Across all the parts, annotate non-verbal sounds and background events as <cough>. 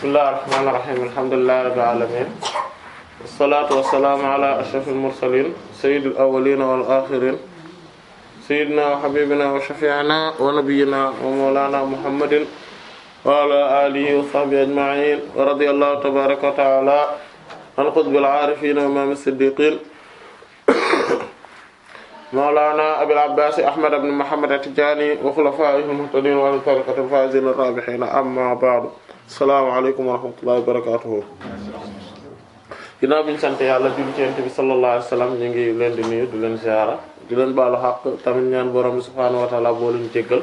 bismillahir rahmanir rahim alhamdulillahi rabbil alamin wassalatu wassalamu ala ashrafil mursalin sayyidil awwalin wal akhirin sayyidina wa habibina wa shafi'ina wa nabiyyina wa mawlana muhammadin wa ala alihi wa sahbihi ajma'in wa radiyallahu tabaraka wa ta'ala an qutbil arifin wa imam as-siddiqin <coughs> mawlana abil abbas ahmad ibn muhammad at-tijani wa khulafa'ihim muhtadin wa ala tariqatil faizin ar-rabihin amma ba'du salaamaaleykum wa rahmatullahi wa barakatuhu ginnaaw bi sant yàlla julli ci yonent bi sallallahu alayhi ñu ngi leen di nuyu di leen ziara di leen baalu xaq tamit ñaan borom bi subhaanahu wa taala boo leen jéggal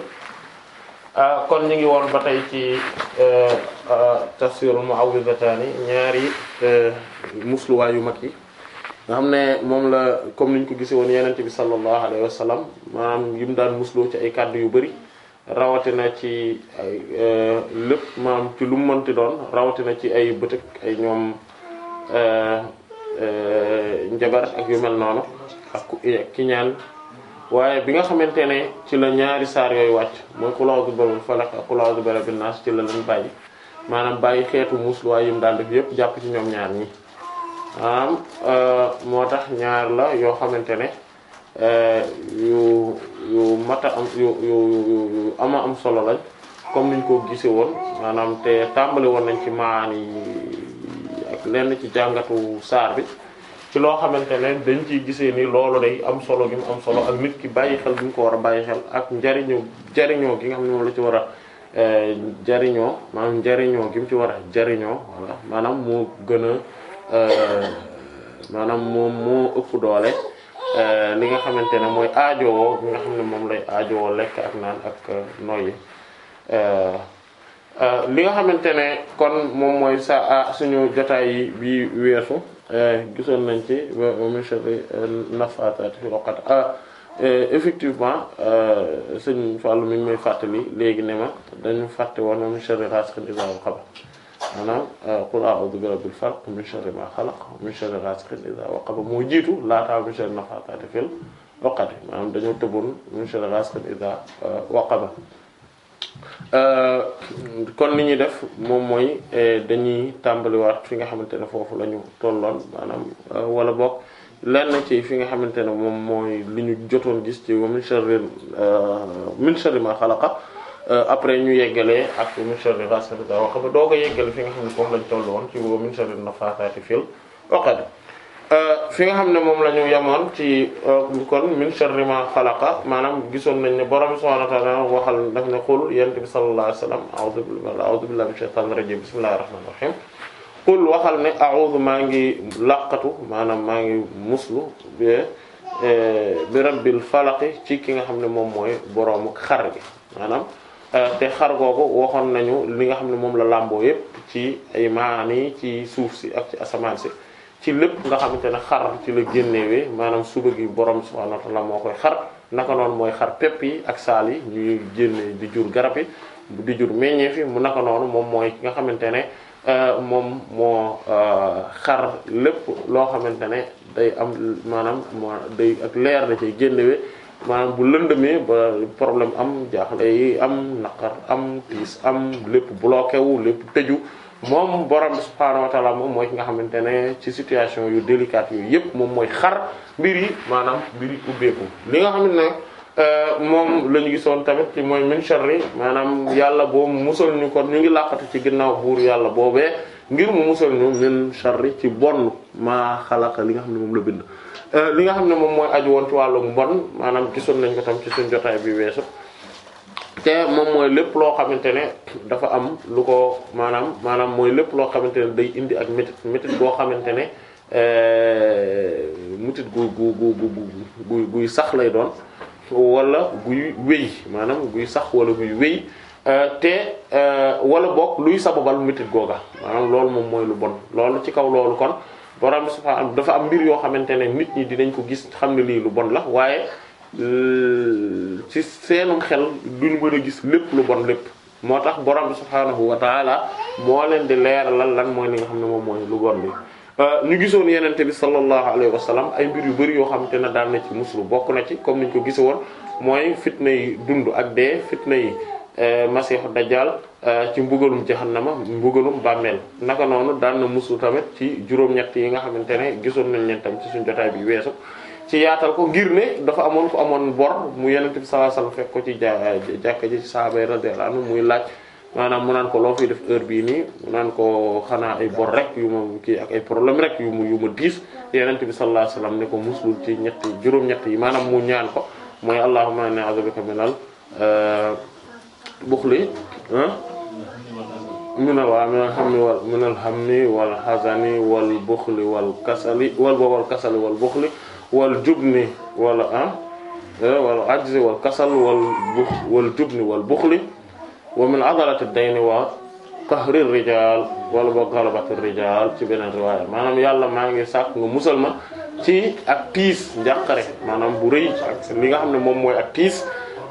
ah, kon ñu ngi woon ba tey ci eh, ah, tafsirul mu'awwidataani ñaari eh, musluwaay yu mag yi nga xam ne moom la comme niñ ko gisee woon yonent bi sallallahu alayhi wa sallam maanaam yim daan musloo ci ay kàddu yu bari rawatina ci ay euh, lépp maanaam ci lu mu doon rawatina ci ay bëtëk ay ñoom euh, euh, njabar ak yu mel noonu ak ki ñaan waaye bi nga xamante ne ci la ñaari saar yooy wàcc mooy qul a'udhu bi rabbil falaq ak qul a'udhu bi rabbin ci la leen bàyyi maanaam bàyyi xeetu muusluwaay yi mu daan def yëpp jàpp ci ñoom ñaar ñi maanaam moo tax ñaar la yoo xamante ne Euh, yu yu mata am yu yu ama am solo lañ comme niñ ko gisee woon maanaam te tàmbali woon nañ ci maani ak lenn ci jàngatu saar bi ci loo xamante ne dañ ciy gisee ni loolu day am solo gi mu am solo ak nit ki bàyyi xel bi ko war a bàyyi xel ak njariñu jariñoo gi nga xam euh, ci war a jariñoo maanaam njariñoo gim ci war a jariñoo maanaam moo gën a euh, maanaam moom moo ëpp doole Euh, li nga xamante ne mooy aajowoo bi nga xam ne moom lay aajowoo lekk ak naan ak euh, noyyi euh, li nga xamante ne kon moom mooy sa ah, suñu jotaay bi weesu gisoon nañ ci monseri nafatati fi roqat ah, effectivement sëñ Fallou mi ngi may fàttali léegi ne ma dañu fàtte woon monseri rasqin isal xaba maanaam qul a'udhu bi rabbil falaq min sharri ma xalaq min moo jiitu laataa min na nafaatati fil uqad maanaam dañoo tëboon min sharri ghasiqin idha waqaba kon li ñuy def moom mooy dañuy tàmbaliwaat fi nga xamante ne foofu la tolloon maanaam wala boog lenn ci fi nga xamante ne moom mooy li ñu jotoon gis ci min sharri min Euh, après ñu yeggalee ak min sharri ghasiqin idha doo ko yeggale fi nga xam ne moom lañ toll woon ci min sharri naffathati fil uqad euh, fi nga xam ne moom la ñu ci euh, kon min sharri ma xalaqa maanaam gisoon nañ ne borom subhanahu wa ta'ala waxal daf ne xul yent bi sallallahu alayhi wa sallam a'udhu billahi a'udhu billahi minash shaytanir xul waxal ne a'udhu maa ngi laqatu maanaam maa ngi muslu bi eh, rabbil falaq ci ki nga xam ne moom mooy boroomu xar bi maanaam Euh, te xar googu waxoon nañu li nga xam ne moom la làmboo yépp ci ay maani ci suuf si ak ci asamaan si ci lépp nga xamante ne xar ci la génnewee maanaam suba gi borom subhanahu wa ta'ala moo koy xar naka noonu mooy xar pepp yi ak saal yi ñuy génne di jur garab yi di jur meññeef yi mu naka noonu moom mooy ki nga xamante ne euh, moom moo euh, xar lépp loo xamante ne day am maanaam moo day ak leer da cay génnewee maanaam bu lëndëmee ba problème am jaaxle yi am naqar am tiis am lépp bloqué wu lépp tëju moom borom bi subhaanahu moom mooy ki nga xamante ne ci situation yu délicate yooyu yëpp moom mooy xar mbir yi maanaam mbir yi ubbeeku li nga xam ne euh, moom la ñu gisoon tamit ci mooy min sharri maanaam yàlla boobu musal ñu kon ñu ngi làqatu ci ginnaaw buur yàlla boobee ngir mu musal ñu min sharri ci bonn maa xalaqa li nga xam ne moom la bind Euh, li nga xam ne moom mooy aju woon ci wàllu mbon maanaam gisoon nañ ko tam ci suñ jotaay bi weesu te moom mooy lépp loo xamante ne dafa am lu ko maanaam maanaam mooy lépp loo xamante ne day indi ak métit métit goo xamante ne euh, métit gu gu gu gu guy sax lay doon walla guy wéy maanaam guy sax wala guy wéy euh, te wala boog luy sababal métit googa maanaam loolu moom mooy lu bon loolu ci kaw loolu kon borom bi subhaanahu dafa am mbir yoo xamante ne nit ñi dinañ ko gis xam ne lii lu bon la waaye euh, ci seenum xel duñu mën a gis lépp lu bon lépp moo tax borom bi subhaanahu wa taala moo leen di leeralal lan mooy li nga xam ne moom mooy lu bon bi euh, ñu gisoon yenente bi sallallahu alayhi wa sallam ay mbir yu bëri yoo xamante ne daan na ci muslu bokk na ci comme ñu ko gise woon mooy fitna yi dund ak dee fitna yi Eh, masiixu dajjal eh, ci mbugalum jahannama mbugalum bàmmeel naka noonu daan na musu tamit ci juróom-ñett yi nga xamante ne gisoon nañ leen ci suñ jotaay bi weesu ci yaatal ko ngir ne dafa amoon amoon bor mu Yonent bi sallallahu alayhi fekk ko ci jàkka ji ci sahaaba yi muy laaj maanaam mu naan ko loo fiy def heure bii nii naan ko xanaa ay bor rek yu kii ak ay problème rek yu mu yu ma diis Yonent bi sallallahu alayhi wasallam ne ko musul ñett juróom yi maanaam mu ñaan ko mooy allahumma inni a'udhu bika minal eh, buxli ah? min al waaw min al hammi wal min al hammi wal hazani wal buxli wal kasali wal bo wal kasali wal buxli wal jubni wala ah eh, wal ajzi wal kasal wal bux wal jubni wal buxli wa min adalati dayni wa qahri rijal wala bo galabati rijal ci beneen riwaaya maanaam yàlla maa ngi sàkk nga musal ma ci ak tiis njàqare maanaam bu rëy li nga xam ne moom mooy ak tiis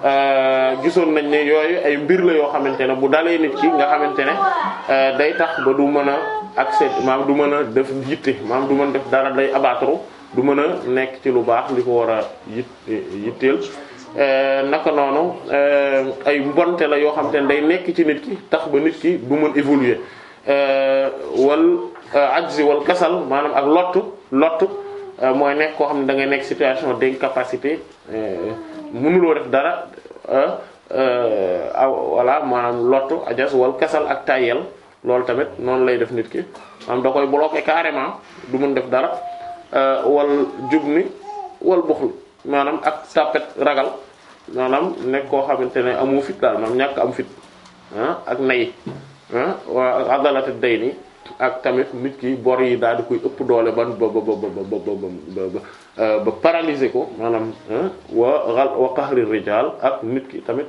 Euh, gisoon nañ ne yooyu ay mbir la yoo xamante ne bu dalee nit ki nga xamante ne euh, day tax ba du mën a accès maam du mën a def yitte maam du mën def dara day abattre du mën a nekk ci lu baax li ko war a yit yitteel euh, naka noonu ay mbonte la yoo xamante ne day nekk ci nit ki tax ba nit ki du mën évoluer wal ajzi wal kesal maanaam ak lot lott mooy nekk koo xam ne da ngay nekk situation d'incapacité mënuloo def dara ah, ah, voilà maanaam lottu ajas wal kesal ak tayel loolu tamit noonu lay def nit ki maanaam da koy bloquer carrément du mën def dara ah, wal jubni wal buxl maanaam ak tapet ragal maanaam nekk koo xamante ne amu fit daal maanaam ñàkk am fit ak nay ah waa adalate day nii ak tamit nit ki bor yi daal di koy ëpp doole ban ba ba ba ba ba euh, paralyser ko maanaam wa wa qahri rijal ak nit ki tamit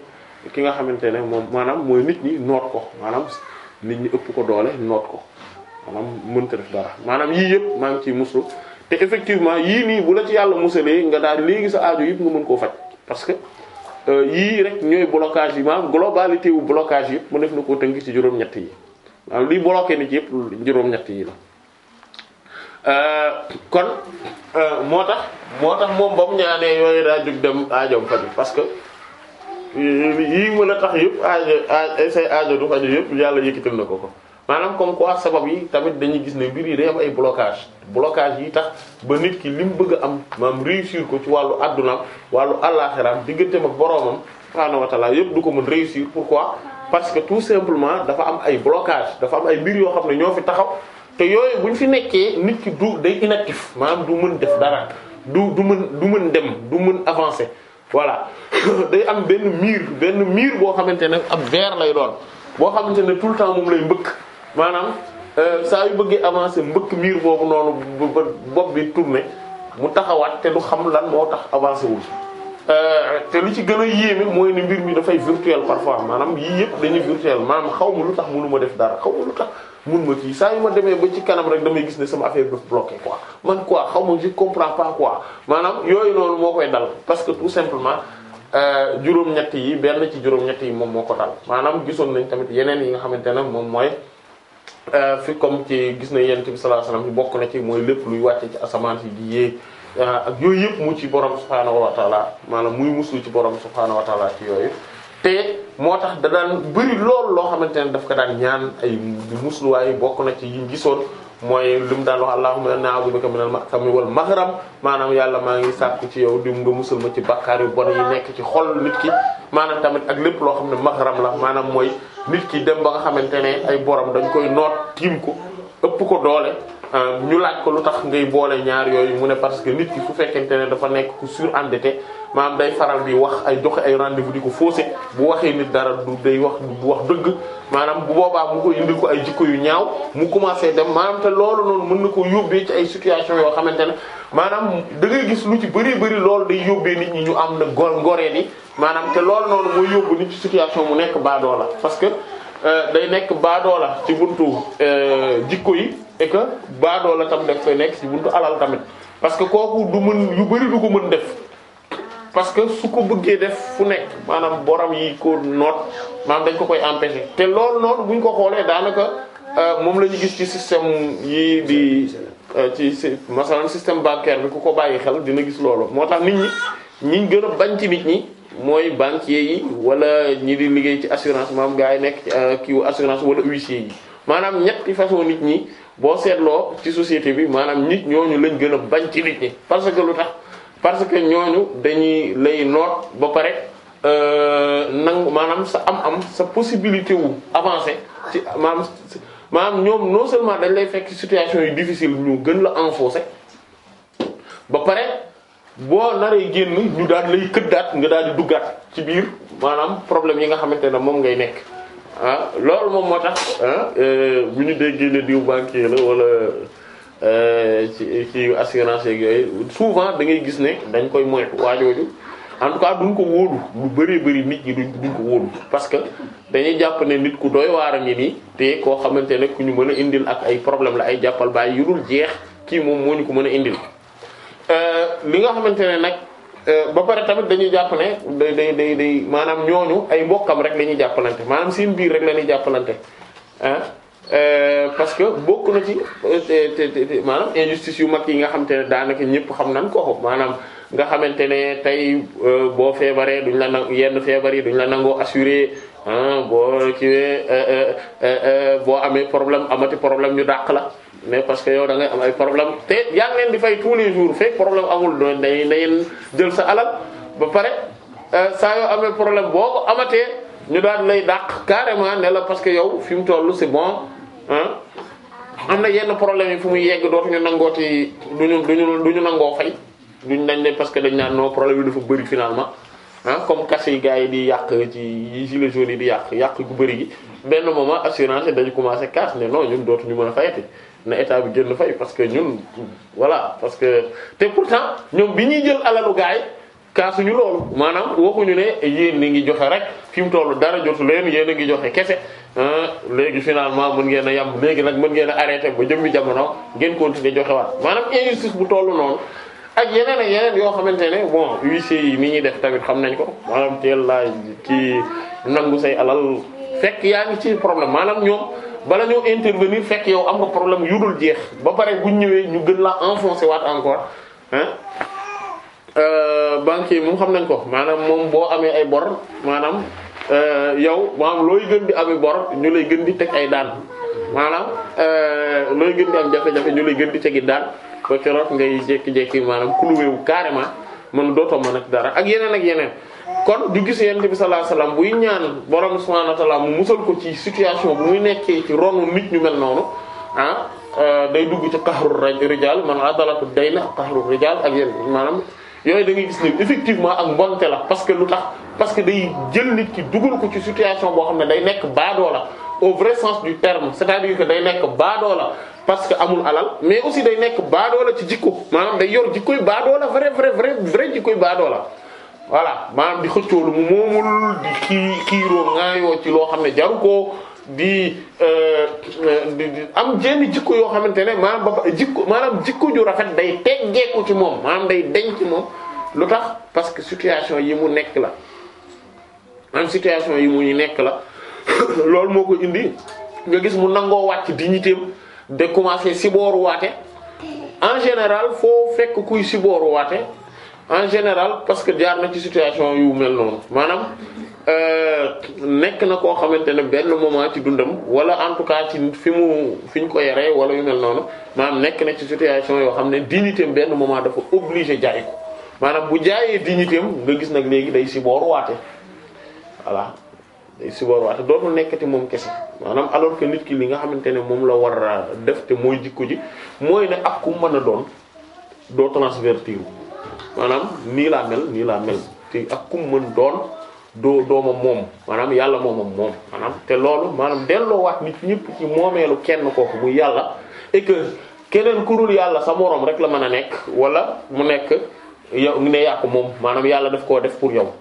ki nga xamante ne moom maanaam mooy nit ñi noot ko maanaam nit ñi ëpp ko doole noot ko maanaam mënta def dara maanaam yii yëpp maa ngi ciy muslu te effectivement yii nii bu la ci yàlla musalee nga daal léegi sa aajo yëpp nga mën koo faj parce que euh, yii rek ñooy blocage yi maanaam globalité wu blocage yëpp mu def na ko tënk ci juróom-ñett yi liy bloqué nit yëpp juróom-ñett yi la euh, kon euh, moo tax moo moom ba mu ñaanee yooyu daa jóg dem aajoom faju parce que yii mën a tax yëpp aajo say aajo du faju yëpp yàlla yëkkital na ko ko maanaam comme quoi sabab yi tamit dañuy gis ne mbir yi day am ay blocage blocage yi tax ba nit ki li mu bëgg a am maam réussir ko ci wàllu àddunaam wàllu àllaaxiraam digganteem ak boroomam subhaanahu wa ta'aala yëpp du ko mën réussir pour pourquoi parce que tout simplement dafa am ay blocage dafa am ay mbir yoo xam ne ñoo fi taxaw te yooyu bu ñu fi nekkee nit ki du day inactif maanaam du mën def dara du du mën du mën dem du mën avancer voilà <coughs> day am benn miir benn miir boo xamante ne ab verre lay doon boo xamante ne tout le temps moom lay mbëkk maanaam euh, saa yu bëggee avancé mbëkk miir boobu noonu ba bopp bi tourner mu taxawaat te du xam lan moo tax avancer wul Euh, te lu ci gën a yéeme mooy ne mbir mi dafay virtuel parfois maanaam yii yëpp dañuy virtuel maanaam xaw ma lu tax mënu def dara xaw ma lu tax mun ma kii saa yu ma demee ba ci kanam rek damay gis ne sama affaire daf bloqué quoi man quoi xaw ma je comprends pas quoi maanaam yooyu noonu moo koy dal parce que tout simplement euh, juróom ñetti yi benn ci juróom-ñett yi moom moo ko dal maanaam gisoon nañ tamit yeneen yi nga xamante ne moom mooy euh, fi comme ci gis nañ yonent bi sallallahu alayhi wasallam bokk na ci mooy lépp luy wàcce ci asamaan si di yéeg. ak yooyu yëpp mu ci borom subhaanahu wa taala maanaam muy musul ci borom subhaanahu wa taala ci yooyu te moo tax da daan bëri loolu loo xamante ne daf ko daan ñaan ay musluwaay bokk na ci yiñ gisoon mooy li mu daan wax allahumma inna a'udhu bika minal ma'sami wal maghram maanaam yàlla maa ngi sàkku ci yow di nga musul ma ci bakkaar yu bon yu nekk ci xol nit ki maanaam tamit ak lépp loo xam ne maghram la maanaam mooy nit ki dem ba nga xamante ne ay borom dañ koy noot tiim ko ëpp ko doole Euh, ñu laaj ko lu tax ngay boole ñaar yooyu mu ne parce que nit ki su fekkente ne dafa nekk ku surendetté maam day faral di wax ay joxe ay rendez-vous di ko faussé bu waxee nit dara du day wax du wax dëgg maanaam bu boobaa mu ko indi ko ay jikko yu ñaaw mu commencé dem maanaam te loolu noonu mën na ko yóbbee ci ay situation yoo xamante ne maanaam da ngay gis lu ci bëri bëri loolu day yóbbee nit ñi ñu am na gor ngoree ni maanaam te loolu noonu mooy yóbbu nit ci situation mu nekk baadoo la parce que euh, day nekk baadoo la ci buntu euh, jikko yi et que baadoo la tam def fay nekk si buntu alal tamit parce que kooku du mën yu bari du ko mën def parce que su ko bëggee def fu nekk maanaam borom yi ko noot maanaam dañ ko koy empêcher te loolu noonu buñ ko xoolee daanaka euh, moom la ñu gis ci système yi di euh, ci masalan système bancaire bi ku ko bàyyi xel dina gis loolu moo tax nit ñi ñiñ gën a bañ ci nit ñi mooy banquier yi wala ñi di liggéey ci assurance maam gaa yi nekk ci euh, kiiwu assurance wala huissier yi maanaam ñetti façon boo seetloo ci société bi maanaam nit ñooñu lañ gën a bañ ci nit ñi parce que lu tax parce que ñooñu dañuy lay noot ba pare euh, nangu maanaam sa am-am sa possibilité wu avancé ci maanaam maanaam ñoom non seulement dañ lay fekk situation yu difficile ñu gën la enfoncer ba pare boo naree génn ñu daal lay këddaat nga daal di duggaat ci biir maanaam problème yi nga xamante ne moom ngay nekk. ah loolu moom moo tax ah, euh, bu ñu dee ne diw banquier la wala euh, ci ci assurance yeeg yooyu souvent da ngay gis ne dañ koy moytu waajooju en tout duñ ko wóolu lu bëri bëri nit ñi duñ ko wóolu parce que dañuy jàpp ne nit ku doy waar a ngi nii te koo xamante ne ku ñu mën a indil ak ay problème la ay jàppal bàyyi yu dul jeex kii moom moo ñu ko mën a indil euh, li nga xamante nag Euh, ba pare tamit dañuy jàpp ne day day day maanaam ñooñu ay mbokkam rek la ñuy jàppalante maanaam seen biir rek la ñuy jàppalante ah euh, parce que bokk na ci euh, maanaam injustice yu mag yi nga xamante ne daanaka ñëpp xam nañ ko maanaam nga xamante ne tey boo feebaree duñ la nangu yenn feebar yi duñ la nangoo assurer boo kiiwee eh, eh, eh, boo amee problème amati problème ñu dàq la mais parce que yow da ngay am ay problème te yaa ngi leen di fay tous les jours fekk problème amul doon day dayen jël sa alal ba pare saa yoo amee problème boo ko amatee ñu daan lay dàq carrément ne la parce que yow fi mu toll c'est bon ah am na yenn problème yi fu mu yegg doo dootuñu nangoo duñu duñu duñu nangoo fay duñ dañ ne parce que dañ naan non problème yi dafa bëri finalement ah comme caché yi gars yi di yàq ci yi gilets jaunes yi di yàq yàq gu bëri gi benn moment assurance dañu commencé cash ne non ñun dootuñu mën a fayati na état bi génn fay parce que ñun voilà parce que te pourtant ñoom bi ñuy jël alalu gars yi kaasuñu loolu maanaam waxuñu ne yéen ni ngi joxe rek fi mu toll dara jotu leen yéen a ngi joxe kese léegi finalement mën ngeen a yàmb léegi nag mën ngeen a arrêté ba jëm bi jamono ngeen continuer joxe waat maanaam ak yeneen ak yeneen yoo xamante ne bon huissier yi ni ñuy def tamit xam nañ ko maanaam teel laa ci nangu say alal fekk yaa ngi ci problème maanaam ñoom bala ñoo intervenir fekk yow am nga problème yu dul jeex ba pare bu ñëwee ñu gën laa enfoncer waat encore ah euh, banque yi moom xam nañ ko maanaam moom boo amee ay bor maanaam euh, yow maanaam looy gën di amee bor ñu lay gën di teg ay daan maanaam euh, looy gën di am jafe-jafe ñu lay gën di tegi daan. ba keroog ngay jékki-jékki maanaam cloué wu carrément man dootoo mën ak dara ak yeneen ak yeneen. kon du gis yonent bi sallallahu alayhi wasallam buy ñaan borom subhanahu wa ta'ala mu musal ko ci situation bu muy nekkee ci ronu nit ñu mel noonu ah euh, day dugg ci qahrur rijal man adalatu dayna qahrur rijal ak yéen maanaam yooyu da ngay gis ne effectivement ak mbonte la parce que lu tax parce que day jël nit ki dugal ko ci situation boo xam ne day nekk baadoo la au vrai sens du terme cest day nekk baadoo la parce que amul alal mais aussi day nekk baadoola ci jikko maanaam day yor jikkoy baadoola vrai vrai vrai vrai jikkoy baadoola voilà maam di xëccoo mu moomul di kii kiiroo ngaayoo ci loo xam ne jaru ko euh, euh, di am jenn jikko yoo xamante ne maanaam ba jikko jikko ju rafet day teggeeku ci moom maanaam day deñ ci moom lu tax parce que situation yi mu nekk la maanaam situation yi mu nekk la <coughs> loolu moo ko indi nga gis mu nangoo wàcc dignitéem de commencer siboor waate en général foo fekk kuy sibooru waate en général parce que jaar na ci situation yu mel noonu maanaam euh, nekk na koo xamante ne benn moment ci dundam wala en tout cas ci fi mu fi ko yaree wala yu mel noonu maanaam nekk na ci situation yoo xam ne dignité benn moment dafa obligé jaay maanaam bu jaayee dignité am nga gis nag léegi day si booruwaate voilà si war waate dootul nekkati moom kese maanaam alors que nit ki li nga xamante ne moom la war a def te mooy jikko ji mooy ne ak ku mën a doon doo transvertir maanaam nii laa mel nii laa mel te ak ku mën doon doo dooma moom maanaam yàlla moomam moom maanaam te loolu maanaam delloowaat nit ñëpp ci moomeelu kenn kooku muy yàlla et keneen ku dul yàlla sa moroom rek la mën a nekk wala mu nekk yow ne yàqu moom maanaam yàlla def koo def pour yow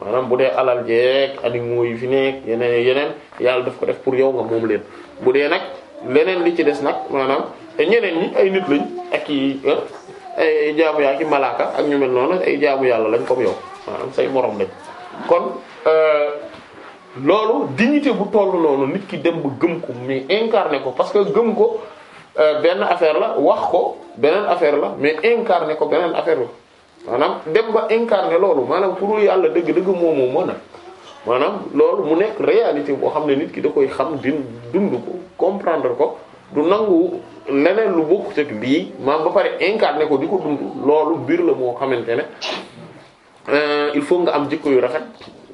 maanaam bu dee alal jeeg animaux yi fi nekk yeneen yeneen yàlla daf ko def pour yow nga moom leen bu dee nag leneen li ci des nag maanaam ñeneen ñi ay nit lañ ak i ah, ay jaamu yaa ki malaaka ak ñu mel noonu ay jaamu yàlla lañ comme yow maanaam say morom lañ kon euh, loolu dignité bu tollu noonu nit ki dem ba gëm ko mais incarné ko parce que gëm ko euh, benn affaire la wax ko beneen affaire la mais incarné ko beneen affaire la maanaam dem ba incarné loolu maanaam pour yàlla dëgg-dëgg moomoo moo a maanaam loolu mu nekk réalité boo xam ne nit ki da koy xam di dund ko comprendre ko du nangu leneen lu bokkut ak bii maam ba pare incarné ko di ko dund loolu biir la moo xamante ne euh, il faut nga am jikko yu rafet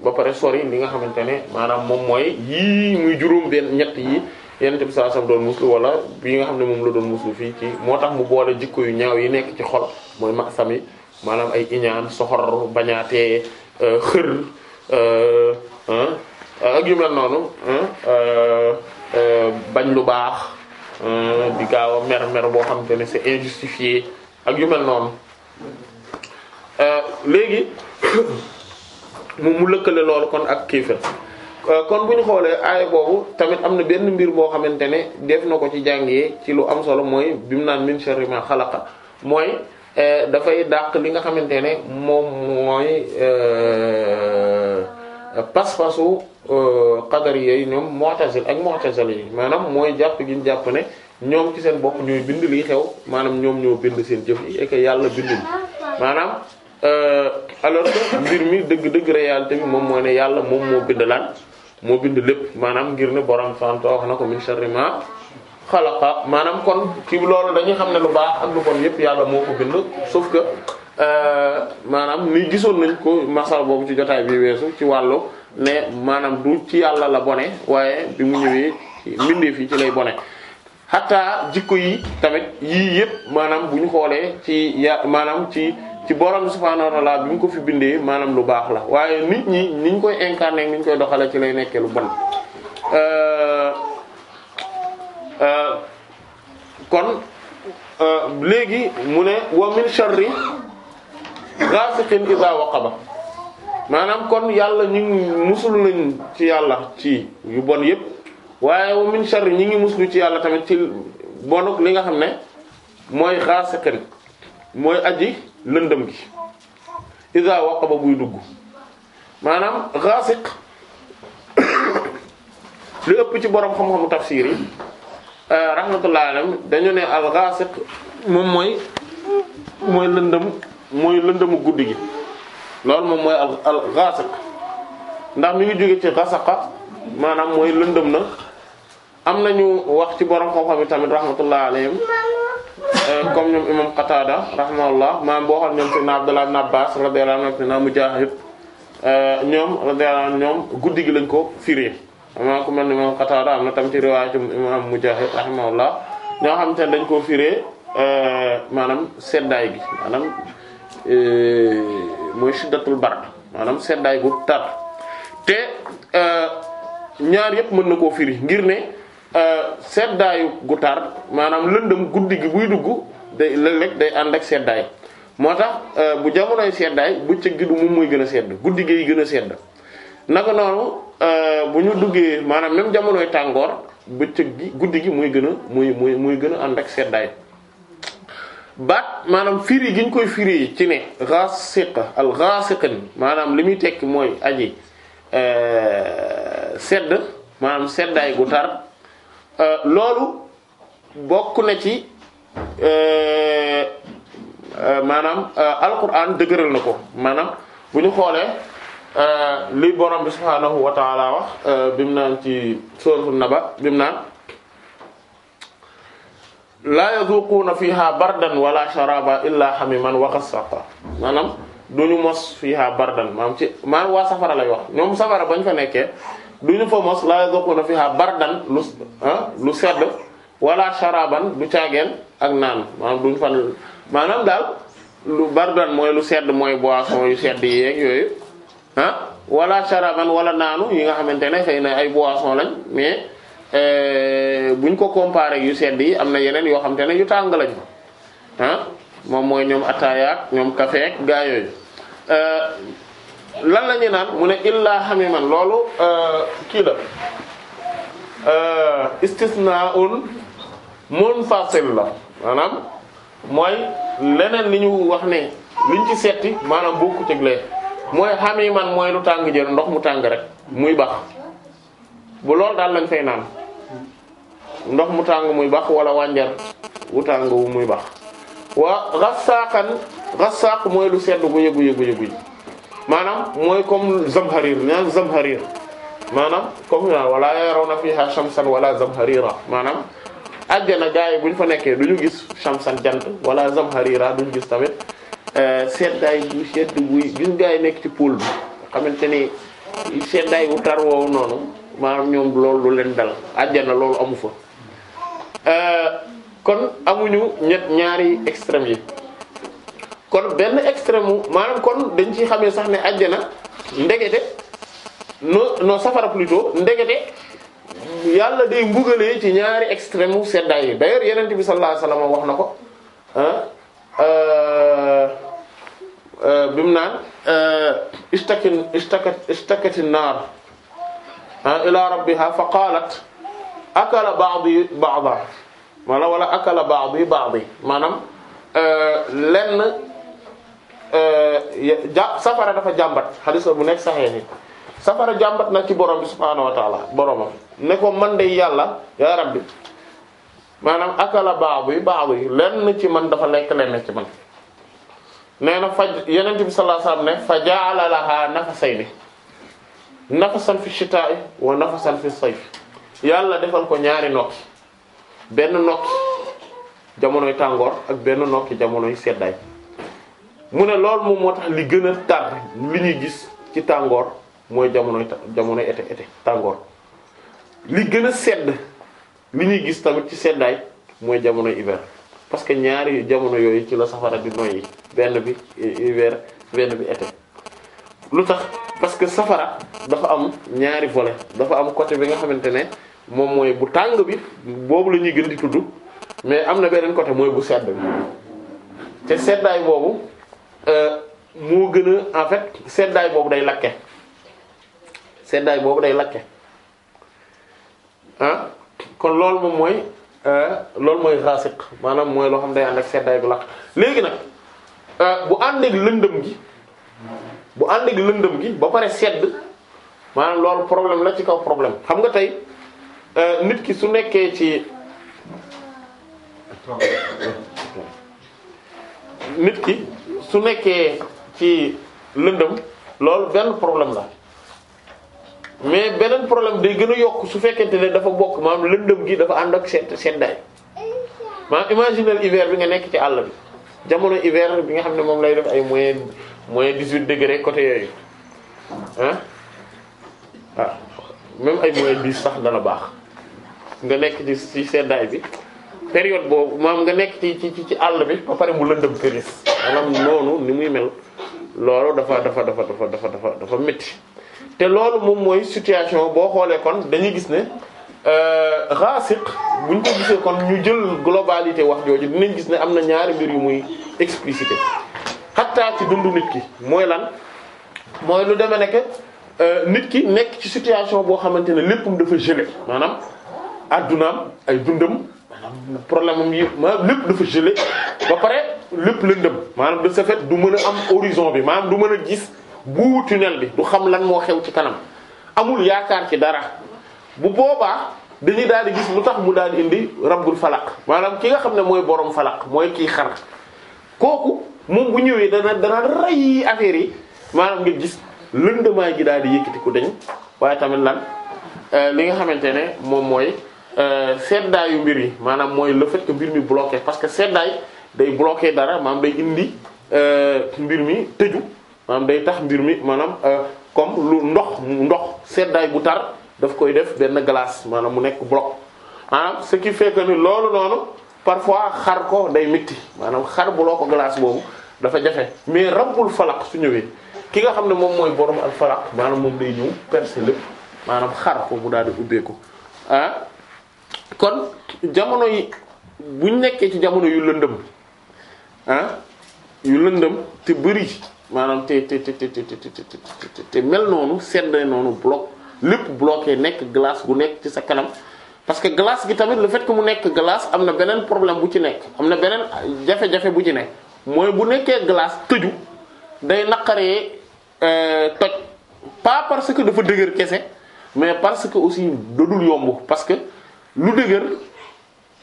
ba pare sori li nga xamante ne maanaam moom mooy yii muy juróom benn ñett yi yenente bi saa sam doon muslu wala bi nga xam ne moom la doon muslu fii ci moo tax mu boole jikko yu ñaaw yi nekk ci xol mooy masam yi maanaam ay iñaan soxor bañaatee euh, xër euh, ak yu mel noonu euh, bañ lu baax di gaaw a mer mer boo xam te ne c'est ak yu mel noonu léegi <coughs> mu mu lëkkale loolu kon ak kéefër kon bu ñu xoolee aaya boobu tamit am na benn mbir boo xamante ne def na ko ci jàngee ci lu am solo mooy bi mu naan min sharri ma xalaqa mooy Eh, dafay dàq li nga xamante ne moom mooy eh, pas-pasu eh, qadari yooyu ñoom mu'tazil ak mu'tazil yi maanaam mooy jàpp gi ñu jàpp ne ñoom ci seen bopp ñooy bind liy xew maanaam ñoom ñoo bind seen jëf yi et que yàlla bindul maanaam alors que mbir mi dëgg-dëgg réalité bi moom mooy ne yàlla moom moo bind lan moo bind lépp maanaam ngir ne borom sant na ko min sharri xalaqa maanaam kon ci loolu dañuy xam ne lu baax ak lu bon yépp yàlla moo ko bind sauf que euh, maanaam ni gisoon nañ ko masal boobu ci jotaay bi weesu ci wàllu ne maanaam du ci yàlla la bone waaye bi mu ñëwee mbindeef yi ci lay bone xataa jikko yi tamit yii yépp maanaam bu ñu xoolee ci ya maanaam ci ci borom subhaanahu wa ta'ala bi mu ko fi bindee maanaam lu baax la waaye nit ñi niñ koy incarner niñ koy doxalee ci lay nekkee lu bon. Euh, Euh, kon euh, léegi mu ne womin min sharri ghasiqin idha waqaba maanaam kon yàlla ñu ngi nañ ci yàlla ci yu bon yépp waaye wa min sharri ñi ngi muslu ci yàlla tamit ci bonuk li nga xam ne mooy ghasiqin mooy aji lëndëm gi idha waqaba buy dugg maanaam ghasiq <coughs> li ëpp ci borom xam-xamu tafsir yi Euh, rahmatullahi alayhim dañu ne al-ghasiq moom mooy mooy lëndëm mooy lëndëmu guddi gi loolu moom mooy al-ghasiq ndax mi ngi jóge ci ghasaqa maanaam mooy lëndëm na am nañu wax ci borom xam-xam yi tamit rahmatullahi alayhim euh, comme ñoom imam Qatada rahimahullah maanaam boo xam ñoom Seydina Abdullah ibn Abbas radiyallahu anhu Seydina Mujahid euh, ñoom radiyallahu anhu ñoom guddi gi lañ ko firé amaa ku mel ni moom Qataada am na tam ci riwaayatu imaam Mujaahid rahimahullah ñoo xam te ne dañ ko firee euh, maanaam seddaay gi maanaam euh, mooy shiddatul bard maanaam seddaay gu tar te euh, ñaar yëpp mën na koo firi ngir ne seddaayu gu tar maanaam lëndëm guddi gi buy dugg day léeg-léeg day ànd ak seddaay moo tax bu jamonoy seddaay bëccëg gi du moom mooy gën a sedd guddi gi gën a sedd naka noonu euh, bu ñu duggee maanaam même jamonoy tàngoor bëccëg gi guddi gi muy gën a muy muy muy gën a ànd seddaay baat maanaam firi gi ñu koy firi ci ne ghasiq al ghasiqin maanaam li muy tekki mooy aji euh, sedd maanaam seddaay gu tar euh, loolu bokk na ci maanaam alquran dëgëral na ko maanaam bu ñu xoolee Euh, li borom bi subhaanahu wa wax euh, bi mu naan ci sourate an-Naba bi mu naan laa yazuquuna fiha bardan wala sharaba illa hamiman wa ghassaqa maanaam duñu mos fiha bardan maanaam ci maanaam waa safara lay wax ñoom safara bañ fa nekkee duñu fa mos laa yazuquuna fiha bardan lu ah, lu sedd wala sharaban du caageen ak naan maanaam duñu fa maanaam daal lu bardan mooy lu sedd mooy boisson yu sedd yeeg yooyu ah wala sharaban wala naanu yi nga xamante ne xëy na ay boissons lañ mais euh, buñ ko comparé yu sedd yi am na yeneen yoo xamante ne yu tàng lañ ah moom mooy ñoom ataaya ñoom café ak gaa yooyu euh, lan la ñuy naan mu ne illaa hamiman loolu euh, kii la istisnaa'un munfasil la maanaam mooy leneen li ñu wax ne liñ ci setti maanaam bokku cëglee mooy xamiman mooy lu tàng jël ndox mu tàng rek muy bax bu loolu daal lañ fay naan ndox mu tàng muy bax wala wànjar wu tàng muy bax wa xasaakan xasaak mooy lu sedd gu yëgu yëgu yëgu maanaam mooy comme zamharir ñaan zamharir maanaam comme na wala yarawna fiha shamsan wala zamharira maanaam àjjana gaa yi buñ fa nekkee duñu gis shamsan jant wala zamharira duñu gis tamit Euh, seddaay bu sedd buy gis nga nekk ci pôle bi xamante ni seddaay bu tar woowu noonu maanaam ñoom loolu lu leen dal àjjana loolu amu fa euh, kon amuñu ñett ñaari extrêmes yi kon benn extrême wu maanaam kon dañ ci xamee sax ne àjjana ndegete no no safara plutôt ndegete yàlla day mbugalee ci ñaari extrême wu seddaay yi d'ailleurs yeneen bi sallallahu alayhi wax na ko euh, Euh, bi mu naan euh, istakin istakat istakati naar ah, ila rabbiha fa qalat akala ba'di ba'da wala wala akala ba'di ba'di maanaam euh, lenn ja safara dafa jàmbat xadis bu nekk saxee ni safara jàmbat na ci borom bi subhaanahu wa taala boromam ne ko man de yàlla yaa rabbi maanaam akala ba'di ba'di lenn ci man dafa lekk lenn ci man nee na fa bi sallallahu alayhi wasallam ne fa ja'ala laha nafasayni nafasan fi shitaa'i wa nafasan fi sayf yàlla defal ko ñaari nokki benn nokki jamonoy tàngoor ak benn nokki jamonoy seddaay mu ne lool moom moo tax li gën a tar li ñuy gis ci tàngoor mooy jamonoy jamonoy été été tàngoor li gën a sedd li ñuy gis tamit ci seddaay mooy jamonoy hiver parce que ñaari jamono yooyu ci la safara di noyyi benn bi hiver benn bi été lu tax parce que safara dafa am ñaari vole dafa am côté bi nga xamante ne moom mooy bu tàng bi boobu la ñuy gën di tudd mais am na beneen côté mooy bu sedd bi te seddaay boobu euh, moo gën a en fait seddaay boobu day lakke seddaay boobu day lakke ah kon loolu moom mooy Euh, loolu mooy raasiq maanaam mooy loo xam day ànd ak seddaay bu laq léegi nag euh, bu ànd lëndëm gi bu ànd ak lëndëm gi ba pare sedd maanaam loolu problème la ci kaw problème xam nga tey euh, nit ki su nekkee ci nit ki su nekkee ci lëndëm loolu benn problème la mais beneen problème day gën a yokk su fekkente ne dafa bokk maanaam lëndëm gi dafa ànd ak sedd seddaay maanaam imaginer hiver bi nga nekk ci àll bi jamono hiver bi nga xam ne moom lay def ay moye moyen dix-huit degré côté yooyu ah waaw ay moyen dix sax dana baax nga nekk ci ci seddaay bi période boobu maam nga nekk ci ci ci àll bi ba pare mu lëndëm këris maanaam noonu ni muy mel loolu dafa dafa dafa dafa dafa dafa dafa métti te loolu moom mooy situation boo xoolee kon dañuy gis ne euh, raasiq buñ ko gisee kon ñu jël globalité wax jooju dinañ gis ne am na ñaari mbir yu muy explicité xattaa ci dundu nit ki mooy lan mooy lu demee nekk euh, nit ki nekk ci situation boo xamante ne léppam dafa gelé maanaam addunaam ay dundam maanaam problème am yi maanaam lépp dafa gelé ba pare lépp lëndëm maanaam de ce fait du mën a am horizon bi maanaam du mën a gis bu tunnel bi du xam lan moo xew ci kanam amul yaakaar ci dara bu boobaa dañuy daal di gis lu tax mu daal di indi rabul falaq maanaam ki nga xam ne mooy borom falaq mooy kii xar kooku moom bu ñëwee dana dana rey affaire yi maanaam nga gis lëndamaay gi daal di yëkkati ku dañ waaye tamit lan euh, li nga xamante ne moom mooy euh, seddaayu mbir yi maanaam mooy le fait que mbir mi bloqué parce que seddaay day bloqué dara maanaam day indi euh, mbir mi tëju. maanaam day tax mbir mi maanaam euh, comme lu ndox ndox seddaay bu tar daf koy def benn glace maanaam mu nekk bloc maanaam ah, ce qui fait que ni loolu noonu parfois xar ko day métti maanaam xar bu ko glace boobu dafa jafe mais rabbul falaq su ñëwee ki nga xam ne moom mooy borom al falaq maanaam moom day ñëw percer lépp maanaam xar ko mu daal di ubbeeku ah kon jamono yi bu nekkee ci jamono yu lëndëm ah yu lëndëm te bëri maanaam te te te te te te mel noonu sedd noonu bloc lépp bloqué nekk glace gu nekk ci sa kanam parce que glace gi tamit le fet ko mu nekk glace am na beneen problème bu ci nekk am na beneen jafe bu ci nekk mooy bu nekkee glace tëju day naqaree toj pas parce que dafa dëgër kese mais parce que aussi dadul yomb parce que lu dëgër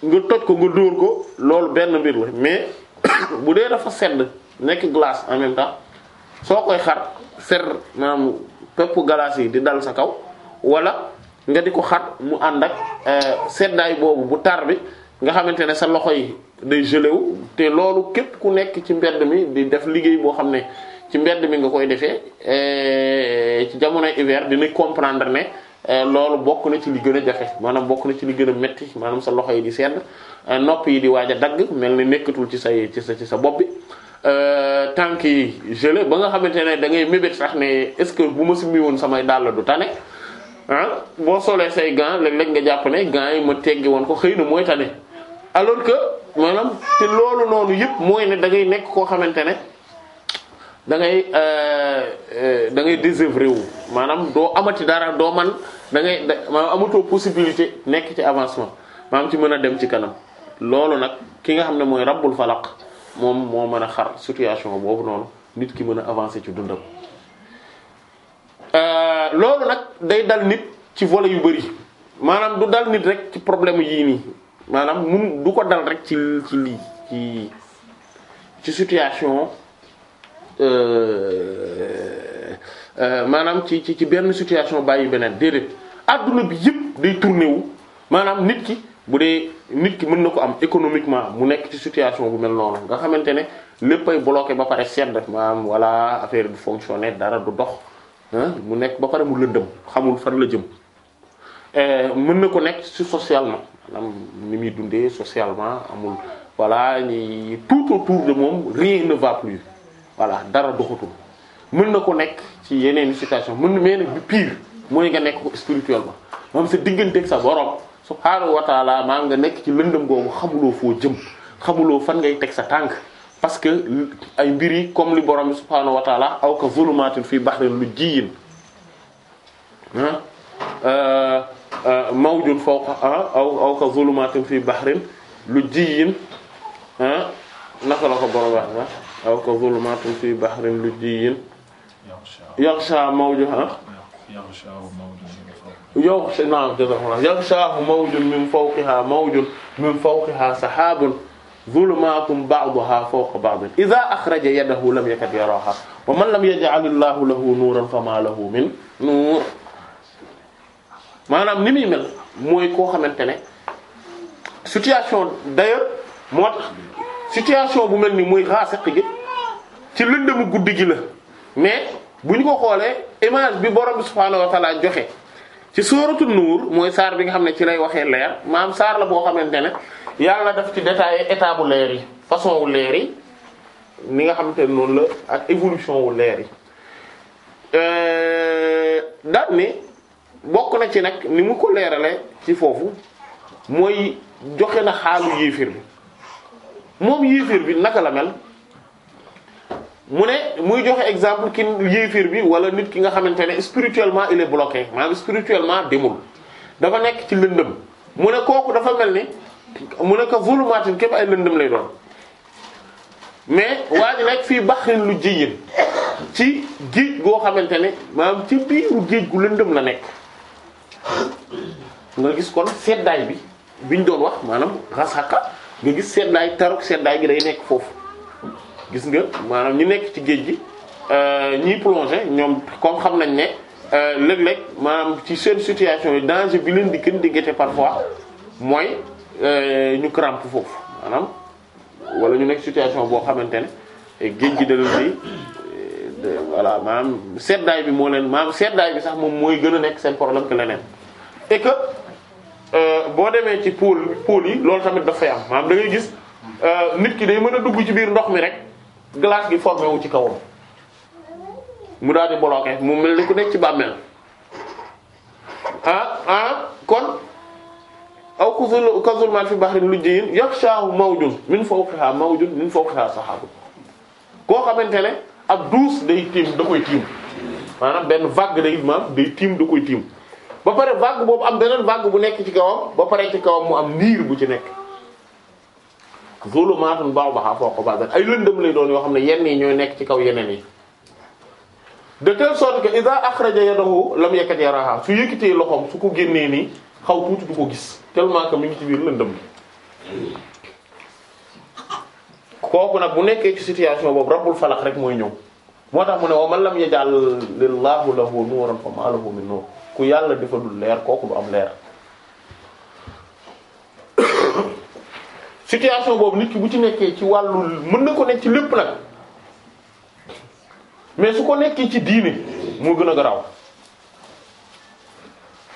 nga toj ko nga dóor ko loolu benn mbir la mais bu dee dafa sedd nekk glace en même temps soo koy xar fer maanaam pepp galaas yi di dal sa kaw wala nga di ko xar mu ànd ak euh, seddaay boobu bu tar bi nga xamante ne sa loxo yi day gelé wu te loolu képp ku nekk ci mbedd mi di def liggéey boo xam ne ci mbedd mi nga koy defee euh, ci jamonoy hiver dina comprendre ne euh, loolu bokk na ci li gën a jafe maanaam bokk na ci li gën a metti maanaam sa loxo yi di sedd nopp yi di waaj a dagg mel ne nekkatul ci say ci sa ci sa bopp bi Euh, tant yi gelé ba nga xamante ne da ngay mébét sax ne est-ce que bu ma simmi woon samay dàll du tane ah boo solee say gants léeg-léeg nga jàpp ne gants yi ma teggi woon ko xëy na mooy tane alors que maanaam te loolu noonu yëpp mooy ne dangay nekk koo xamante ne da ngay euh, euh, da ngay désœuvré wu maanaam doo amati dara doo man da ngay maanaam amatoo possibilité nekk ci avancement maanaam ci mën a dem ci kanam loolu nag ki nga xam ne mooy rabbul falaq moom moo mën a xar situation boobu noonu nit ki mën a avancer ci dundam euh, loolu nag day dal nit ci volet yu bari maanaam du dal nit rek ci problème yii nii maanaam mun du ko dal rek ci lii ci ci situation euh, euh, maanaam ci ci ci benn situation bàyyi beneen déedéet adduna bi yëpp day tourné wu maanaam nit ki bu dee nit ki mën na ko am économiquement mu nekk ci situation bu mel noonu nga xamante ne léppay bloqué ba pare sedd maanaam wala affaire du fonctionner dara du dox mu nekk ba pare mu lëndëm xamul fan la jëm eh, mën na ko nekk ci socialement maanaam ni muy dundee socialement amul voilà ni tout autour moom rien ne va voilà dara doxatul mën na ko nekk ci yeneen situation mën na mais bi pire mooy nga nekk ko spirituellement maanaam sa digganteeg sa borom. subhaanahu wa maam nga nekk ci lëndëm googu xamuloo foo jëm xamuloo fan ngay teg sa tànk parce que ay mbir yi comme li borom bi subhaanahu wa taala aw bahrin lu jiyin ah, ah, ah mawjun ah, la ko borom wax bahrin lu jiyin yaghsha mawjuha yaghsha yow naam jazakumullah yaghshaahu mawjun min fawqihaa mawjun min fawqihaa sahaabun zulumaatun ba'duhaa fawqa ba'din idhaa akhraja yadahu lam yakad yaraahaa wa man lam yaj'alillaahu lahu nuuran famaa lahu min nuur maanaam ni muy mel mooy koo xamante ne situation d'ailleurs moo tax situation bu mel ni muy xaasiq gi ci lëndëmu guddi gi la mais bu ñu ko xoolee image bi borom bi subhaanahu wa ta'aala joxe. ci sóoratu nuur mooy saar bi nga xam ne ci lay waxee leer maam saar la boo xamante ne yàlla def ci détaillé état bu leer yi façon wu leer yi ni nga xam ne noonu la ak évolution wu leer yi euh, daal ni bokk na ci nag ni mu ko leerale ci foofu mooy joxe na xaalu yéefir bi moom yéefir bi naka la mel mu ne muy joxe exemple ki yéeféer bi wala nit ki nga xamante ne spirituellement il est bloqué maanaam spirituellement demul dafa nekk ci lëndëm mu ne kooku dafa mel ni mu ne ko zulumaatin képp ay lëndëm lay doon mais waa ji nekk fii baxrin lu jiyén ci géej goo xamante ne maanaam ci biiru géej gu lëndëm la nekk nga gis kon seddaay bi biñ doon wax maanaam rasaka nga gis seddaay taruk seddaay gi day nekk foofu gis nga maanaam ñi nekk ci géej gi euh, ñiy plongé ñoom comme xam nañ ne euh, léeg-léeg maanaam ci seen situation yi danger bi leen di gën di gëte parfois mooy euh, ñu crampe foofu maanaam wala ñu nekk situation boo xamante ne géej gi da leen voilà maanaam seddaay bi moo leen maanaam seddaay bi sax moom mooy gën a nekk seen problème leneen et que boo demee ci pôle pôle yi loolu tamit daf fay am maanaam da ngay nit ki day mën a dugg ci biir ndox mi rek. glace gi formé ci kawam mu daal di bloqué mu mel ni ku nekk ci bàmmeel ah ah kon aw kazul kazulman fi bahrin lujjiyin yakhshahu mawjun min fawqiha mawjun min fawqiha sahabu koo xamante ne ab duus day tiim da koy tiim benn vague day maanaam day tiim da koy tiim ba pare vague boobu am beneen vague bu nekk ci kawam ba pare ci kawam mu am niir bu ci nekk zulumaatun ba'duhaa fawqa ba'din ay lëndëm lay doon yoo xam ne yenn yi ñooy nekk ci kaw yeneen yi de telle sorte que idha akhraja yadahu lam yakad yaraha su yëkkitee loxoom su ko génnee nii xaw tuuti du ko gis tellement que mi ngi ci biir lëndëm gi nag bu nekkee ci situation boobu rabbul falaq rek mooy ñëw moo tax mu ne wa man lam yaj'al lillaahu lahu nuuran fa maa lahu min nuur ku yàlla defalul leer kooku du am leer situation boobu nit ki bu ci nekkee ci wàllu mën na ko nekk ci lépp nag mais su ko nekkee ci diine moo gën a garaw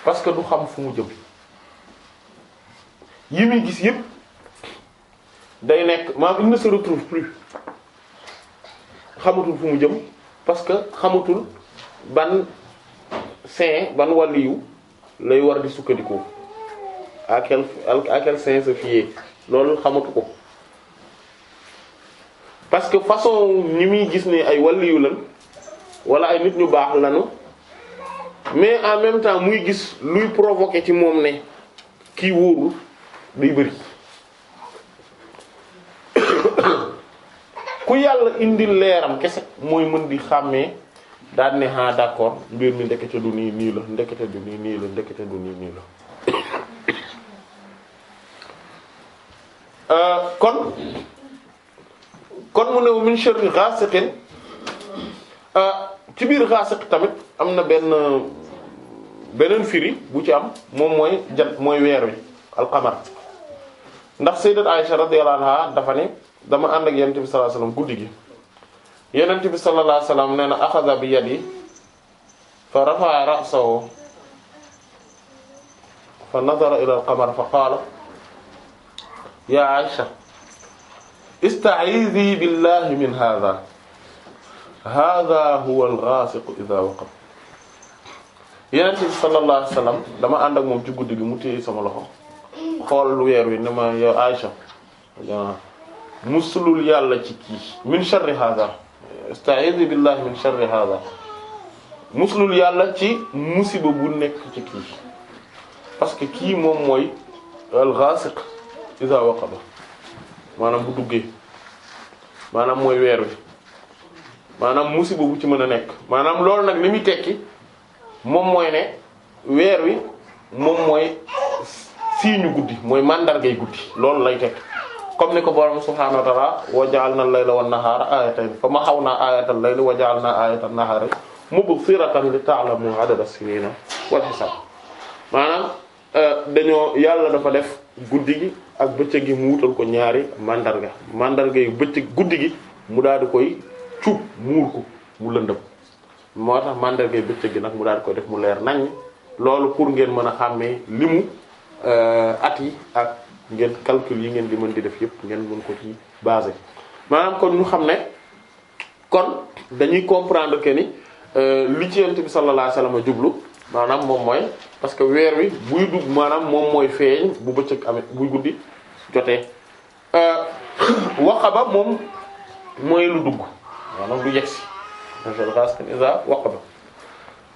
parce que du xam fu mu jëm yi muy gis yépp day nekk maanaam il ne retrouve plus xamatul fu mu jëm parce que xamatul ban saint ban wàlliyu lay war di sukkandiku à quel à quel saint se loolu xamatu ko parce que façon ñi muy gis ne ay waliyu lan wala ay nit ñu baax lanu mais en même temps muy gis luy provoquer ci moom ne kii wóorul day bëri <coughs> ku yàlla indi leeram kese mooy mën di xàmmee daal ne ah d'accord mbir mi ndekete du nii nii la ndekete du nii nii la ndekete du nii nii la <coughs> Euh, kon kon mu ne min sharri ghasiqin euh, ci biir ghasiq tamit am na benn beneen firi bu ci am moom mooy jant mooy weer wi alqamar ndax sayyidat Aisha radiyallahu anha dafa ne dama ànd ak yonent bi sallallahu alayhi wasallam guddi gi yonent bi sallallahu alayhi wasallam nee na axada bi yadi fa rafa'a ra'sahu fa nazara ila alqamar fa qaala yaa Aïcha ista'iidhi billahi min hadha hadha huwa al-ghasiq idha waqab yeneen ci sallallahu alayhi wasallam dama ànd ak moom ci guddi gi mu téye sama loxo xool weer wi ne ma yow Aïcha musulul yàlla ci kii min sharri hadha ista'iidhi billahi min sharri hadha musulul yàlla ci musiba bu nekk ci kii parce que kii moom mooy al-ghasiq isa waqaba maanaam bu duggee maanaam mooy weer wi maanaam musiba bu ci mën a nekk maanaam lool nag li muy tekki moom mooy ne weer wi moom mooy siiñu guddi mooy màndargay guddi loolu lay tekki comme ni ko borom subhaanahu wa ta'aala wa ja'alna al-layla wan-nahaara aayatayn fa mahawnaa aayata al-layli wa ja'alnaa aayata an-nahaari mubsiratan li ta'lamu 'adada as-siniina wal-hisaab maanaam euh, dañoo yàlla dafa def guddi gi ak bëccëg gi mu wutal ko ñaari màndarga mandarga yu bëccëg guddi gi mu daal di koy cuub muur ko mu lëndëm moo tax mandarga yu bëccëg gi nag mu daal di koy def mu leer nañ loolu pour ngeen mën a xàmmee limu euh, at yi ak ngeen calcul yi ngeen di mën di def yépp ngeen mën ko ci basé maanaam kon mu xam ne kon dañuy comprendre que ni euh, li ci yonent bi sallallahu jublu maanaam moom mooy parce que weer wi buy dugg maanaam moom mooy feeñ bu bëccëg amee buy guddi jotee euh, <coughs> waqaba moom mooy lu dugg maanaam du yegsi en isa waqaba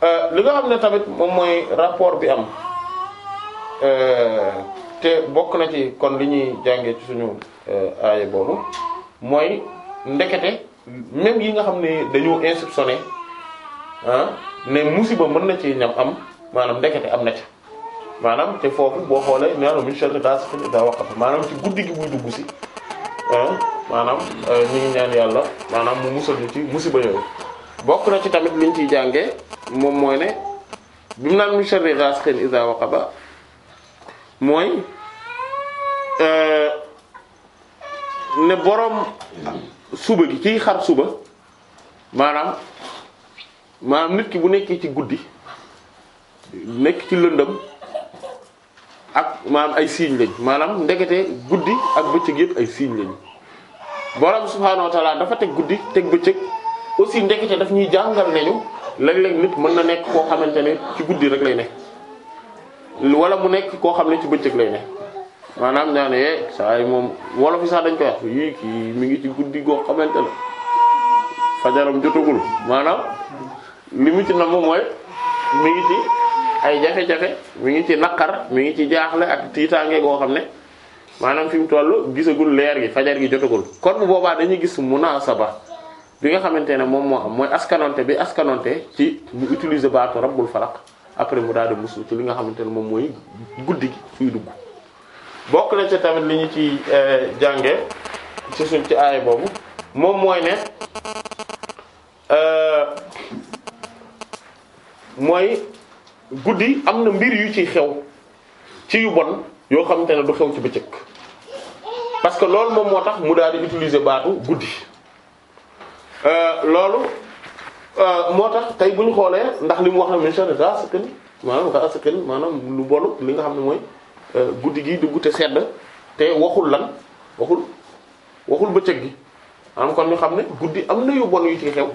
euh, li nga xam ne tamit moom mooy rapport bi am euh, te bokk na ci kon li ñuy jàngee ci suñu aaye boobu mooy ndekete même yi nga xam ne dañoo insoupçonné ah ne musiba mën na ci ñam am maanaam ndekete am na ca maanaam te foofu boo xoolee neenoo min sharri ghasiqin idha waqab maanaam ci guddi gi buy dugg si maanaam euh, ñu ngi ñaan yàlla maanaam mu musal ñu ci musiba yooyu bokk na ci tamit liñ ciy jànge moom mooy ne bi mu naan min sharri ghasiqin idha waqaba mooy euh, ne boroom suba gi ci xar suba maanaam maanaam nit ki bu nekkee ci guddi nekk ci lëndëm ak maanaam ay signe lañ maanaam ndekete guddi ak bëccëg yëpp ay signe lañ borom subhaanahu wa dafa teg guddi teg bëccëg aussi ndekete daf ñuy jàngal nañu léeg-léeg nit mën na nekk koo xamante ne ci guddi rek lay ne wala mu nekk koo xam ne ci bëccëg lay ne maanaam naa ne eh, saa yi moom wolof yi sax dañ koy wax yii kii mi ngi ci guddi goo xamante ne fajaram jotagul maanaam li mu ci mooy mi ngi ci ay jafe-jafe mi ngi ci naqar mu ngi ci jaaxle ak tiitaange goo xam ne maanaam fi mu toll gisagul leer gi fajar gi jotagul kon bu boobaa dañuy gis munaasaba bi nga xamante ne moom moo mooy askanonte bi askanonte ci mu utiliser baatu rabbul falaq mu daal di musu ci nga xamante ne moom mooy guddi gi fuy dugg bokk na ci tamit li ñu ci eh, jànge ci suñ ci aay boobu moom mooy ne eh, mooy guddi am na mbir yu ciy xew ci yu bon yoo xamante ne du xew ci bëccëg parce que loolu moom moo tax mu daal di utiliser baatu guddi euh, loolu euh, moo tax tey bu ñu xoolee ndax li mu wax na min sharri ghasiqin maanaam ghasiqin maanaam lu bolu li nga xam ne mooy euh, guddi gi dugg te sedd te waxul lan waxul waxul bëccëg gi maanaam kon ñu xam ne guddi am na yu bon yu ci xew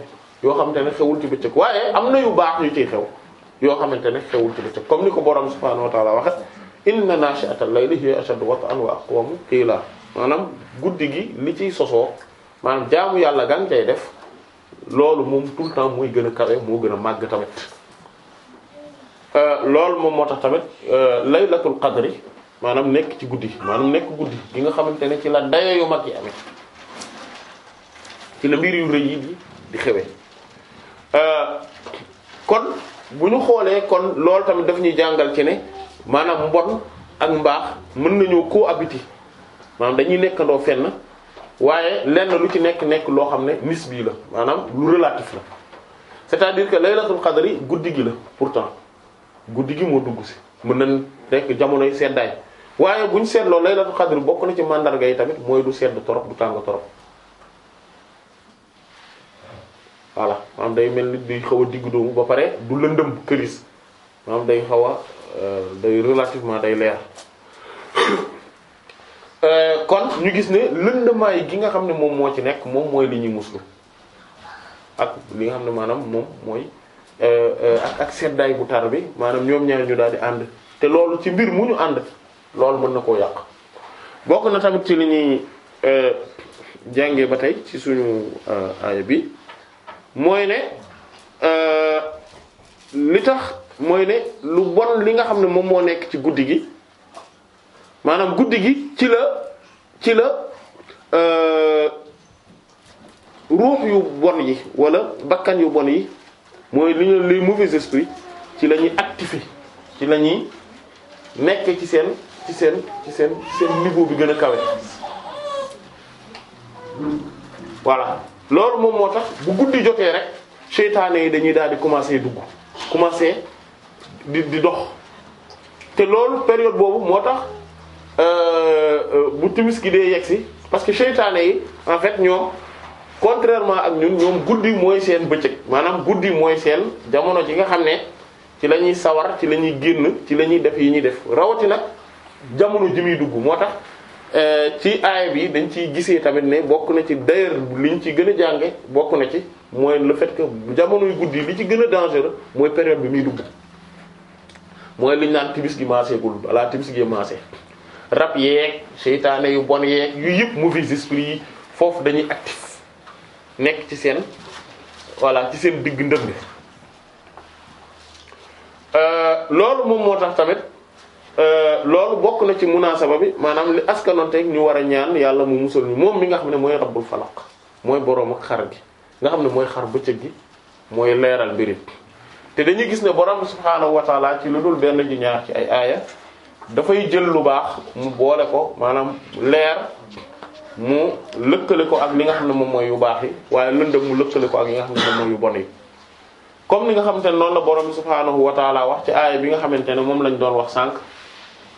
yoo xamante ne xewul ci bëccëg waaye am na yu baax yu ci xew yoo xamante ne xewul ci bëccëg comme ni ko borom subhaanahu wa ta'ala waxe inna naashi'atal layli hiya ashaddu wat'an wa aqwamu laa maanaam guddi gi li ciy sosoo maanaam jaamu yàlla gan cay def loolu moom tout temps muy gën a kawe moo gën a màgg tamit euh, loolu moom moo tax tamit euh, laylatul qadri maanaam nekk ci guddi maanaam nekk guddi gi nga xamante ne ci la dayo yu mag yi amee ci la mbir yu rëy yi di xewe euh, kon bu ñu xoolee kon loolu tamit daf ñuy jàngal ci ne maanaam mbon ak mbaax mën nañoo cohabiter maanaam dañuy nekkandoo fenn waaye lenn lu ci nekk nekk loo xam ne bii la maanaam lu relatif la c'est-à-dire que laylatul qadri guddi gi la pourtant guddi gi moo dugg si mën na nekk jamonoy seddaay waaye bu ñu seetloo laylatul qadri bokk na ci màndarga yi tamit mooy du sedd torop du tàng torop voilà maanaam day mel ni day xaw a diggu doomu ba pare du lëndëm këris maanaam day xaw a euh, day relativement day leer <coughs> euh, kon ñu gis ne lëndëmaay gi nga xam ne moom moo ci nekk moom mooy li ñuy muslu ak li nga xam ne maanaam moom mooy euh, ak ak seddaay bu tar bi maanaam ñoom ñaar ñu daal di ànd te loolu ci mbir mu ñu ànd loolu mën na koo yàq bokk na tamit ci li ñuy jànge ba tey ci suñu aaya bi mooy ne euh, li tax mooy ne lu bon li nga xam ne moom moo nekk ci guddi gi maanaam guddi gi ci la ci la euh, ruux yu bon yi wala bakkan yu bon yi mooy li ñu les mauvais esprits ci la ñuy activé ci la ñuy nekk ci seen ci seen ci seen seen niveau bi gën a kawe voilà loolu moom moo tax bu guddi jotee rek seytaane yi dañuy daal di commencer dugg commencer di di dox te loolu période boobu moo tax euh, bu timis gi dee yegsi parce que seytaane yi en fait ñoom contrairement ak ñun ñoom guddi mooy seen bëccëg maanaam guddi mooy seen jamono ji nga xam ne ci la ñuy sawar ci la ñuy génn ci la ñuy def yi ñuy def rawati nag jamono ji dugg moo tax Euh, ci aaya bi dañ ciy gisee tamit ne bokk na ci d'ailleurs liñ ci gën a jànge bokk na ci mooy le fait que jamonoy guddi li ci gën a dangereux mooy période bi muy dugg mooy liñ naan timis gi maaseegul balaa timis gi maase rab yeeg seytaane yu bon yeeg yu yëpp mauvais esprits yi foofu dañuy actif nekk ci seen voilà ci seen digg ndënd euh, loolu moom moo tax tamit Euh, loolu bokk na ci munaasaba bi maanaam li askanonteeg ñu war a ñaan yàlla mu musal ñu moom mi nga xam ne mooy rabbul falaq mooy boroom ak xar gi nga xam ne mooy xar bëccëg gi mooy leeral mbir te dañuy gis ne borom subhaanahu wa ci lu dul benn ji ñaar ci ay aaya dafay jël lu baax mu boole ko maanaam leer mu ko ak li nga xam ne moom mooy yu baax yi waaye lëndëm mu lëkkale ko ak yi nga xam ne moom mooy yu bon yi comme ni nga xamante ne noonu la borom subhaanahu wa taala wax ci aaya bi nga xamante ne moom lañ doon wax sànq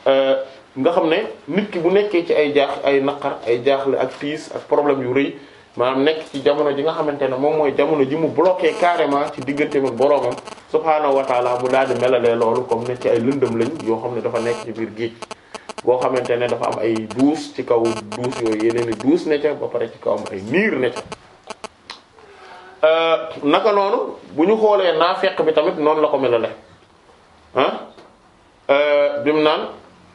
Euh, nga xam ne nit ki bu nekkee ci ay jaax ay naqar ay jaaxle ak tiis ak problème yu rëy maanaam nekk ci jamono ji nga xamante ne moom mooy jamono ji mu bloqué carrément ci digganteem ak boroomam subhaanahu wa taala mu daal di melalee loolu comme ne ci ay lëndëm lañ yoo xam ne dafa nekk ci biir géej boo xamante ne dafa am ay duus ci kaw duus yooyu yeneen i duus ne ca ba pare ci kawam ay niir ne ca euh, naka noonu bu ñu xoolee naafeq bi tamit noonu la ko melale ah euh,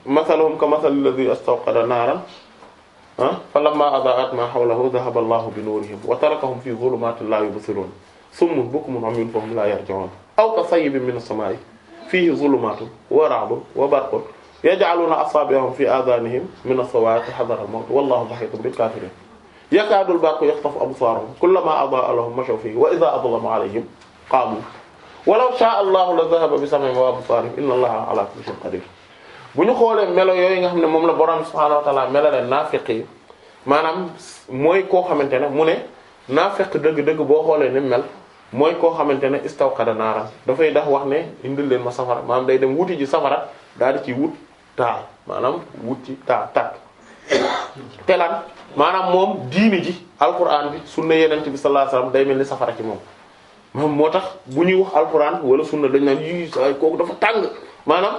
masaluhum ka masali lladi astawqada naaran ah, falamma adaa'at ma hawlahu dhahaba allahu bi nuurihim wa tarakahum fi dhulumatin la yubsirun summun bukmun umyun fahum la yarji'un aw ka sayyibin min as-samaa'i fihi dhulumatun wa ra'dun wa barqun yaj'aluna asabi'ahum fi adhanihim min as-sawa'iqi hadara al-mawt wallahu muhitun bil kafirin yakaadu al-barqu yakhtafu absarahum kullama adaa'a lahum mashaw fihi wa idha adlama alayhim qaamu walaw shaa'a allahu la dhahaba bi sam'ihim wa absarihim inna allaha ala kulli shay'in qadir bu ñu xoolee melo yooyu nga xam ne moom la borom subhaanahu wa ta'aala melale naafiq yi maanaam mooy koo xamante ne mu ne naa naafiq dëgg-dëgg boo xoolee ni mel mooy koo xamante ne istawqada naara dafay dax wax ne indil leen ma safara maanaam day dem wuti ji safara daal di wut taal maanaam wut ci taal tàkk te maanaam moom diini ji alquran bi sunna yeneen bi sallallahu alayhi wasallam day mel ni safara ci moom. moom moo tax bu ñuy wax alquran wala sunna dañ naan yii saa kooku dafa tàng maanaam.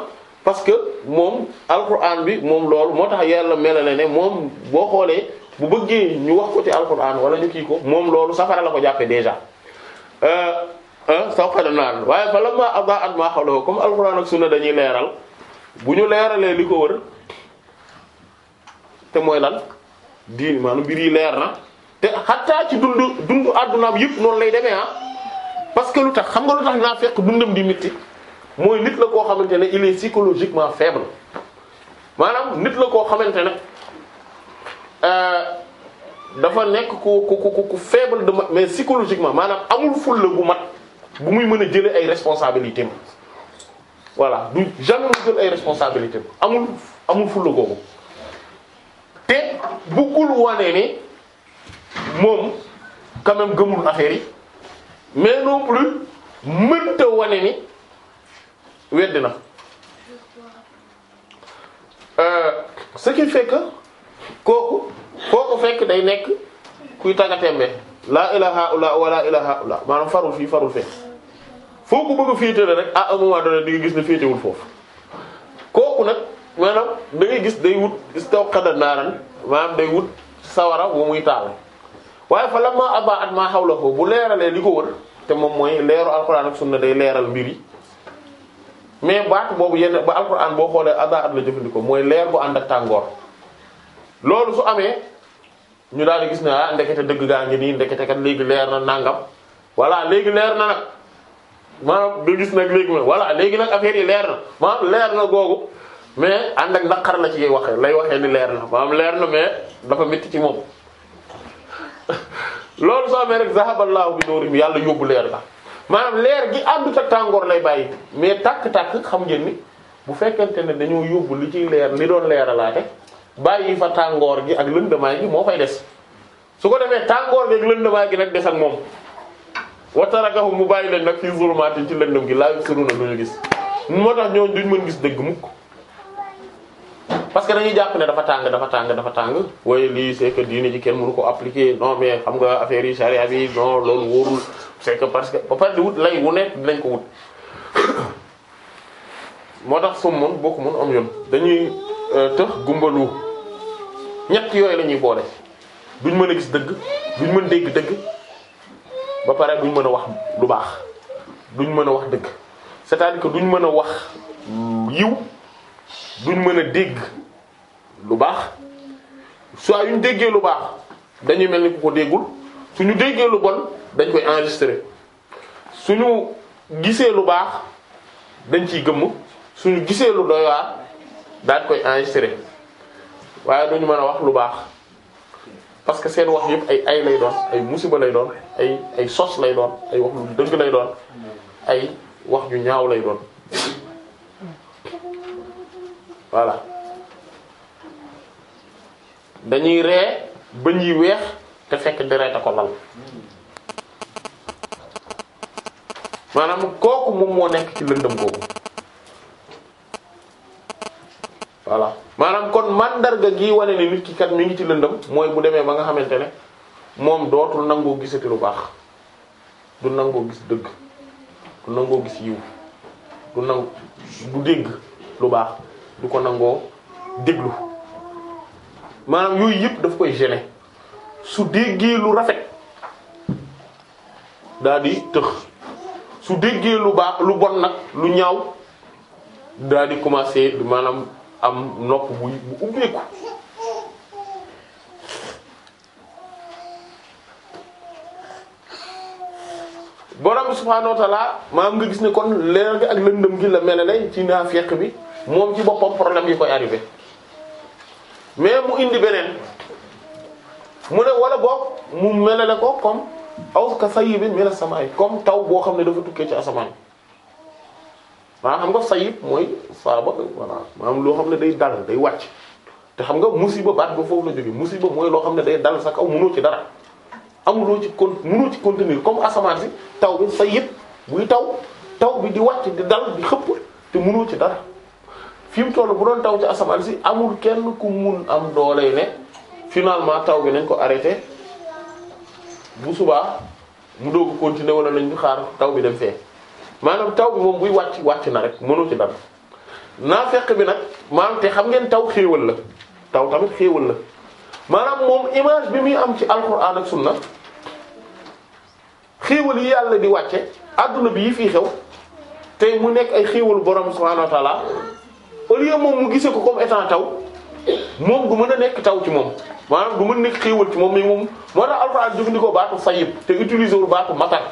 parce que moom alquran bi moom loolu moo tax yàlla melale ne moom boo xoolee bu bëggee ñu wax ko ci alquran wala ñu kii ko moom loolu safara la ko jàppee déjà euh, sawqada naan waaye bala maa aba at maa xawloo comme alquran ak sunna dañuy leeral bu ñu leeralee li ko wër mooy lan diini maanaam mbir yi leer na te xattaa ci dund dund àdduna yëpp noonu lay demee ah parce que lu tax xam nga lu tax naa fekk dundam di métti mooy nit la koo xamante ne il est psychologiquement faible maanaam nit la koo xamante ne euh, dafa nekk ku ku ku ku faible de mais psychologiquement maanaam amul fulla bu mat bu muy mën a jëlee ay responsabilités voilà du jamais mu jël ay responsabilités amul amul fulla googu te bëggul wane ni moom quand gëmul affaire yi mais non plus mënta wane ni. weddi na euh, ce qui kooku kooku fekk day nekk kuy tàggatémbe laa ilaha illa wala ilaha illa maanaam farul fii farul fee foo ko bëgg féetale rek à un moment donné di nga gis ne féetewul foofu kooku nag maanaam da ngay gis day wut istawqada naaran maanaam sawara bu muy taal waaye fa lamma aba at maa xawlahu bu leeralee li ko wër te moom mooy leeru alxuraan ak sunna day leeral mbir yi mais baat boobu yenn ba alquran boo xoolee ada at la jëfandikoo mooy leer bu ànd ak tàngoor loolu su amee ñu daal di gis ne ah ndekete dëgg gaa ngi nii ndekete kat léegi leer na nangam voilà léegi leer na nag maanaam du gis nag léegi nag voilà léegi nag affaire yi leer na maanaam leer na googu mais ànd ak naqar la ci waxee lay waxee ni leer na maanaam leer na mais dafa metti ci moom <laughs> loolu su amee rek zahaballahu bi nuurihim yàlla yóbbu leer la maanaam leer gi àndut ak tàngoor lay bàyyi mais tàkk-tàkk xam ngeen ni bu fekkente ne dañoo yóbbu li ciy leer li doon leeralaate bàyyi fa tàngoor gi ak lëndamaay gi moo fay des su ko defee tàngoor gi ak lëndamaay gi nag des ak moom wa tarakahum mu bàyyi leen nag fii zulumaatin ci lëndëm gi laa yubsiruuna duñu gis moo tax ñooñu ñu mën gis dëgg mukk parce que dañuy jàpp ne dafa tàng dafa tàng dafa tàng waaye lii c'est que ji kenn mënu ko appliquer non mais xam nga affaire yi charia bi non loolu wóorul c'est que parce que ba pare di wut lay wu nekk dinañ ko wut moo tax su mun bokk mun am dañuy euh, tëx gumbalu ñett yooyu la ñuy boole duñ mën a gis dëgg duñ mën dégg dëgg ba pare duñ mën a wax du baax duñ mën a wax dëgg cest ko dire que duñ mën a wax mm, yiw duñ mën a dégg lu baax soit yuñ déggee lu baax dañuy mel ni ku ko déggul suñu déggee lu bon dañ koy enregistrer suñu gisee lu baax dañ ciy gëmm suñu gisee lu doy waar daal koy enregistrer waaye duñu mën a wax lu baax parce que seen wax yëpp ay ay lay doon ay musiba lay doon ay ay sos lay doon ay wax lu dëgg lay doon ay wax yu ñaaw lay doon voilà dañuy ree bëñ yi weex te fekk deret a ko lal maanaam kooku moom moo nekk ci lëndëm boobu voilà maanaam kon mandarga gi wane ne nit ki kat mi ngi ci lëndëm mooy bu demee ba nga xamante ne moom dootul nangoo gisati lu baax du nangoo gis dëgg du nangoo gis yiw du nangu du dégg lu baax du ko nangoo déglu maanaam yooyu yëpp daf koy gene su déggee lu rafet daal di tëx su déggee lu baax lu bon nag lu ñaaw daal di commencer maanaam am nopp bu bu ubbeeku borom subhaanahu wa ta'aala maanaam nga gis ne kon leneen gi ak lëndëm gi la mel ne ci naafeq bi. moom ci boppam problème yi koy arrivé mais mu indi beneen mu ne wala boog mu melale ko comme aw ka sayyibin mina samaa'i comme taw boo xam ne dafa tukkee ci asamaan maanaam xam nga sayyib mooy saaba voilà maanaam loo xam ne day dal day wàcc te xam nga musiba baat ba foofu la jógee musiba mooy loo xam ne day dal sa kaw mënoo ci dara amuloo ci con mënoo ci contenir comme asamaan si taw bi sayyib buy taw taw bi di wàcc di dal di xëpp te mënoo ci dara. fi mu toll bu doon taw ci asamaan si amul kenn ku mun am doole ne finalement taw bi nañ ko arrêté bu subaa mu doog continuer wala nañ xaar taw bi dem fee maanaam taw bi moom buy wàcc wàcc na rek mënoo ci dara naa fekk bi nag maanaam te xam ngeen taw xéewal la taw tamit xéewal la maanaam moom image bi muy am ci alquran ak sunna xéewal yi yàlla di wàcce adduna bi yi fii xew te mu nekk ay xéewal borom subhanahu wa au lieu moom mu gisee ko comme étant taw moom du mën a nekk taw ci moom maanaam du mën nekk xéewal ci moom mais moom moo tax alxuraan jëfandikoo baatu sayyib te utiliser wul baatu matar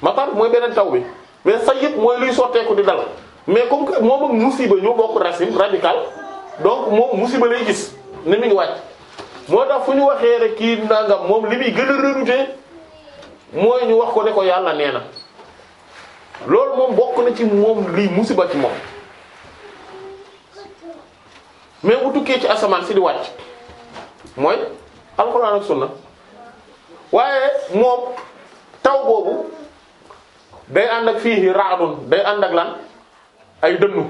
matar mooy beneen taw bi mais sayyib mooy luy sotteeku di dal mais comme que moom ak musiba ñoo bokk racine radical donc moom musiba lay gis ne mi ngi moo tax fu ñu waxee rek kii nangam moom li muy gën a redouter mooy ñu wax ko ne ko yàlla nee na loolu moom bokk na ci moom lii musiba ci moom. mais bu tukkee ci asamaan si di wàcc mooy alxuraan ak sunna waaye moom taw boobu day ànd ak fii raadun day ànd ak lan ay dënnu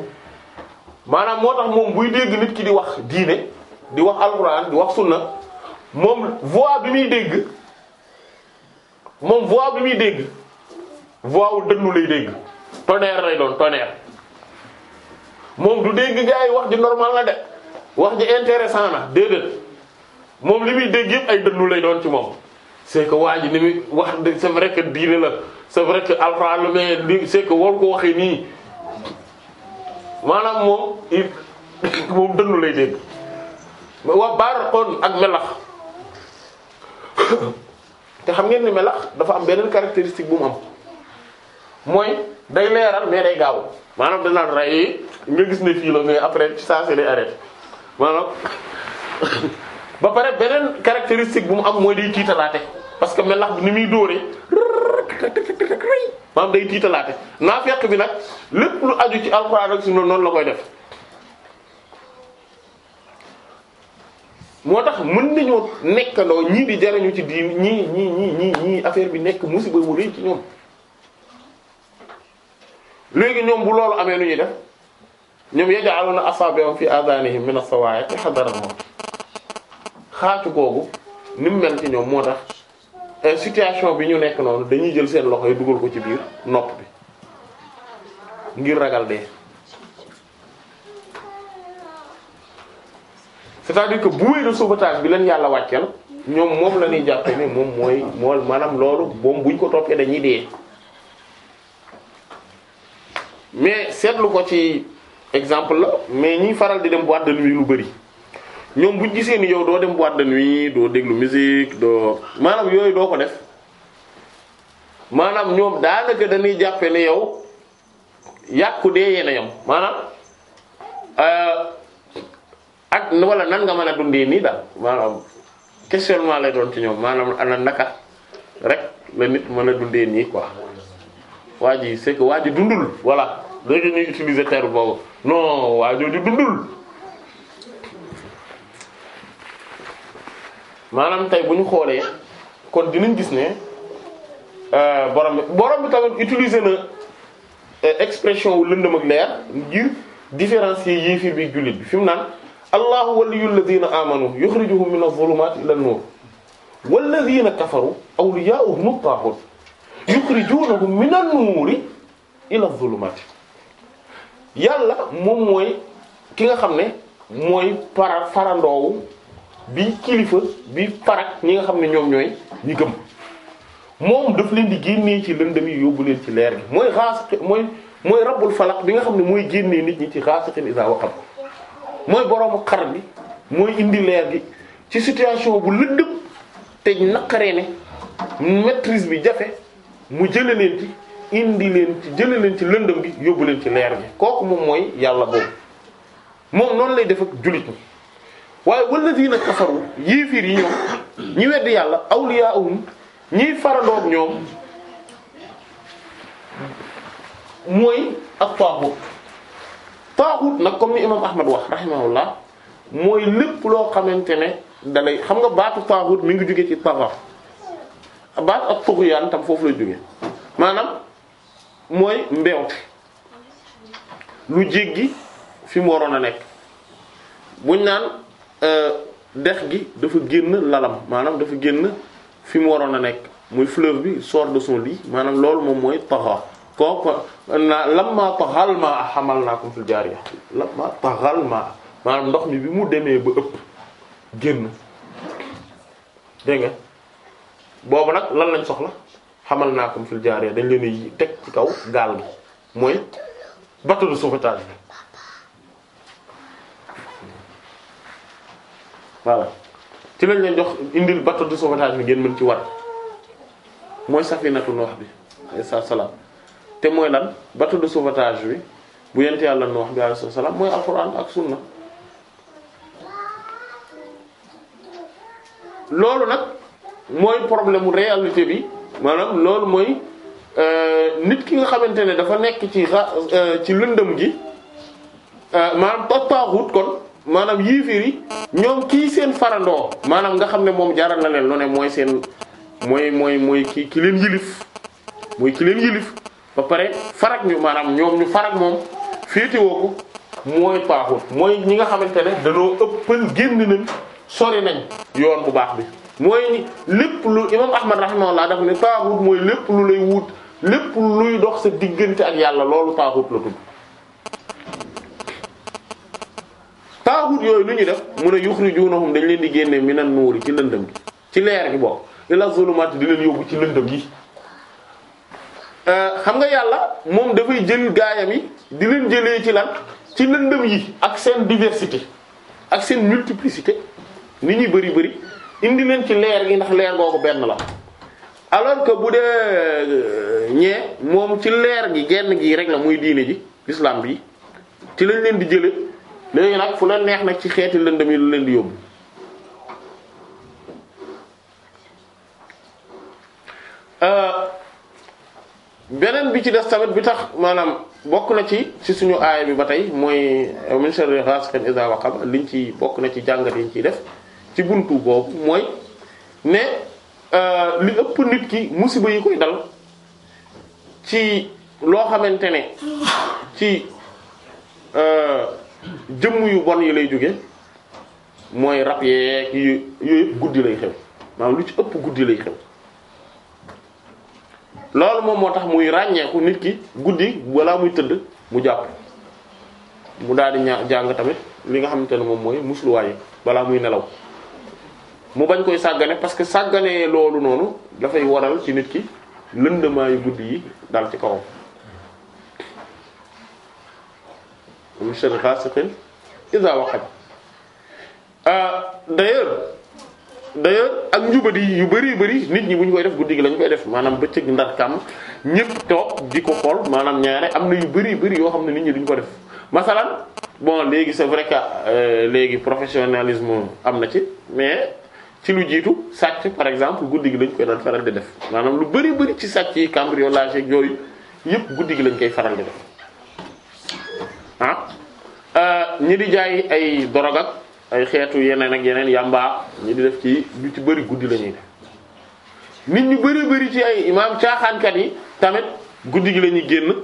maanaam moo tax moom buy dégg nit ki di wax diine di wax alxuraan di wax sunna moom voix bi muy dégg moom voix bi muy dégg voix wu dënnu lay dégg tonnerre lay doon tonnerre moom du dégg nga ay wax di normal la de. wax ji intéressant na déedéet moom li muy dégg yëpp ay dënnu lay doon ci moom c'est que waa ji ni muy wax c'est vrai que diine la c'est vrai que alxuraan la mais li c'est que war ko waxee nii maanaam moom <coughs> moom dënnu lay dégg wa barqon ak melax <coughs> te xam ngeen ni melax dafa am beneen caractéristique bu mu am mooy day leeral mais day gaaw maanaam danaan rey nga gis ne fii la mais après ci saa si lay arrêté maanaam ba pare beneen caractéristique bu mu am mooy day tiitalaate parce que melax bi ni muy dóoree maanaam day tiitalaate naafeq bi nag lépp lu aju ci alxuraan ak sunna noonu la koy def moo tax mën nañoo nekkandoo ñii di jariñu ci diin ñii ñii ñii ñii ñii affaire bi nekk musiba mu rëy ci ñoom léegi ñoom bu loolu amee lu ñuy def ñoom yaj'aluna asabi'ahum fi adhanihim min as-sawa'iq hadara al-maut xaatu googu ni mu mel ci ñoom moo tax eh, situation bi ñu nekk noonu dañuy jël seen loxo yi dugal ko ci biir nopp bi ngir ragal dee. c'est-à-dire que bouée de sauvetage bi leen yàlla wàcceel ñoom moom la ñuy jàppe moom mooy moo maanaam loolu moom buñ ko toppee dañuy dee mais seetlu ko ci. exemple la mais ñiy faral di dem boîte de nuit lu bari ñoom buñ gisee ni yow doo dem boîte de nuit doo déglu musique doo maanaam yooyu doo ko def maanaam ñoom daanaka dañuy jàppe yow yàqu dee yéen a yam maanaam euh, ak wala nan nga mën a dundee nii daal maanaam questionnement lay doon ci ñoom maanaam ana naka rek la nit mën a dundee nii quoi waa ji c'est que waa ji dundul voilà léegi ñuy utiliser terme boobu non waa jooju dundul maanaam tey bu ñu xoolee kon dinañ gis ne euh, borom bi borom bi tamit utilise na euh, expression wu la ak leer ngir différencier yéefir bi jullit bi fi mu naan allahu waliyul ladina amanu yuxrijuhum min az-zulumaati ila an-nuur walladina kafaru awliyaa'uhum at-taaghut yuxrijunahum min an-nuuri ila az-zulumaati yàlla moom mooy ki nga xam ne mooy para farandoowu bi kilifa bi parak ñi nga xam ne ñoom ñooy ñi gëm moom daf leen di génnee ci lëndëm yi yóbbu leen ci leer gi mooy mooy mooy rabbul falaq bi nga xam ne mooy génnee nit ñi ci xaasatin isa waqab mooy boroomu xar bi mooy indi leer gi ci situation bu lëndëm te naqaree ne maîtrise bi jafe mu jële indi leen ci jële leen ci lëndëm gi yóbbu leen ci leer bi kooku moom mooy yàlla boobu moom noonu lay def ak jullit ñi waaye walladina kafaru yéefir yi ñoom ñi weddi yàlla awliyaahum ñiy farandoog ñoom mooy ak taaxut taaxut nag comme ni imam ahmad wax rahimahullah mooy lépp loo xamante ne dalay xam nga baatu taaxut mi ngi jóge ci taxa baat ak tuxyaan tam foofu lay jóge maanaam mooy mbeew lu jéggi fi mu waroon a nekk buñ naan euh, dex gi dafa génn lalam maanaam dafa génn fi mu waroon a nekk muy fleur bi sort de son lit maanaam loolu moom mooy taxa kooku naa lamma taxal maa hamalnaakum fil jaariya lamma taxal maa maanaam ndox mi bi mu demee ba ëpp génn dégg nga boobu nag lan lañ soxla xamal naa kom fil jaaree dañ leen di teg ci kaw gaal gi mooy bateau de sauvetage bi voilà ci lañ leen jox indil bateau de sauvetage bi ngeen mën ci war mooy safinatu noox bi alayhi salaam te mooy lan bateau de sauvetage bi bu yent yàlla noox bi alayhi salaam mooy alquran ak sunna loolu nag mooy problème mu réalité bi. maanaam loolu mooy euh, nit ki nga xamante ne dafa nekk ci euh, ci lëndëm gi euh, maanaam toog taaxut kon maanaam yiifir yi ñoom kii seen farandoo maanaam nga xam ne moom jaral na leen lu ne mooy seen mooy mooy mooy ki ki leen yilif mooy ki leen yilif ba pare farak ñu maanaam ñoom ñu farak moom féetewoo ko mooy paaxut mooy ñi nga xamante ne danoo ëppal génn nañ sori nañ yoon bu baax bi mooy lépp lu imam ahmad rahimahullah daf ne taaxut mooy lépp lu lay wut lépp luy dox sa diggante ak yàlla loolu taaxut la tudd taaxut yooyu lu ñu def mun a yuxrijunahum dañ leen di génne minan nuuri ci lëndëm gi ci leer gi boobu ila zulumaat di leen yóbbu ci lëndëm yi euh, xam nga yàlla moom dafay jël gaayam yi di leen jëlee ci lan ci lëndëm yi ak seen diversité ak seen multiplicité ni ñuy bari bari indi leen ci leer gi ndax leer googu benn la alors que bu dee euh, ñee moom ci leer gi genn gi rek la muy diine ji l'islam bi ci lañ leen di jële léegi nag fu la neex nag ci xeeti lëndëm yi lu leen di yóbbu euh, beneen bi ci des tamit bi tax maanaam bokk na ci ci suñu aaya bi ba tey mooy min sharri ghasiqin idha waqab liñ ci bokk na ci jàngat yiñ ciy def ci buntu boobu mooy ne euh, li ëpp nit ki musiba yi koy dal ci loo xamante ne ci euh, jëm yu bon yi lay jóge mooy rab yeeg yooyu yëpp guddi lay xew maanaam lu ci ëpp guddi lay xew loolu moom moo tax muy ràññeeku nit ki guddi walla muy tëdd mu jàpp mu daal di ña jàng tamit li nga xamante ne moom mooy musluwaay balaa muy nelaw mu bañ koy sàggane parce que sàgganee loolu noonu dafay waral ci nit ki lëndëmaayu guddi yi dal ci kawam min sharri ghasiqin idha waqab ah, d'ailleurs d'ailleurs ak njubadi yu bari bari nit ñi bu ñu koy def guddi gi lañu koy def maanaam bëccëg ndar kam ñëpp toog di ko xool maanaam ñaare am na yu bari bari yoo xam ne nit ñi duñ ko def masalan bon léegi c'est vrai que euh, léegi professionnalisme am na ci mais ci lu jiitu sàcc par exemple guddi gi lañ koy daan faral di def maanaam lu bari bari ci sàcc yi cambriolage ak yooyu yëpp guddi gi lañ koy faral di def ah, euh, ñi di jaay ay dorog ak ay xeetu yeneen ak yeneen yàmbaa ñi di def ci lu ci bari guddi la ñuy nit ñu bari bari ci ay imaam caaxaankat yi tamit guddi gi lañuy ñuy génn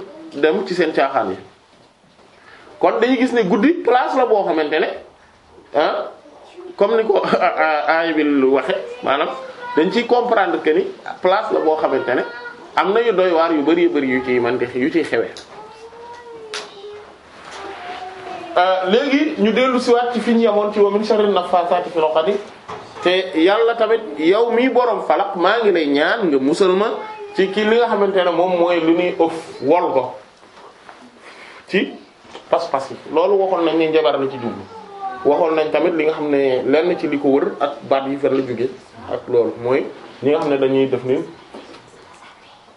dem ci seen caaxaan yi kon dañuy gis ne guddi place la boo xamante ne ah comme ni ko aaya <laughs> bi waxe maanaam dañ ciy comprendre que ni place la boo xamante ne am na yu doy waar yu bari bari yu ci man di yu ciy xewee euh, léegi ñu dellu siwaat ci fi ñu yemoon ci wa min sharri naffasaati fil uqad te yàlla tamit yow mii borom falak maa ngi lay ñaan nga musal ma ci kii li nga xamante ne moom mooy lu ñuy ëf wol ko ci pas yi loolu waxoon nañ ne njabar la ci jublu waxoon nañ tamit li nga xam ne lenn ci li ko wër ak baat yi fan la jóge ak loolu mooy li nga xam ne dañuy def ni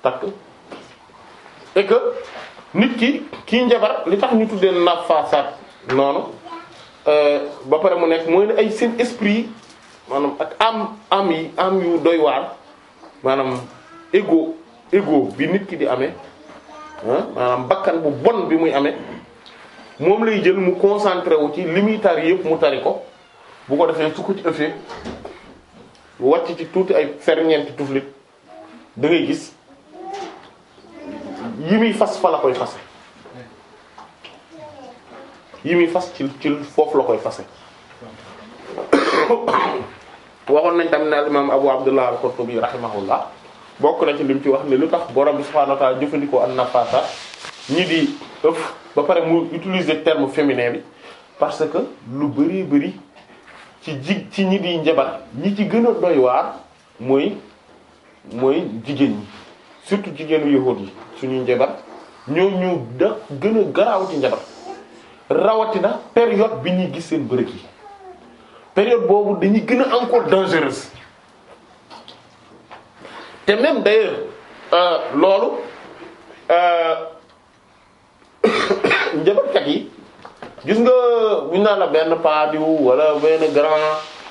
takk et nit ki kii njabar li tax ñu tuddee nafasaat noonu euh, ba pare mu nekk mooy ne ay seen esprit maanaam ak am am yi am yu doy waar maanaam ego ego bi nit ki di amee maanaam bakkan bu bon bi muy amee moom lay jël mu concentré wu ci li muy tari yëpp mu tari ko bu ko defee su ko ci ëffee wàcc ci tuuti ay ferñeenti tuflit da gis yi muy fas fa la koy fase yi muy fas ci ci foofu la koy fase <coughs> waxoon nañ tamit ne al imam Abu Abdullah al-Qurtubi rahimahullah bokk na ci lim ci wax ne lu tax borom bi subhanahu wa ta'ala jëfandikoo an nafasa ñi di ëf ba pare mu utiliser terme féminin bi parce que lu bari bari ci ji ci ñi di njabar ñi ci gën a doy mooy mooy jigéen ñi surtout jigéenu yahuud yi suñu njabar ñoo ñu da gën a garaaw ci njabar rawatina période bi ñuy gis seen bërëg yi période boobu dañuy gën a encore dangereuse te même d'ailleurs euh, loolu euh, njabarkat yi gis nga buñ naan la benn paadiw wala benn grand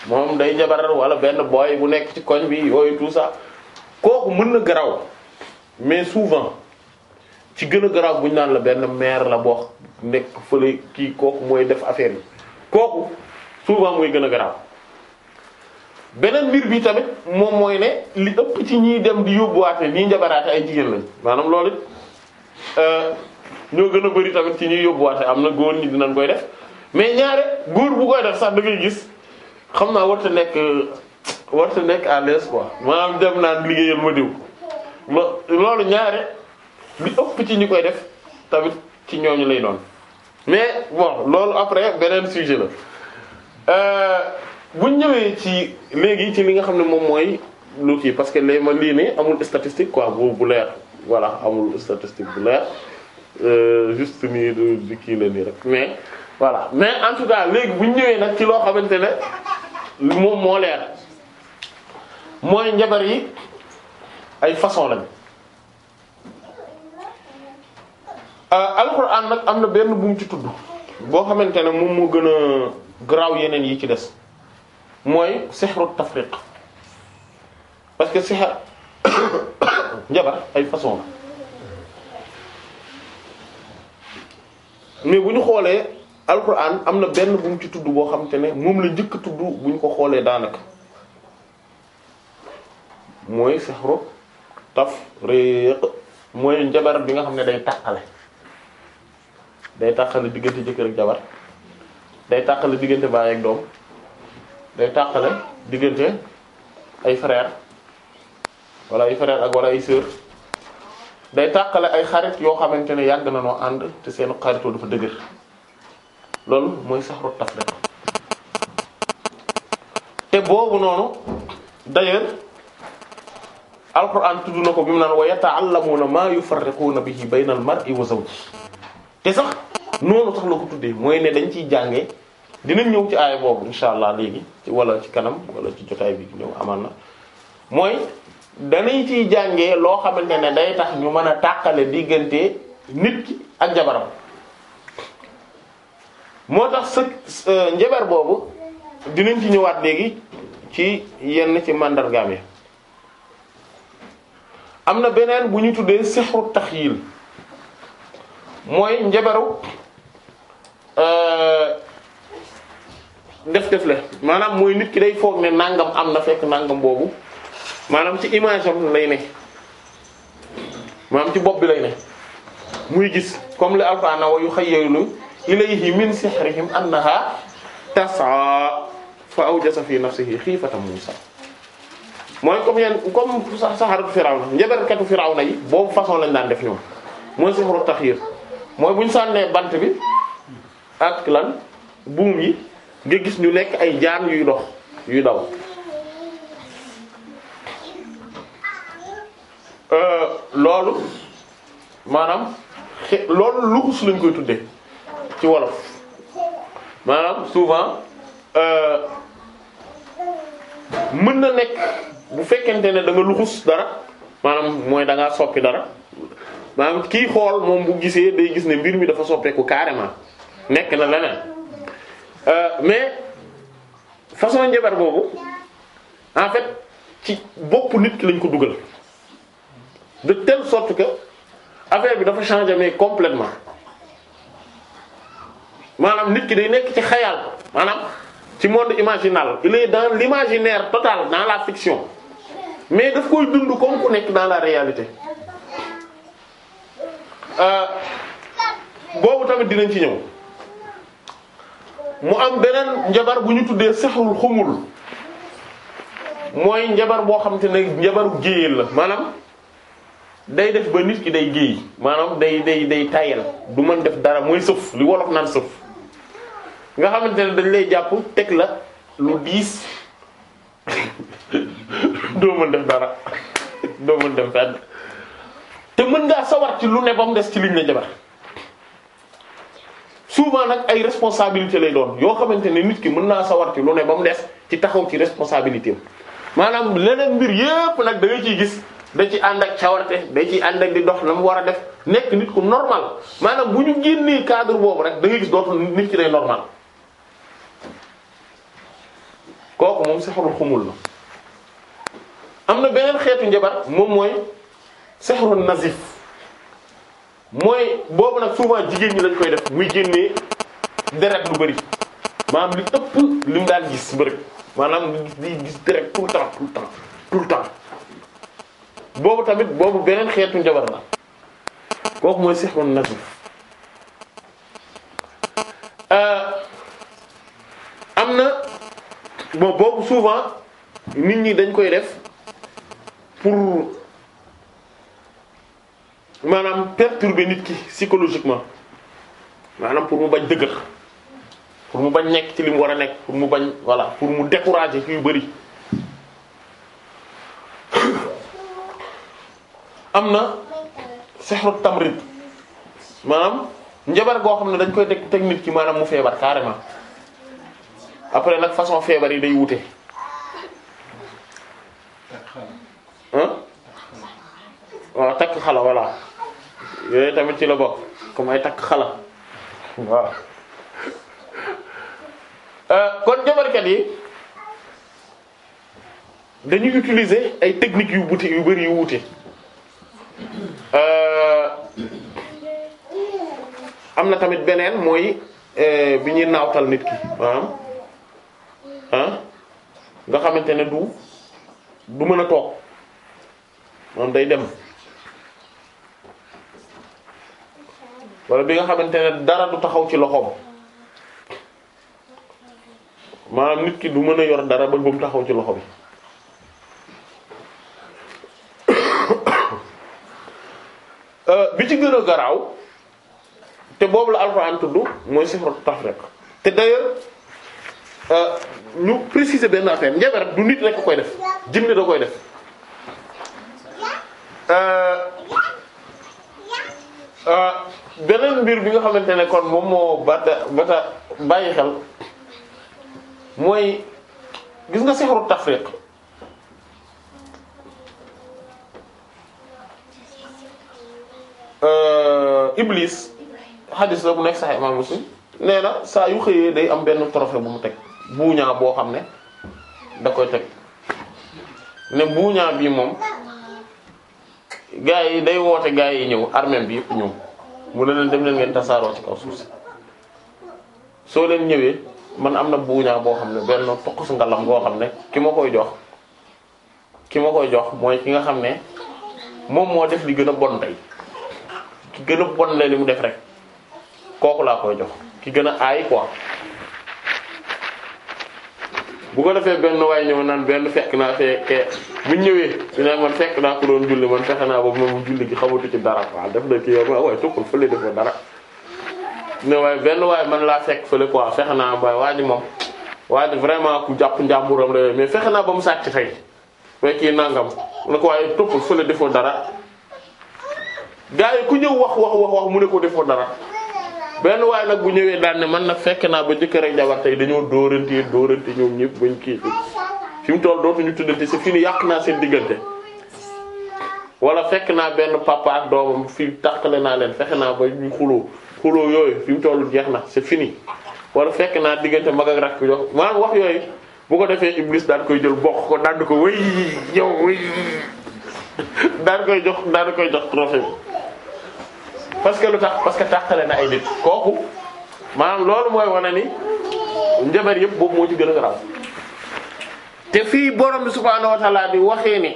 moom day njabar wala benn boy bu nekk ci koñ bi yooyu tout ça kooku mën na garaw mais souvent ci gën a garaaw buñ naan la benn maire la boo nekk fële kii kooku mooy def affaire yi kooku souvent mooy gën a garaaw beneen mbir bi tamit moom mooy ne li ëpp ci ñiy dem di yóbbuwaate nii njabaraat ay jigéen lañ maanaam loolu it euh, ñoo gën a bari tamit ci ñuy yóbbu yóbbuwaate am na góor ñi dinañ koy def mais ñaare góor bu koy def sax da ngay gis xam naa warta nekk warta nekk à l'aise quoi maanaam dem naan liggéeyal ma diw loolu ñaare bi ëpp ci ñu koy def tamit ci ñooñu lay doon mais bon loolu après beneen sujet la euh, buñ ñëwee ci léegi ci li nga xam ne moom mooy lu kii parce que léegi ma lii ne amul statistique quoi bu bu leer voilà amul statistique bu leer Euh, juste nii du di la nii rek mais voilà mais en tout cas léegi buñ ñu nag ci loo xamante ne moom moo leer mooy njabar yi ay façon lañ euh, alxuraan nag am na benn bu ci tudd boo xamante ne moom moo gën a garaaw yeneen yi ci des mooy sihru tafriq parce que sihr <coughs> njabar ay façon la mais bu ñu xoolee alquran am na benn bu mu ci tudd boo xam te ne moom la njëkk a tudd bu ñu ko xoolee daanak mooy sexru tafriq mooy njabar bi nga xam ne day tàqale day tàqale diggante jëkkër ak jabar day tàqale diggante baay ak doom day tàqale diggante ay frère wala ay frère ak wala ay sœur day tàqale ay xarit yoo xamante ne yàgg na noo ànd te seen xaritoo dafa dëgër loolu mooy saxru tafriq te boobu noonu d'ailleurs alquran tudd na ko bi mu naan wa yata'allamuna ma yufarriquna bihi bayna al-mar'i wa zawji te sax noonu sax la ko tuddee mooy ne dañ ciy jàngee dinañ ñëw ci aaya boobu insha allah léegi ci wala ci kanam wala ci jotaay bi ñëw amaan na mooy danañ ciy jàngee loo xamante ne day tax ñu mën a tàqale diggante nit ki ak jabaram moo tax së njabar boobu dinañ ci ñëwaat léegi ci yenn ci màndargaam yi am na beneen bu ñu tuddee tax taxyil mooy njabaru euh, def def la maanaam mooy nit ki day foog ne nangam am na fekk nangam boobu maanaam ci image am lay ne maanaam ci bopp bi lay ne muy gis comme li alqaana wa yuxayyalu rek min na annaha tas'a fa jasa fi nafsihi xiifatan Muusa mooy comme yeen comme saxaratu Firawna njaberkatu Firawna yi boobu façon lañ daan def ñoom mooy sihru taxiir mooy bu ñu bant bi ak lan buum yi nga gis ñu nekk ay jaan yuy dox yuy daw Euh, loolu maanaam loolu luxus lañ koy tuddee ci wolof maanaam souvent euh, mën na nekk bu fekkente ne da nga luxus dara maanaam mooy da ngaa soppi dara maanaam kiy xool moom bu gisee day gis ne mbir mi dafa soppeeku carrément nekk na leneen euh, mais façon jabar boobu en fait ci bopp nit ki lañ ko dugal. de telle sorte que affaire bi dafa changer mais complètement maanaam nit ki day nekk ci xayal maanaam ci monde imaginal il est dans l'imaginaire total dans la fiction mais daf koy dund comme ku nekk dans la réalité euh, boobu tamit dinañ ci ñëw mu am beneen njabar bu ñu tuddee saxul xumul mooy njabar boo xam te ne njabaru géeyal la maanaam day def ba nit ki day géey maanaam day day day tayal du mën def dara mooy sëf li wolof naan sëf nga xamante ne dañ lay jàpp teg la lu diis <laughs> doo mën def dara doo mën dem fenn te mën ngaa sawar ci lu ne ba mu des ci liñ la jabar souvent nag ay responsabilité lay doon yoo xamante ne nit ki mën naa sawar ci lu ne ba mu des ci taxaw ci responsabilité am maanaam leneen mbir yépp nag da ciy gis dañ ci ànd ak cawarte da ci ànd ak di dox la mu war a def nekk nit ku normal maanaam bu ñu génnee cadre boobu rek da ngay gis dootul nit ki day normal kooku moom sexarul xumul la am na beneen xeetu njabar moom mooy sexarul nazif mooy boobu nag souvent jigéen ñi lañ koy def muy génnee deret lu bari maanaam li ëpp li mu daan gis bari maanaam li gis deret tout le temps tout le temps tout le temps boobu tamit boobu beneen xeetu njabar la kooku mooy sixrun nazif euh, am na bon boobu souvent nit ñi dañ koy def pour maanaam perturber nit ki psychologiquement maanaam pour mu bañ dëgër pour mu bañ nekk ci li mu war a nekk pour mu bañ voilà pour mu décourager ci yu bari am na sihru tamrid maanaam njabar goo xam ne dañ koy teg teg nit ki maanaam mu feebar carrément après nag façon feebar yi day wute. waaw takk xala voilà yooyu tamit ci la bokk comme ay takk xala waaw euh, kon jabarkat yi dañuy utiliser ay techniques yu bute yu bari yu wuute Euh, am na tamit beneen mooy euh, bi ñuy naawtal nit ki maanaam nga xamante ne du du mën a toog moom day dem wala bi nga xamante ne dara du taxaw ci loxoom maanaam nit ki du mën a yor dara ba bu taxaw ci loxo bi Euh, bi ci gën a garaaw te boobu la alxuraan tudd mooy sifratu tafriq te d'ailleurs euh, ñu préciser benn affaire njabar du nit rek koy def jinne da koy def euh, beneen mbir bi nga xamante ne kon moom moo bata bata bàyyi xel mooy gis nga sihru tafriq Euh, Iblis hadis la bu nekk sax imam Muslim nee na saa yu xëyee day am benn trophée bu mu teg buuñaa boo xam ne da koy teg ne buuñaa bii moom gaa yi day woote gaa yi ñëw armée bi yëpp ñëw mu ne leen dem leen ngeen tasaaroo ci kaw suuf si soo leen ñëwee man am na buuñaa boo xam ne benn toqus ngalam boo xam ne ki ma koy jox ki ma koy jox mooy ki nga xam ne moom moo def li gën a bon tey ki gën a bon la li mu def rek kooku laa koy jox ki gën a aay quoi bu ko defee benn waay ñëw naan benn fekk naa fekkee bu ñëwee su ne man fekk naa ko doon julli man fexe naa boobu moom julli gi xamatu ci dara waaw def na kii waaye tukkul dara ne waaye benn waay man laa fekk fële quoi naa waaye waa ji moom waa vraiment ku jàpp njàmburam la mais fexe naa ba mu sàcc tey mais kii nangam ne ko waaye tukkul fële defoo dara. gaa yi ku ñëw wax wax wax wax mu ne ko defoo dara benn waaye nag bu ñëwee daan ne man nag fekk naa ba jëkkër ak jabar tey dañoo dóorante dóorante ñoom ñëpp bañ kii ci fi mu toll dootuñu tuddante c'est fini yàq naa seen diggante. wala fekk naa benn pàppaat ak doomam fii tàqale naa leen fexe naa ba ñu xuloo yooyu fi mu toll jeex na c'est fini wala fekk naa diggante mag ak rakk yox maanaam wax yooyu bu ko defee Iblis daan koy jël bokk ko daan ko wéy yow wéy <laughs> daan koy jox daan koy parce que lu tax parce que tàqale na ay nit kooku maanaam loolu mooy wane ni njabar yëpp boobu moo ci gën a te fii borom bi subhaanahu wa waxee ni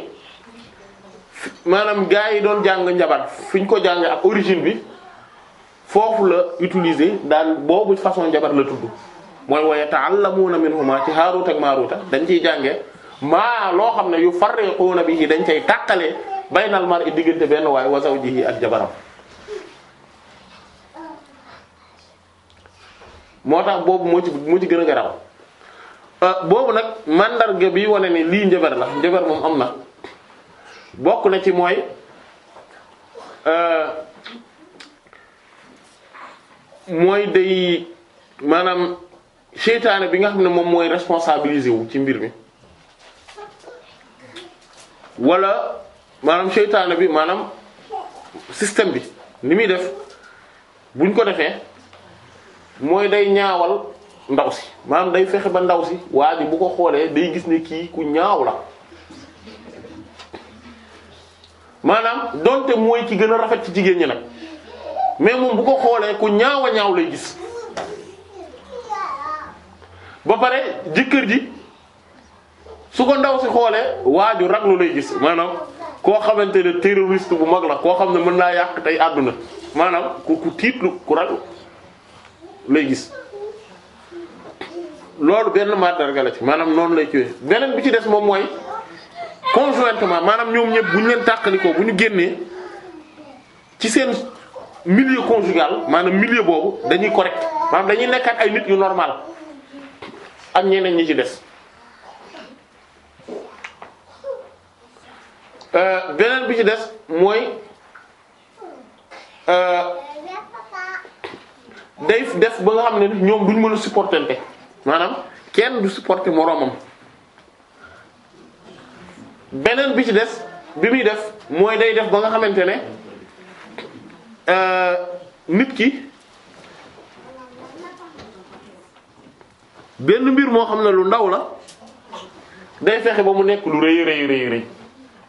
maanaam gaa yi doon jàng njabar fi ko jàng ak origine bi foofu la utiliser daal boobu façon njabar la tudd mooy wa yata'allamuuna minhumaa ci Haaruut ak Maaruuta dañ ciy jàngee maa loo xam ne yu farriquuna bihi dañ cay tàqale baynal i diggante benn waay wa zawjihi ak jabaram moo tax boobu moo ci moo ci gën a garaw euh, boobu nag màndarga bi wane ne lii njëbar la njëbar moom am na bokk na ci mooy euh, mooy day maanaam seytaane bi nga xam ne moom mooy responsabilisé wu ci mbir mi wala maanaam seytaane bi maanaam système bi ni muy def buñ ko defee mooy day ñaawal ndaw si maanaam day fexe ba ndaw si waa ji bu ko xoolee day gis ne kii ku ñaaw la maanaam donte mooy ci gën a rafet ci jigéen ñi nag mais moom bu ko xoolee ku ñaawa ñaaw lay gis ba pare jëkkër ji su ko ndaw si xoolee waaju lu lay gis maanaam koo xamante ne terroriste bu mag la koo xam ne mën naa yàq tey àdduna maanaam ku ku tiitlu ku raglu lay gis loolu benn mandarga la maanaam noonu lay ci beneen bi ci des moom mooy conjointement maanaam ñoom ñëpp bu ñu leen tàqalikoo bu ñu génnee ci seen milieu conjugal maanaam milieu boobu dañuy correct maanaam dañuy nekkaat ay nit yu normal ak ñeneen ñi ci des euh, beneen bi ci des mooy. Euh, day def ba nga xam ne ñoom duñ mën a supportante maanaam kenn du supporter moroomam beneen bi ci des bi muy def mooy day def ba nga xamante ne euh, nit ki benn mbir moo xam ne lu ndaw la day fexe ba mu nekk lu rëy rëy rëy rëy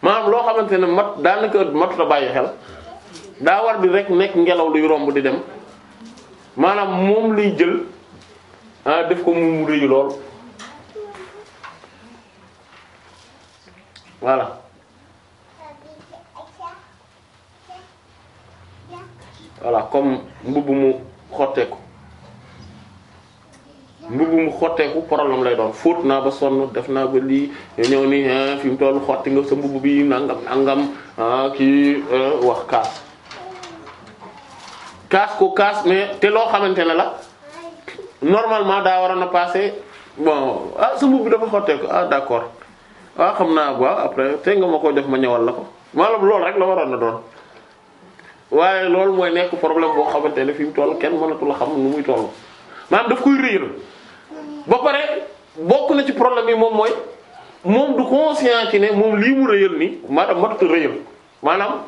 maanaam loo xamante ne mat daanaka matut a bàyyi xel daa war di rek nekk ngelaw luy romb di dem maanaam moom lay jël ah def ko mu mu lool voilà voilà comme mbubb mu xotteeku mbubb mu xotteeku problème lay doon fóot naa ba sonn def naa ba lii ñëw ni ah, fi mu toll xotti nga sa mbubb bi nangam nangam ah, ki eh, wax kaas kaas ko kaas mais te loo xamante ne la normalement daa war a na passé bon ah su mbubb bi dafa xottee ko ah d'accord ah xam naa waaw après te nga ma ko def ma ñëwal la ko maanaam la waroon na doon waaye loolu mooy nekk problème boo xamante ne fi mu toll kenn mënatu la xam nu muy toll maanaam daf koy réyal ba pare bokk na ci problème yi moom mooy moom du conscient ci ne moom lii mu rëyal nii maanaam matut a rëyal maanaam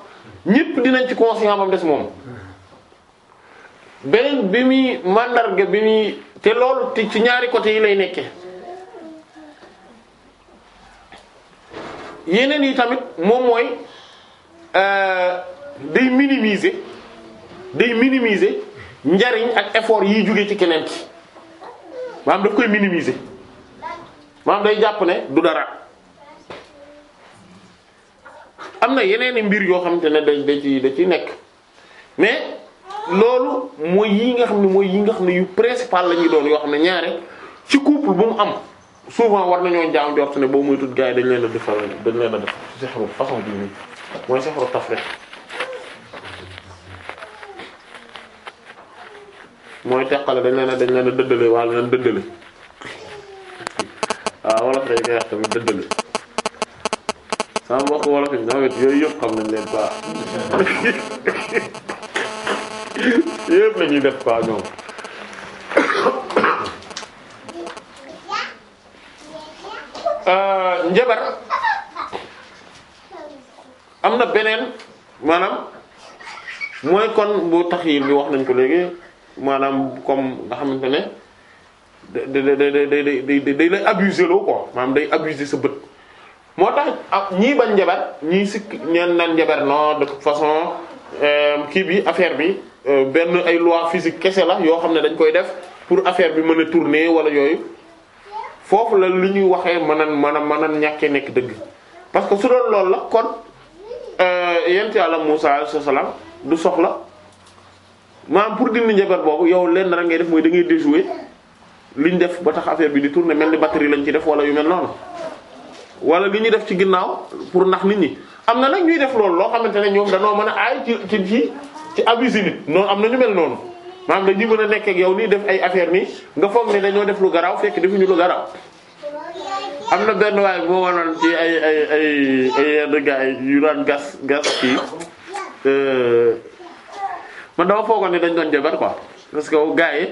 ñépp dinañ ci conscient bam des moom beneen bi muy màndarga bi muy te loolu te ci ñaari côté yi lay nekke yeneen yi tamit moom mooy euh, day minimiser day minimiser njariñ ak effort yiy jóge ci keneen ki maanaam daf koy minimiser maanaam day jàpp ne du dara am na yeneen i mbir yoo xamante ne da da ci da ciy nekk mais loolu mooy yi nga xam ne mooy yi nga xam ne yu principal la ñuy doon yoo xam ne ñaare ci couple bu mu am souvent war nañoo jaam jort ne boo muy tudd gars yi dañ leen a defal dañ leen a def sexru façon bi nii mooy sexru taf teqale dañ leen a dañ leen dëddale wala leen dëddale waaw wala dañ koy wax tamit dëddale sama mbokk wala fi nawet xam nañ leen yëpp la def quoi <coughs> euh, am na beneen maanaam mooy kon bu tax yi bi wax nañ ko léegi maanaam comme nga xamante ne da day day day day day lay abuser loo quoi maanaam day abuser sa bët moo tax ak ah, ñii bañ njabar ñii sikk ñeen naan njabar non de toute façon euh, kii bi affaire bi Euh, benn ay loi physique kese la yoo xam ne dañ koy def pour affaire bi mën a tourner wala yooyu foofu la li ñuy waxee mën a mën a mën ñàkkee nekk dëgg parce que su doon loolu la kon euh, yent yàlla Musaa alayhi salaam du soxla maanaam pour dindi njabar boobu yow lenn rek def mooy da ngay déjouer liñ def ba tax affaire bi di tourner mel ni batterie lañ ci def wala yu mel noonu wala li ñuy def ci ginnaaw pour nax nit ñi am na nag ñuy def loolu loo xamante ne ñoom danoo mën a aay ci ci ci abusé nit noonu am na ñu mel noonu maanaam dañuy mën a nekk ak yow nii def ay affaire nii nga foog ne dañoo def lu garaaw fekk ñu lu garaaw. am na benn waaye boo wanoon ci ay ay ay ay yenn gars yi yu daan gas gas kii euh, man dama foogoon ne dañ doon jabar quoi parce que gars yi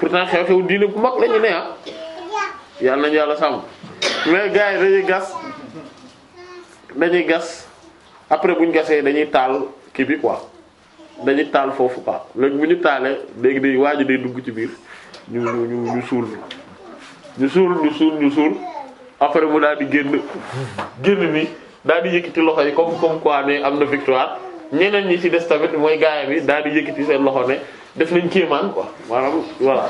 pourtant xew-xew diine bu mag la ñu ne ah. yàlla nañu yàlla sàmm mais gars yi dañuy gas dañuy gas après buñ gasee dañuy taal kii bi quoi dañuy taal foofu paax léegi bu ñu taalee léegi day waaj a day dugg ci biir ñu ñu ñu suul ñu suul ñu suul après mu daal di génn génn ni daal di yëkkati loxo yi comme comme quoi am na victoire ñeneen ñi ci des tamit mooy gaayam yi daal di yëkkati seen loxo ne def nañ kéemaan quoi maanaam voilà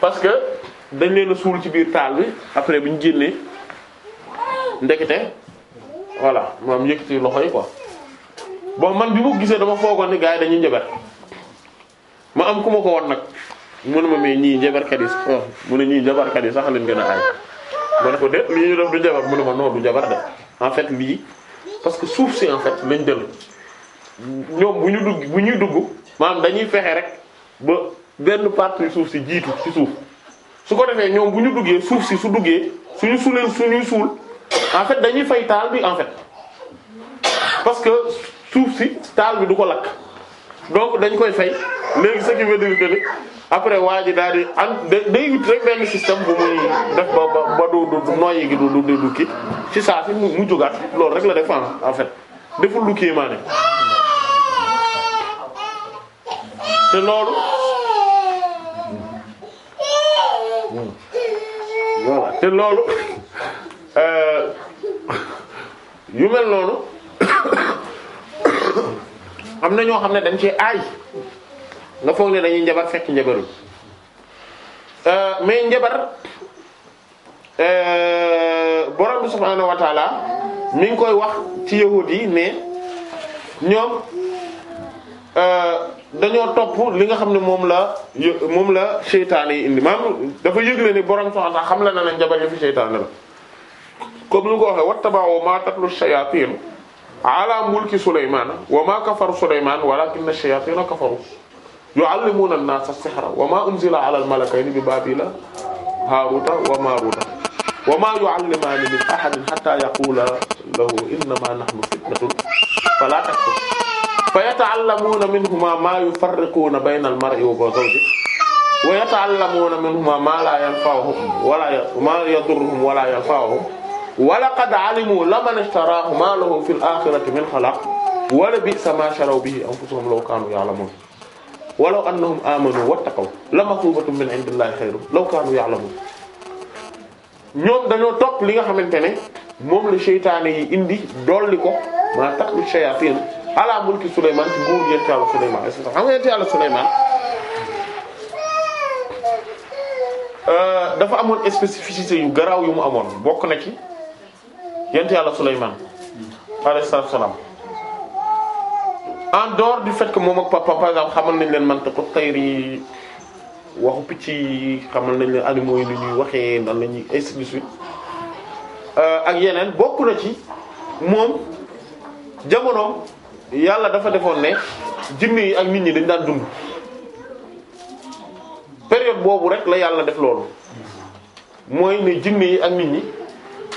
parce que dañ leen suul ci biir taal bi après bi ñu génnee ndekete voilà maanaam yëkkati loxo yi quoi. bon man bi mu gisee dama foogoon ni gars yi dañuy njabar ma am ku ma ko won nag mënuma mais ñii njabarkat yi oh mu ne ñii njabarkat yi sax leen gën a aay ma ne ko de lii ñu def du njabar mënuma non du njabar de en fait lii parce que suuf si en fait lañ jël ñoom bu ñu dugg bu ñuy dugg maanaam dañuy fexe rek ba benn partie suuf si jiitu si suuf su ko defee ñoom bu ñu duggee suuf si su duggee suñu suulee suñuy suul en dañuy fay taal bi en fait parce que. suuf si taal bi du ko lakk donc dañ koy fay léegi ce qui veut dire que ni après waa ji daal di am day wut rek benn système bu muy def ba ba ba du du noyyi gi du du du kii ci saa si mu mu jógaat loolu rek la def en fait deful lu kéemaane te loolu. voilà te loolu euh, yu mel noonu. am na ñoo xam ne dañ cee aay nga foog ne dañuy njabar fekk njabaruñ euh, mais njabar euh, borom bi subhaanahu wa taala mi koy wax ci yahud yi ne ñoom euh, dañoo topp li nga xam ne moom la moom la seytaane yi indi maanaam dafa yëgle ni borom soxna xam la na na njabar yi fi seytaane la comme lu ko waxee wattaba'u ma tatlu shayatin ala mulki Souleymane wa maa kafaru Souleymane walaakinna shayaatiina kafaru yu'allimuuna an-naasa as-sihra wa maa unzila ala al-malakayni bi baabila haaruuta wa maaruuta wa maa yu'allimaani min ahadin hattaa yaquulaa lahu innamaa nahnu fitnatun falaa takfur fa yata'allamuuna minhumaa maa yufarriquuna bayna al-mar'i wa zawjihi wa yata'allamuuna minhumaa maa laa yanfa'uhum wa laa yadurruhum wa laa yanfa'uhum wala laqad alimu laman ishtaraahu ma lahu fil akhirati min xalaq wala bi'sa ma sharaw bihi anfusahum law kaanu ya'lamuun walaw annahum amanu wattaqaw la maxuubatun min indillahi xayru law kaanu ya'lamuun ñoom dañoo topp li nga xamante ne moom la seytaane yi indi dolli ko maa tax lu shayatin ala mulki Souleymane ci nguur yent yàlla Souleymane est euh, dafa amoon spécificité yu garaaw yu mu amoon bokk na ci. yent yàlla Souleymane alayhi salaam en dor du fait que moom ak papa par exemple xamal nañ leen man mante ko tayri waxu picc yi xamal nañ leen animaux yi lu ñuy waxee nan la ñuy ainsi de euh, ak yeneen bokk na ci moom jamonoom yàlla dafa defoon ne jinne yi ak nit ñi dañ daan dund période boobu rek la yàlla def loolu mooy ne jinne yi ak nit ñi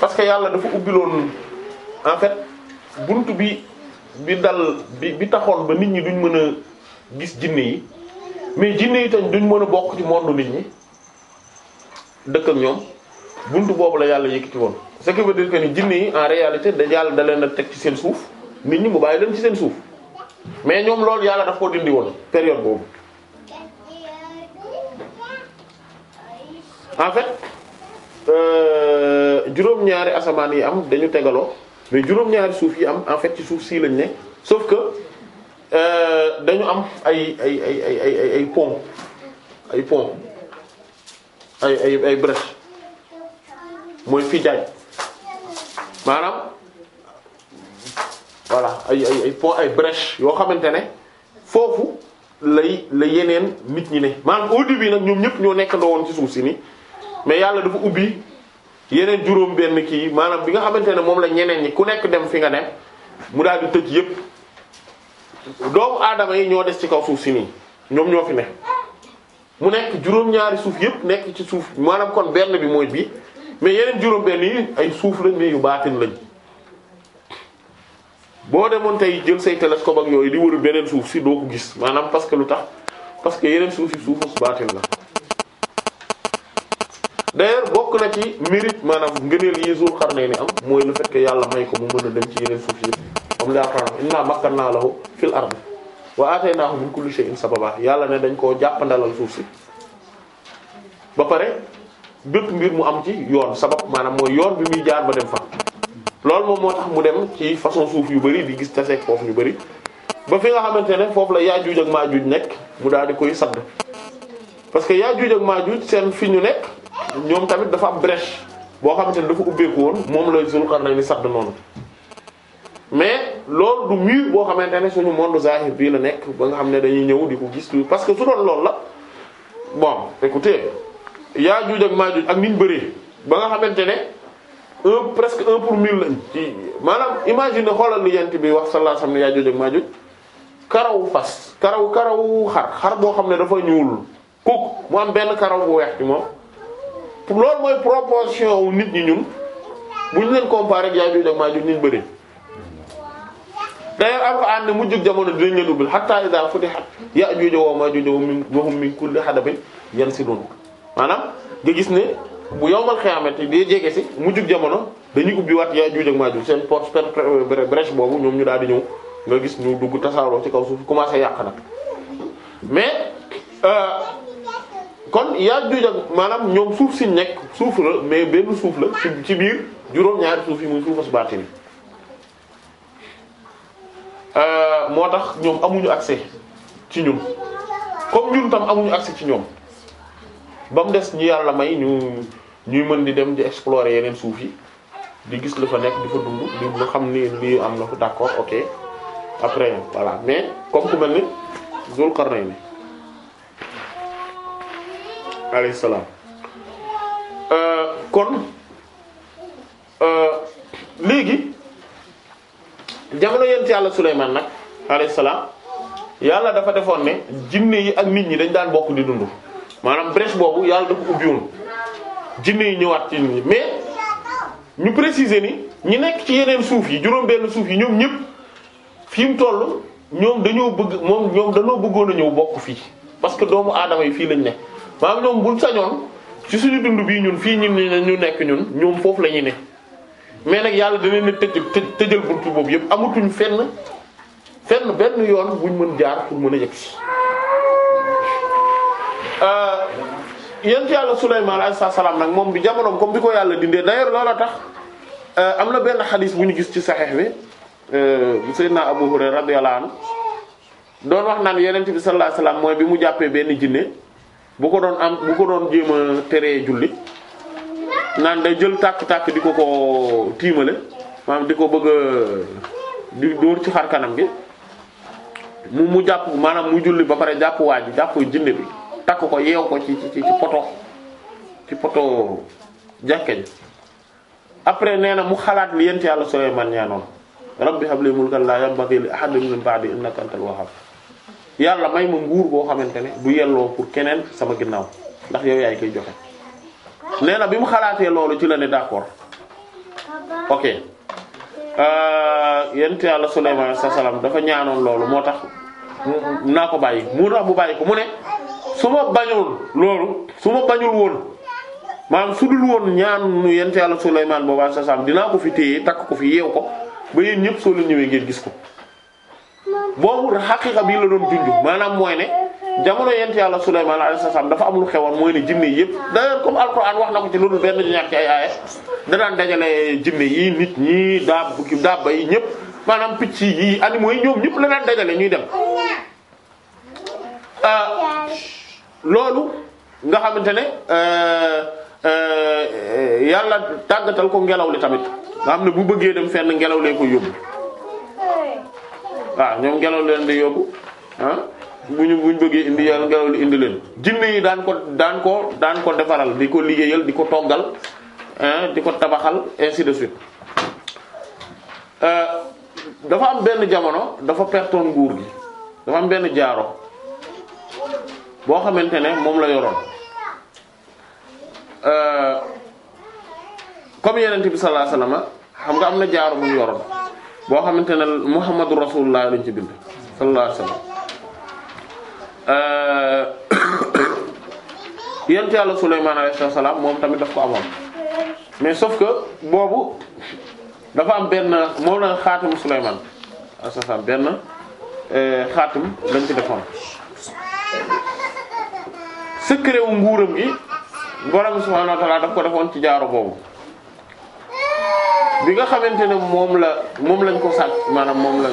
parce que yàlla dafa ubbiloon en fait bunt bi bi dal bi bi taxoon ba nit ñi duñ mën a gis jinne yi mais jinne yi tamit duñ mën a bokk ci monde nit ñi dëkk ñoom bunt boobu la yàlla yëkkati woon. ce qui veut que ni jinne yi en réalité da yàlla da leen a teg ci seen suuf nit ñi mu bàyyi leen ci seen suuf mais ñoom loolu yàlla daf koo dindi woon période boobu en Euh, juróom-ñaari asamaan yi am dañu tegaloo mais juróom-ñaari suuf yi am en fait ci suuf sii lañ ne sauf que euh, dañu am ay ay ay ay ay ay pont ay pont ay ay mooy fii maanaam voilà ay ay ay pont ay brèche yoo xamante ne foofu lay la yeneen nit ñi ne maanaam au début nag ñoom ñëpp ñoo nekk woon ci suuf si nii mais yàlla dafa ubbi yeneen juróom benn kii maanaam bi nga xamante ne moom la ñeneen ñi ku nekk dem fi nga dem mu daal di tëj yépp doomu aadama yi ñoo des ci kaw suuf si nii ñoom ñoo fi ne mu nekk juróom-ñaari suuf yépp nekk ci suuf maanaam kon benn bi mooy bi mais yeneen juróom benn yi ay suuf la ne yu baatin lañ boo demoon tey jël say télescope ak yooyu di wëru beneen suuf si doo ko gis maanaam parce que lu tax parce que yeneen suuf yi suufus baatin la d'ailleurs bokk na ci mérite maanaam ngëneel yi Zul ni am mooy le fait que yàlla may ko mu mën a dem ci yeneen suuf yi comme li Alxuraan innaa makkannaa lahu fil ardi wa aataynaahu min kulli shay'in sababa yàlla ne dañ koo jàppandalal suuf si ba pare bépp mbir mu am ci yoon sabab maanaam mooy yoon bi muy jaar ba dem fa loolu moom moo tax mu dem ci façon suuf yu bari di gis taseeg foofu yu bari ba fi nga xamante ne foofu la Yaajuuj ak Maajuuj nekk mu daal di koy sadd parce que Yaajuuj ak Maajuuj seen fi ñu nekk ñoom tamit dafa am brèche boo xamante ne dafa ubbeeku woon moom la Zulqarnayni sadd noonu mais loolu du mur boo xamante ne suñu monde zahir bii la nekk ba nga xam ne dañuy ñëw di ko gis tuuti parce que su doon loolu la bon yaa Yaajuuj ak Maajuuj ak niñ bëree ba nga xamante ne un presque un pour mille lañ ci maanaam imagine xoolal lu yent bi wax sallallahu ne yaa Yaajuuj ak Maajuuj karawu fas karaw karawu xar xar boo xam ne dafa ñuul kooku mu am benn karaw bu weex ci moom. loolu mooy proportion wu nit ñi ñun bu ñu leen comparé ak yaa juuj ak maa juuj niñ bëri d'ailleurs alquran ne mujjug jamono dinañ leen ubbil hatta idha futihat ya'juj wa ma'juj wa hum min kulli hadabin yansilun maanaam nga gis ne bu yowmal xiyaamati di jege si mujjug jamono dañuy ubbi waat ya'juj ma ma'juj seen pot porte brèche boobu ñoom ñu daal di ñëw nga gis ñu dugg tasaaroo ci kaw suuf commencé yàq nag mais. Euh, kon Yaajuuj ak maanaam ñoom suuf si nekk suuf la mais benn suuf la ci biir juróom-ñaari suuf yi muy suufas baatin euh, moo tax ñoom amuñu accès ci ñun comme ñun tam amuñu accès ci ñoom ba mu des ñu yàlla may ñu ñuy mën di dem di explorer yeneen suuf yi di gis la fa nekk di fa dund di xam ni lii am na ko d'accord ok après voilà mais comme ku mel ni Zul Qarnayni alayhi salaam euh, kon euh, léegi jamono yent yàlla Souleymane nag alayhi salaam yàlla dafa defoon ne jinne yi ak nit ñi dañ daan bokk di dund maanaam brèche boobu yàlla dafa ubbiwoon jinne yi ñëwaat ci nit ñi mais ñu préciser ni ñu nekk ci yeneen suuf yi juróom-benn suuf yi ñoom ñëpp fi mu toll ñoom dañoo bëgg moom ñoom dañoo bëggoon a ñëw bokk fii parce que doomu aadama yi fii lañ ne maanaam ñoom buñ sañoon ci suñu dund bii ñun fii ñun ñu nekk ñun ñoom foofu la ñuy ne mais nag yàlla danañ ne tëj tëjal buntu boobu yëpp amatuñ fenn fenn benn yoon buñ mën jaar mu mën a yegg si. Euh, yent yàlla Souleymane sa salaam nag moom bi jamonoom comme bi ko yàlla dindee d'ailleurs loola tax euh, am na benn xadis bu ñu gis ci saxeex bi euh, bu naa Abu Hurayra radiyallahu anhu doon wax naan yonent bi sallallahu alayhi wasallam mooy bi mu jàppee benn jinne bu ko doon am bu ko doon jéem tere teree julli naan day jël tàkk-tàkk di ko ko tiimale maanaam di ko bëgg a di dóor ci xar kanam gi mu mu jàpp maanaam mu julli ba pare jàpp waa jàpp jinne bi takk ko yeew ko ci ci ci poto ci poto jàkka ji après nee na mu xalaat li yent yàlla Sulaymaan ñaanoon rabbi habli mulkan la yanbaghi li ahadin min ba'di innaka antal wahhab yàlla may ma nguur boo xamante ne du yelloo pour keneen sama ginnaaw ndax yow yaay koy joxe nee na bi mu xalaatee loolu ci la ne d'accord ok euh, yent yàlla Sulaymaan sa dafa ñaanoon loolu moo tax naa ko bàyyi mu tax mu bàyyi ko mu ne su ma bañul loolu su ma bañul woon maanaam su dul woon ñaanu yent yàlla Sulaymaan booba sa salaam dinaa ko fi téye takk ko fi yeew ko ba yéen ñëpp soo leen ñëwee ngeen gis ko boobu xaqiqa bii la doon junj maanaam mooy ne jamono yent yàlla Sulaymaan alayhi saam dafa am lu xewoon mooy ne jinne yëpp d'ailleurs comme alquran wax na ko ci benn ñaar ci da daan dajale jinne yi nit ñi daab bukki daaba yi ñëpp maanaam picc yi animaux yi ñoom ñëpp la daan dajale ñuy dem. Ah, loolu nga xamante ne euh, euh, yàlla tàggatal ko ngelaw li tamit nga xam ne bu bëggee dem fenn ngelaw lee koy yóbbu. waaw ah, ñoom ngelaw leen di yóbbu ah bu ñu bu ñu bëggee indi yàlla ngelaw li indi leen jinne yi daan ko daan ko daan ko defaral di ko liggéeyal di ko toggal ah, di ko tabaxal ainsi de suite euh, dafa am benn jamono dafa pertoon nguur gi dafa am benn jaaro boo xamante ne moom la yoroon euh, comme yenent bi sallallahu alayhi wasallam xam nga am na jaaro bu mu yoroon boo xamante ne Muhammadu Rasulullah lañ ci bind sallallahu alayhi wasallam euh, <coughs> yent yàlla Souleymane alayhi salaam moom tamit daf ko amoon mais sauf que boobu dafa am benn moom la xaatimu Souleymane alayhi salaam benn euh, xaatim lañ ci defoon. secret wu nguuram gi borom subhaanahu wa ta'aala daf ko defoon ci jaaro boobu. bi nga xamante ne moom la moom lañ ko sàcc maanaam moom la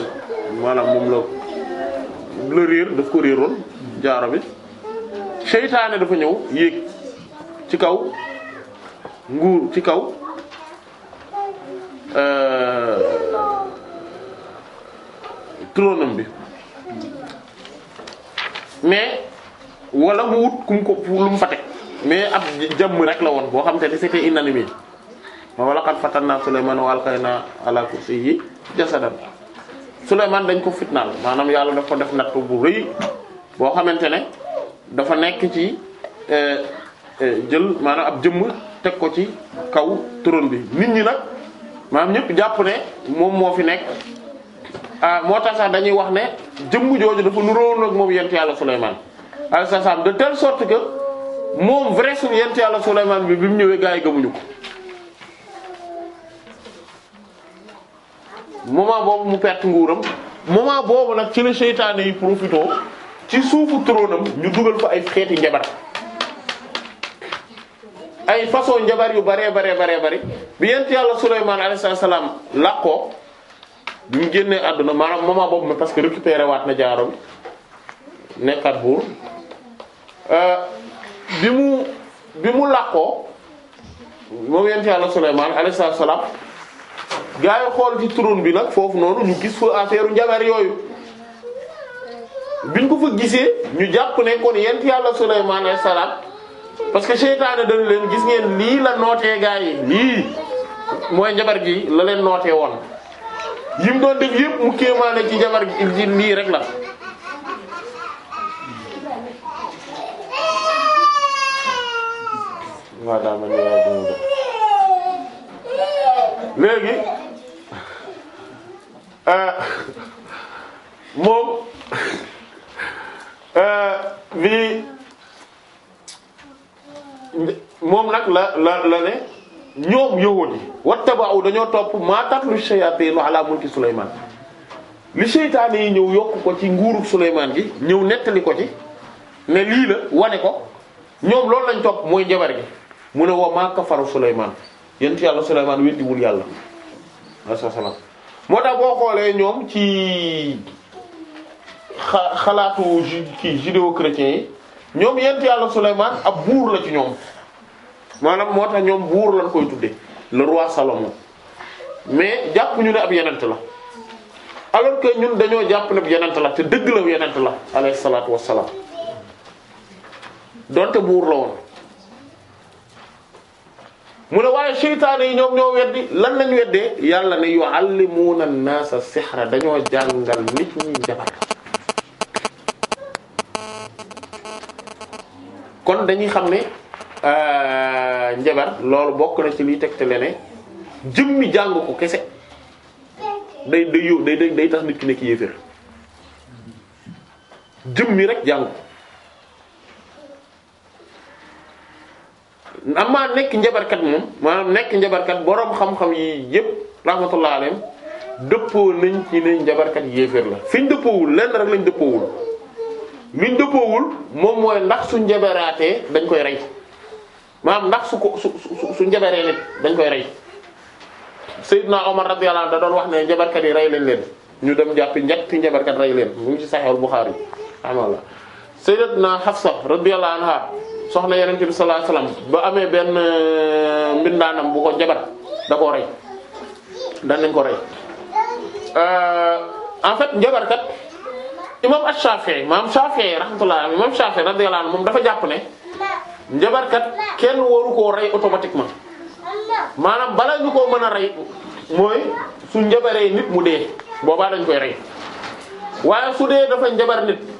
maanaam moom la la réer daf ko réeroon jaaro bi seytaane dafa ñëw yéeg ci kaw nguur ci kaw euh, tronam bi mais wala mu wut kum ko lu mu fa teg mais ab jàmm rek la woon boo xam te ne c'était inanimé ma walaqad fatanna Souleymane wa alqayna ala kursiyyi jasadan Souleymane dañ ko fitnaal maanaam yàlla daf ko def natt bu rëy boo xamante ne dafa nekk ci eh, eh, jël maanaam ab jëmm teg ko ci kaw trône bi nit ñi nag maanaam ñëpp jàpp ne moom moo fi nekk ah moo tax sax dañuy wax ne jëmm jooju dafa nuróo nag moom yent yàlla Souleymane alayhi salaam de telle sorte que moom vrai su yent yàlla Souleymane bi bi mu ñëwee gaa yi gëmuñu ko. moment boobu mu perte nguuram moment boobu nag ci la seytaane yi profité ci suufu tróonam ñu dugal fa ay xeeti njabar ay façon njabar yu bare bare bare bari bi yent yàlla Sulaymaan alayhi salaam làqoo bi mu génnee àdduna maanaam moment boobu ma parce que récupéré waat na jaaro bi nekkaat buur euh, bi mu bi mu làqoo moom yent yàlla Sulaymaan alayhi salaam gaa yi xool ci trône bi nag foofu noonu ñu gis fa affaire njabar yooyu biñ ko fa gisee ñu jàpp ne kon yent yàlla Sulaymaan alayhi salaam parce que seytaane dañ leen gis ngeen lii la nootee gaa yi lii mooy njabar gi la leen nootee woon yi mu doon def yëpp mu kéemaane ci njabar gi lii rek la léegi euh, moom euh, bi moom nag la la la ne ñoom yahud yi wattaba'u dañoo topp maa tatlu shayatin ala mulki Souleymane li seytaane yi ñëw yokk ko ci nguuru Souleymane gi ñëw nettali ko ci ne lii la wane ko ñoom lool lañ topp mooy jabar gi mu ne wa maa kafaru Souleymane. yonent yàlla Sulaymaan weddiwul yàlla alayhi salaam moo tax boo xoolee ñoom ci xa xalaatu kii judéo-chrétien yi ñoom yonent yàlla Sulaymaan ab buur la ci ñoom maanaam moo tax ñoom buur lañ koy tuddee le roi Salomon mais jàpp ñu ne ab yonent la alors que ñun dañoo jàpp ne ab yonent la te dëgg la yonent la alayhi salaatu wassalaam donte buur la woon. mu ne waaye seytaane yi ñoom ñoo weddi lan lañ weddee yàlla ne yu'allimuuna naasa sihra dañoo jàngal nit ñi njabar kon dañuy xam ne euh, njabar loolu bokk na ci liy tegtale ne mi jàng ko kese day day yow day day tax nit ki nekk yéeféer jëmmi rek jàng maa nekk njabarkat moom maanaam nekk njabarkat boroom xam-xam yi yëpp rahmatullah alayhim dëppoo nañ ci ne njabarkat yéeféer la fi ñu dëppoowul lenn rek lañ dëppoowul liñ dëppoowul moom mooy ndax su njabaraatee dañ koy rey maanaam ndax su ko su su njabaree nit dañ koy rey Seydina Omar radiyallahu anhu da doon wax ne njabarkat yi rey leen leen ñu dem jàppi ñetti njabarkat rey leen mu ngi ci Sahih Bukhari yi alhamdulillah Seydina Hafsa radiyallahu anha soxna yeneen bi sallallahu alayhi wasallam ba amee benn euh, mbindaanam bu ko jabar da koo rey daan nañ ko rey euh, en fait njabar kat imam Shafi'i maam Shafi'i rahmatullah imam Shafi'i radiyallahu moom dafa jàpp ne njabar kat kenn waru koo rey automatiquement maanaam bala ñu koo mën a rey mooy su njabaree nit mu dee boobaa dañ koy rey waaye su dee dafa njabar nit.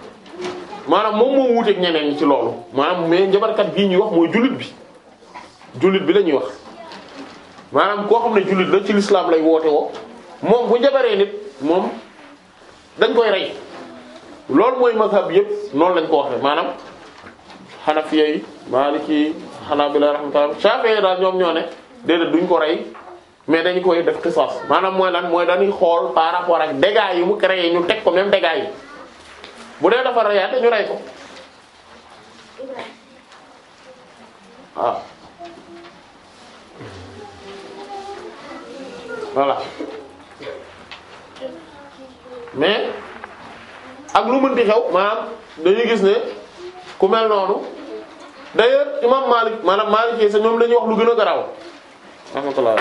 maanaam moom moo wuuteeg ñeneen ñi ci loolu maanaam mais njabarkat bii ñuy wax mooy jullit bi jullit bi lañuy wax maanaam koo xam ne jullit la ci lislaam lay woote woo moom bu njabaree nit moom dañ koy rey loolu mooy mazhab yëpp noonu lañ ko waxee maanaam xanafiya yi maliki xanaabila rahmatullah shafi'i daal ñoom ñoo ne déedéet duñ ko rey mais dañ koy def xisaas maanaam mooy lan mooy dañuy xool par rapport ak dégâts yi mu créé ñu teg ko même dégâts yi bu dee dafa reyaate ñu rey ko waaw ah. voilà mais ak lu mën di xew maanaam dañuy gis ne ku mel noonu d'ailleurs imam Malik maanaam Malik sa ñoom dañuy wax lu gën a garaaw rahmatullah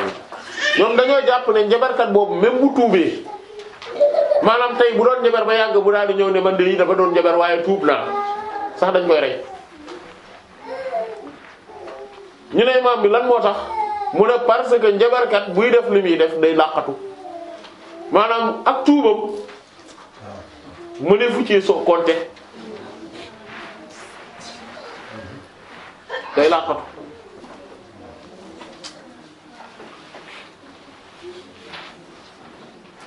ñoom dañoo jàpp ne njabarkat boobu même bu tuubee maanaam tey bu doon njabar ba yàgg bu daal di ñëw ne man de yi dafa doon njabar waaye tuub naa sax dañ koy rey ñu ne imaam bi lan moo tax mu ne parce que njabarkat buy def li muy def day làqatu maanaam ak tuubam mu ne fu ci soo compter day làqatu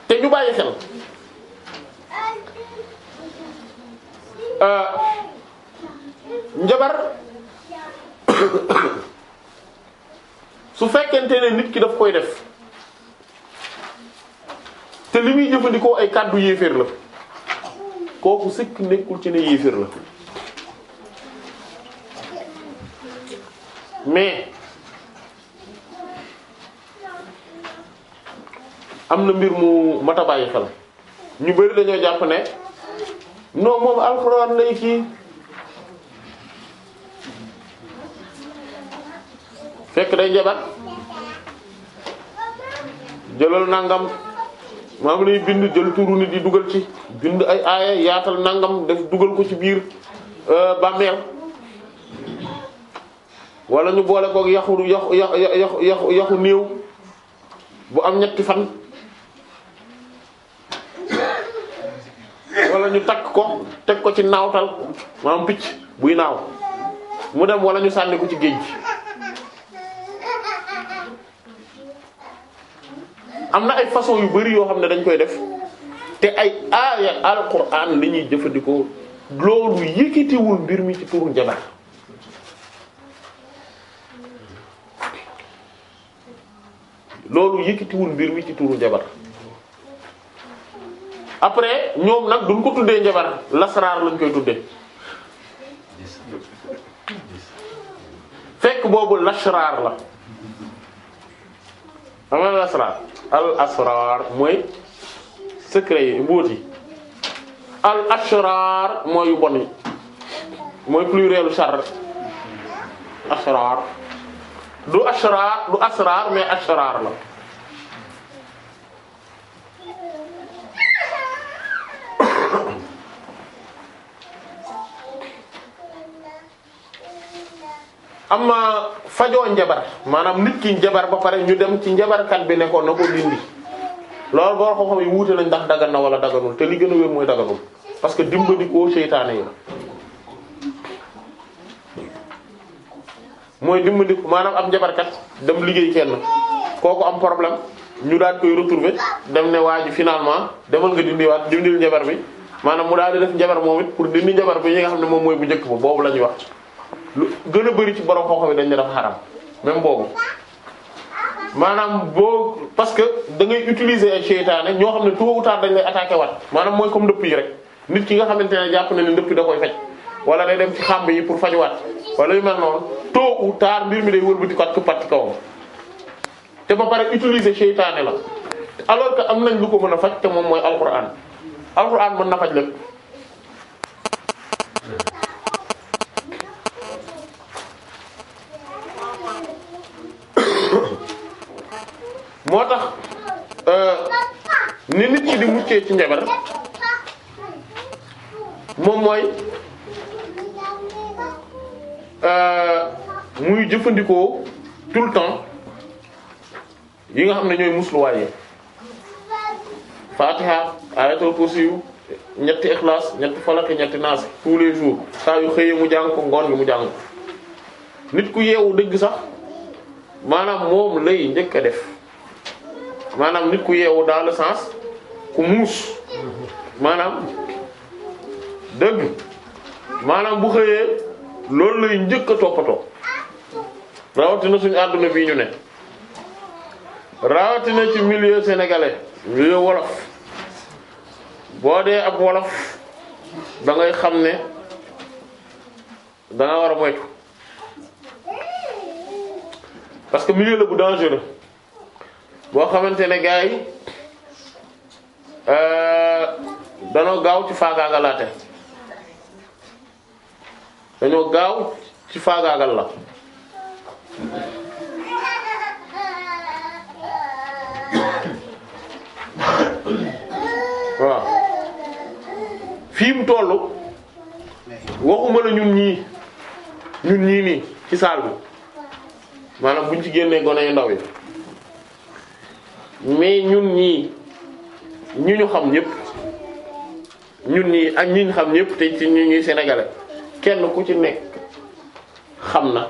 te ñu bàyyi xel euh, njabar <coughs> su fekkente ne nit ki daf koy def te li muy jëfandikoo ay kàddu yéeféer la kooku sikk nekkul ci ne yéeféer la mais am na mbir mu mat xel ñu bari dañoo jàpp ne non moom alxuraan lay kii fekk day jabat jëlal nangam maam lay bind jël turu di dugal ci bind ay aaya yaatal nangam def dugal ko ci biir euh, bàmmeel wala ñu boole koog yaxu yaxu yaxu yaxu yaxu néew bu am ñetti fan wala ñu takk ko teg ko ci naawtal maanaam picc buy naaw mu dem walla ñu sànni ko ci géej gi am na ay façon yu bari yoo xam ne dañ koy def te ay aaya alquran li ñuy jëfandikoo loolu yëkkatiwul mbir mi ci turu njabar loolu yëkkatiwul mbir mi ci turu njabar après ñoom nag duñ ko tuddee njabar lasraar lañ koy tuddee fekk boobu lasraar la xam nga al asraar mooy secret yi mbóot yi al asraar mooy yu yi mooy plurielu char asraar du asraar du asraar mais asraar la am na fajoo njabar maanaam nit ki ba pare ñu dem ci njabarkat bi nekkoon na ko dindi loolu boo ko xam yi wuute nañ ndax dagan na wala daganul te li gën a wér mooy daganul parce que dimbali koo seytaane yi mooy dimbali maanaam am njabarkat dem liggéey kenn kooku am problème ñu daal koy retrouver dem ne waa ji finalement demal nga dindiwaat dindil njabar bi maanaam mu daal di def njabar moom it pour dindi njabar bi yi nga xam ne moom mooy bu njëkk bo boobu la ñuy wax. lu gën a bari ci borom koo xam ne dañ ne dafa xaram même boobu maanaam boo parce que da ngay utiliser ay seytaane ñoo xam ne tôt ou tard dañ waat attaqué maanaam mooy comme ndëpp yi rek nit ki nga xamante ne jàpp na ne ndëpp da koy faj wala day dem ci xàmb yi pour fajuwaat wala yu mel noonu tôt ou tard mbir mi day wëlbati ko ak pat ci kawam te ba pare utiliser seytaane la alors que am nañ lu ko mën a faj te moom mooy alquran alquran mën na faj lépp. moo tax euh, ni nit ki di muccee ci njabar moom mooy euh, muy jëfandikoo tout le temps yi nga xam ne ñooy musluwaay yi Fatiha ayatul kursi ñetti Ikhlas ñetti Falaq ñetti Naas tous les jours saa yu xëyee mu jàng ko ngoon bi mu jàng nit ku yeewu dëgg sax maanaam moom lay njëkk a def maanaam nit ku yeewu dans le sens ku muus maanaam dëgg maanaam bu xëyee loolu lay njëkk a toppatoo rawatina suñu àdduna bi ñu ne rawatina ci milieu sénégalais milieu wolof boo dee ab wolof da ngay xam ne da war a moytu parce que milieu la bu dangereux boo xamante ne gars euh, danoo gaaw ci faagaagalaate dañoo gaaw ci faagaagal la <coughs> waaw fii mu toll waxuma la ñun ñii ñun ñii nii ci saal bi maanaam buñ ci génnee gone yu ndaw yi mais ñun ñii ñu ñu xam ñëpp ñun ñii ak ñi ñu xam ñëpp te ci ñu ñuy sénégalais kenn ku ci nekk xam na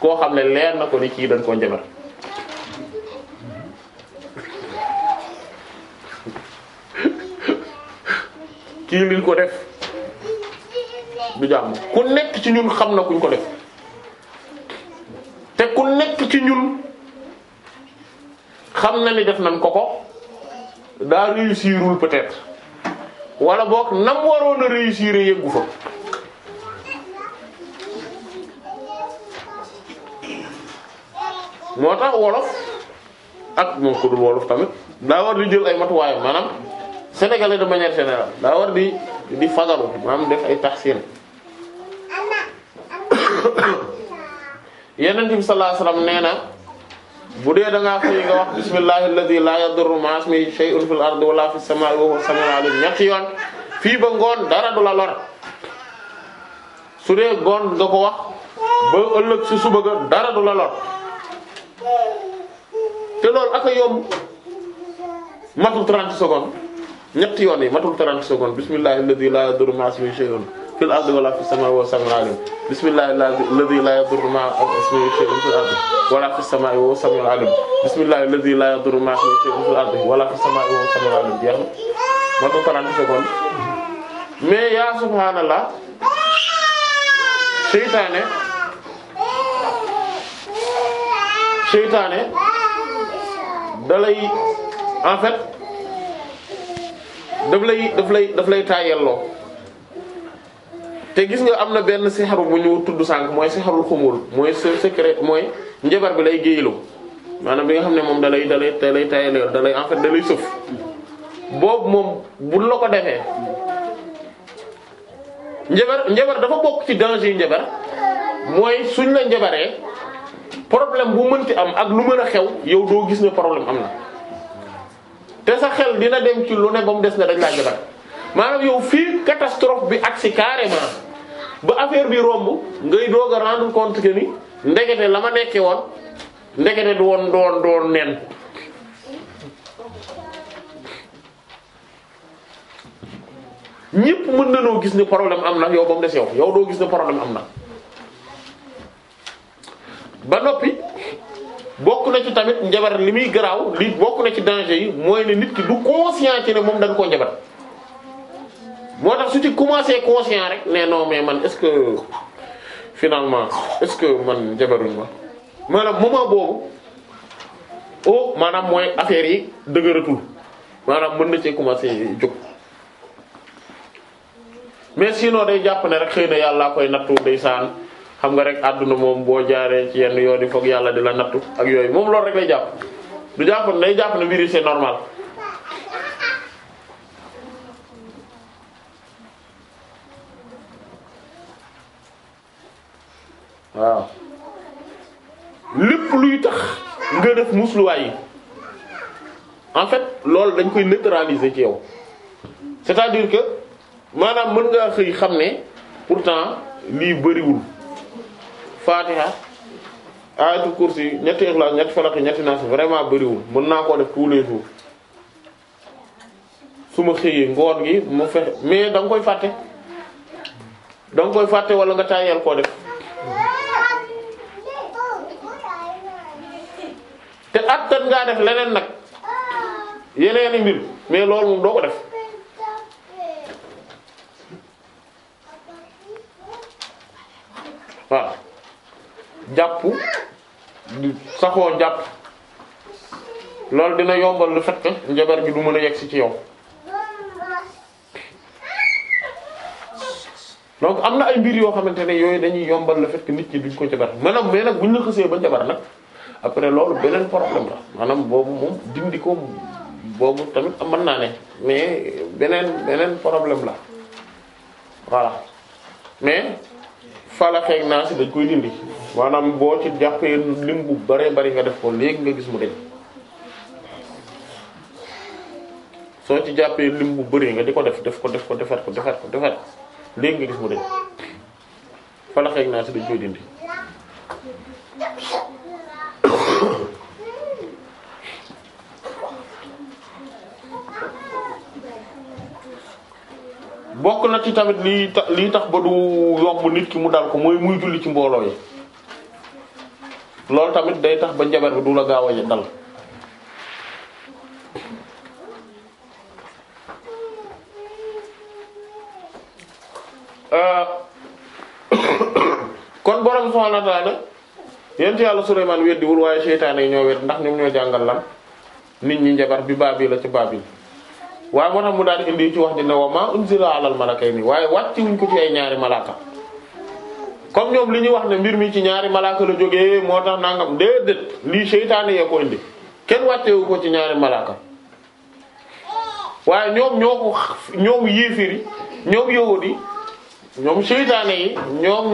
koo xam ne leer na ko ni ci dañ koo njabar <laughs> kii liñ ko def du jàmm ku nekk ci ñun xam na kuñ ko def te ku nekk ci ñun xam na ni def nañ ko ko daa réussirul peut-être wala boog nam waroon a réussir yeggu fa moo tax wolof ak moo ko wolof tamit daa war di jël ay matuwaayam maanaam sénégalais de manière générale daa war di di fagaru maanaam def ay taxsin <coughs> Yonent bi sallallahu alayhi wasallam nee na bu dee da ngaa xëy nga wax bismillahi alladhi la yadurru ma'a ismihi shay'un fil ardi wala fis samaa'i wa huwa as-sami'ul 'aliim ñetti yoon fii ba ngoon dara du la lor su dee ngoon nga ko wax ba ëllëg si suba ga dara du la lor te loolu ak a yomb matul 30 secondes ñetti yoon yi matul 30 secondes bismillahi alladhi la yadurru ma'a ismihi shay'un fil ardi wala fis samaa'i wa samiul aliim bismillahil ladhi la yadurru ma'a ismihi shay'un fil ardi wala fis samaa'i wa samiul aliim bismillahil ladhi la yadurru ma'a ismihi shay'un fil ardi wala fis samaa'i wa samiul aliim jeex na moo tax 30 secondes mais yaa subhaanallah seytaane seytaane dalay en fait daf lay daf lay daf lay taayelloo te gis nga am na benn sixaru bu ñu tudd sànq mooy sixarul xumul mooy secret mooy njabar bi lay géeyaloo maanaam bi nga xam ne moom da lay da lay da lay tayaloo da lay en fait moom bu la ko defee njabar njabar dafa bokk ci danger njabar mooy suñ la njabaree problème bu mënti am ak lu mën a xew yow doo gis ne problème am na te sa xel dina dem ci lu ne ba mu des ne dañ laa njabar maanaam yow fii catastrophe bi ak agsi carrément ba affaire bi romb ngay doog a rendre compte que ni ndekete la ma nekkee woon ndekete du woon doon doon nen. ñëpp mën nañoo gis ni problème am na yow ba mu des yow yow doo gis ne problème am na ba noppi bokk na ci tamit njabar li muy garaaw li bokk na ci danger yi mooy ne nit ki du conscient ci ne moom dañ koo njabar. moo tax su ci commencé conscient rek ne non mais man est-ce que finalement est-ce que man jabaruñ ma maanaam moment boobu oh maanaam mooy affaire yi dëgëratul maanaam mën na cee commencé jóg mais si noo day jàpp ne rek xëy na yàllaa koy nattu ndeysaan xam nga rek àdduna moom boo jaaree ci yenn yoon yi foog yàlla di la nattu ak yooyu moom loolu rek lay jàpp du jàpp ne day jàpp ne mbir yi c'est normal waaw lépp luy tax nga def musluwaay yi en fait loolu dañ koy neutraliser ci yow cest à que maanaam mën ngaa xëy xam ne pourtant lii bëriwul Fatiha ayatul kursi ñetti ikhlas ñetti falaq ñetti naas vraiment bëriwul mën naa koo def tous les jours su ma xëyee ngoon gi mu fexe mais da nga koy fàtte da nga koy fàtte wala nga tàyyeel koo def. te attan ngaa def leneen nag yeneeni mbir mais loolu moom doo ko def waaw jàpp di saxoo jàpp loolu dina yombal lu fekk njabar gi du mën a yegg si ci yow donc am na ay mbir yoo xamante ne yooyu dañuy yombal lu fekk nit ki duñ ko jabar maanaam mais nag buñ la xësee ba jabar nag après loolu beneen problème la maanaam boobu moom dindi ko boobu tamit mën naa ne mais beneen beneen problème la voilà mais falaxeeg naa si dañ koy dindi maanaam boo ci jàppee lim bu bare bari nga def ko léegi nga gis mu deñ soo ci jàppee lim bu bëree nga di ko def def ko def ko defar ko defar ko defar léegi nga gis mu deñ falaxeeg naa si dañ koy dindi bokk na ci tamit lii tax tax ba du yomb nit ki mu dal ko muy julli ci mbooloo yi loolu tamit day tax ba njabar bi du la gaaw a dal euh, <coughs> kon borom subhanahu wa yéen ci yàlla Souleymane weddiwul waaye seytaane yi ñoo wedd ndax ñoom ñoo jàngal lan nit ñi njabar bi baabil ci baabil waaye moo tax mu daal indi ci wax ji ne wa ma unzila alal malakayni waaye wàcc wuñ ko ci ay ñaari malaaka comme ñoom li ñu wax ne mbir mi ci ñaari malaaka la jógee moo tax nangam déedéet lii seytaane yee ko indi kenn wàccewu ko ci ñaari malaaka waaye ñoom ñoo ko ñoom yéefiri ñoom yowóot yi ñoom seytaane yi ñoom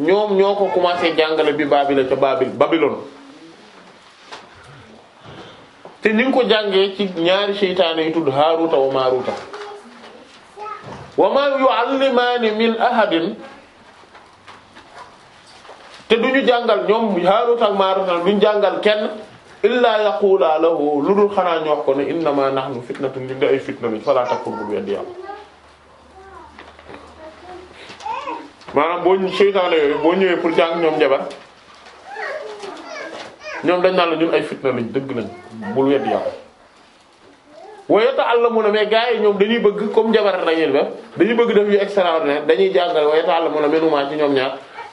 ñoom ñoo ko commencé jàngale bi Babila ca Babil Babylone te ni ko jàngee ci ñaari seytaane yu tudd Haaruta wa Maaruta wa ma yu'allimaani min ahadin te duñu jàngal ñoom Haaruta ak Maaruta duñu jàngal kenn illaa yaqula lu du xanaa ñu wax ko ne innama nahnu fitnatun li nga ay fitna lañ falaa takfur bul weddi yàlla maanaam boo seytaane taalee boo ñëwee pour jàng ñoom njabar ñoom dañ naan la ñun ay fitna lañ dëgg lañ bul wedd yàlla waaye ta'allamuna mais gars yi ñoom dañuy bëgg comme njabar lañuy def dañuy bëgg def yu extraordinaire dañuy jàngal a ta'allamuna menuma ci ñoom ñaar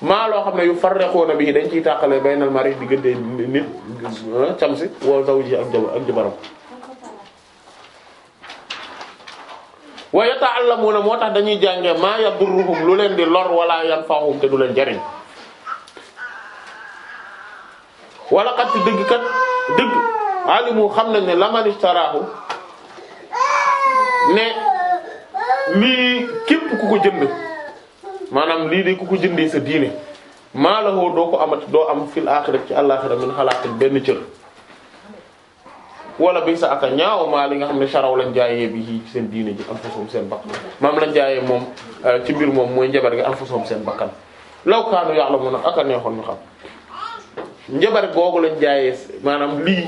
maa loo xam ne yu far farriquna bi dañ ciy tàqale baynal mari diggante nit ah, camsi taw zawji ak jabar ak jabaram wa yata'allamuna moo tax dañuy jàngee maa yadurruhum lu leen di lor wala yanfa'uhum te du leen jariñ wala kat ci dëgg kat dëgg alimu xam nañ ne laman ishtarahu ne lii képp ku ko jënd maanaam lii de ku ko jëndee sa diine maa la doo ko amat doo am fil aaxira ci àllaaxira min xalaatin benn cër wala bi sa aka ñaaw maa li nga xam ne sharaw lañ jaayee bi seen diine ji anfusum seen bakkan maam lañ jaayee moom euh, ci mbir moom mooy njabar gi anfusum seen bakkan law kaanu ya'lamuna aka neexoon ñu xam njabar googu lañ jaayee maanaam lii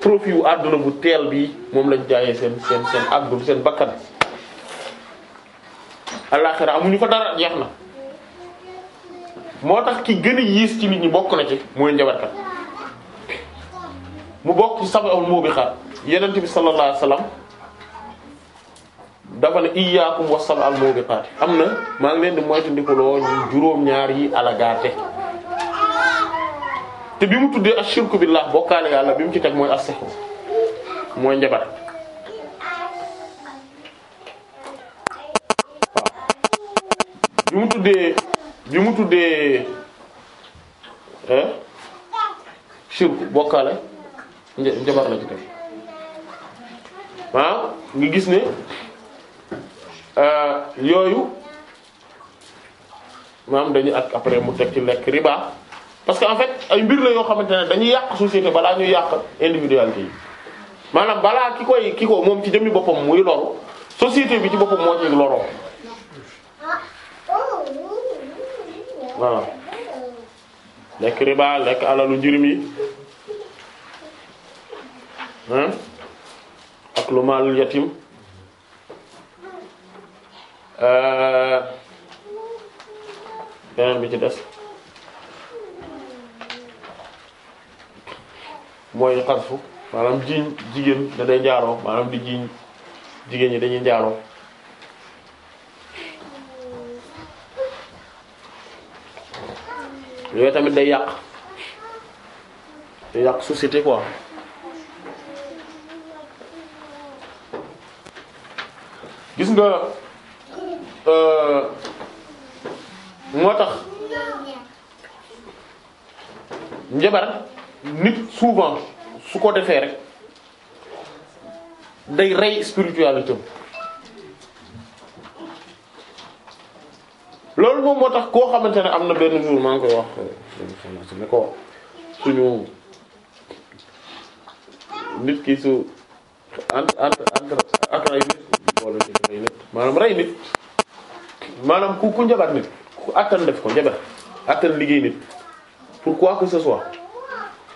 profit wu àdduna bu teel bi moom lañ jaayee seen seen seen àdduna seen bakkan alaxira amuñu ko dara jeex na moo tax ki gën a yiis ci nit ñi bokk na ci mooy njabarkat mu bokk ci sab'ul mubiqaat yonent bi sallallahu alayhi wasallam dafa ne iyyaakum wa sab'al mubiqaat am na maa ngi leen di moytandikuloo juróom-ñaar yi alagaate te bi mu tuddee ashirku billah bokkaale yàlla bi mu ci teg mooy as-sihr bi mu tuddee bi mu tuddee eh, shirku bokkaale njabar la ci def ah nga gis ne euh, yooyu maanaam dañuy ak après mu teg ci lekk riba parce que en fait ay mbir la yoo xamante ne dañuy yàq société balaa ñuy yàq individualité yi maanaam balaa ki koy ki ko moom ci jëmmi boppam muy loru société bi ci boppam moo ci loroo waaw lekk riba lekk alalu jirim yi Hmm? ak lu maalul yatim euh, beneen bi ci des mooy xarfu maanaam jiiñ jigéen da day njaaroo maanaam di jiiñ jigéen ñi dañuy njaaroo yooyu tamit day yàq day yàq société quoi gis nga euh, moo tax njabar nit souvent su ko defee rek day rey spiritualité am loolu moom moo tax koo xamante ne am na benn jour maa ngi koy wax ne ko suñu nit ki su entre entre entre rey nit maanaam rey nit maanaam ku ku njabaat nit ku attan def ko njabaat attan liggéey nit pour quoi que ce soit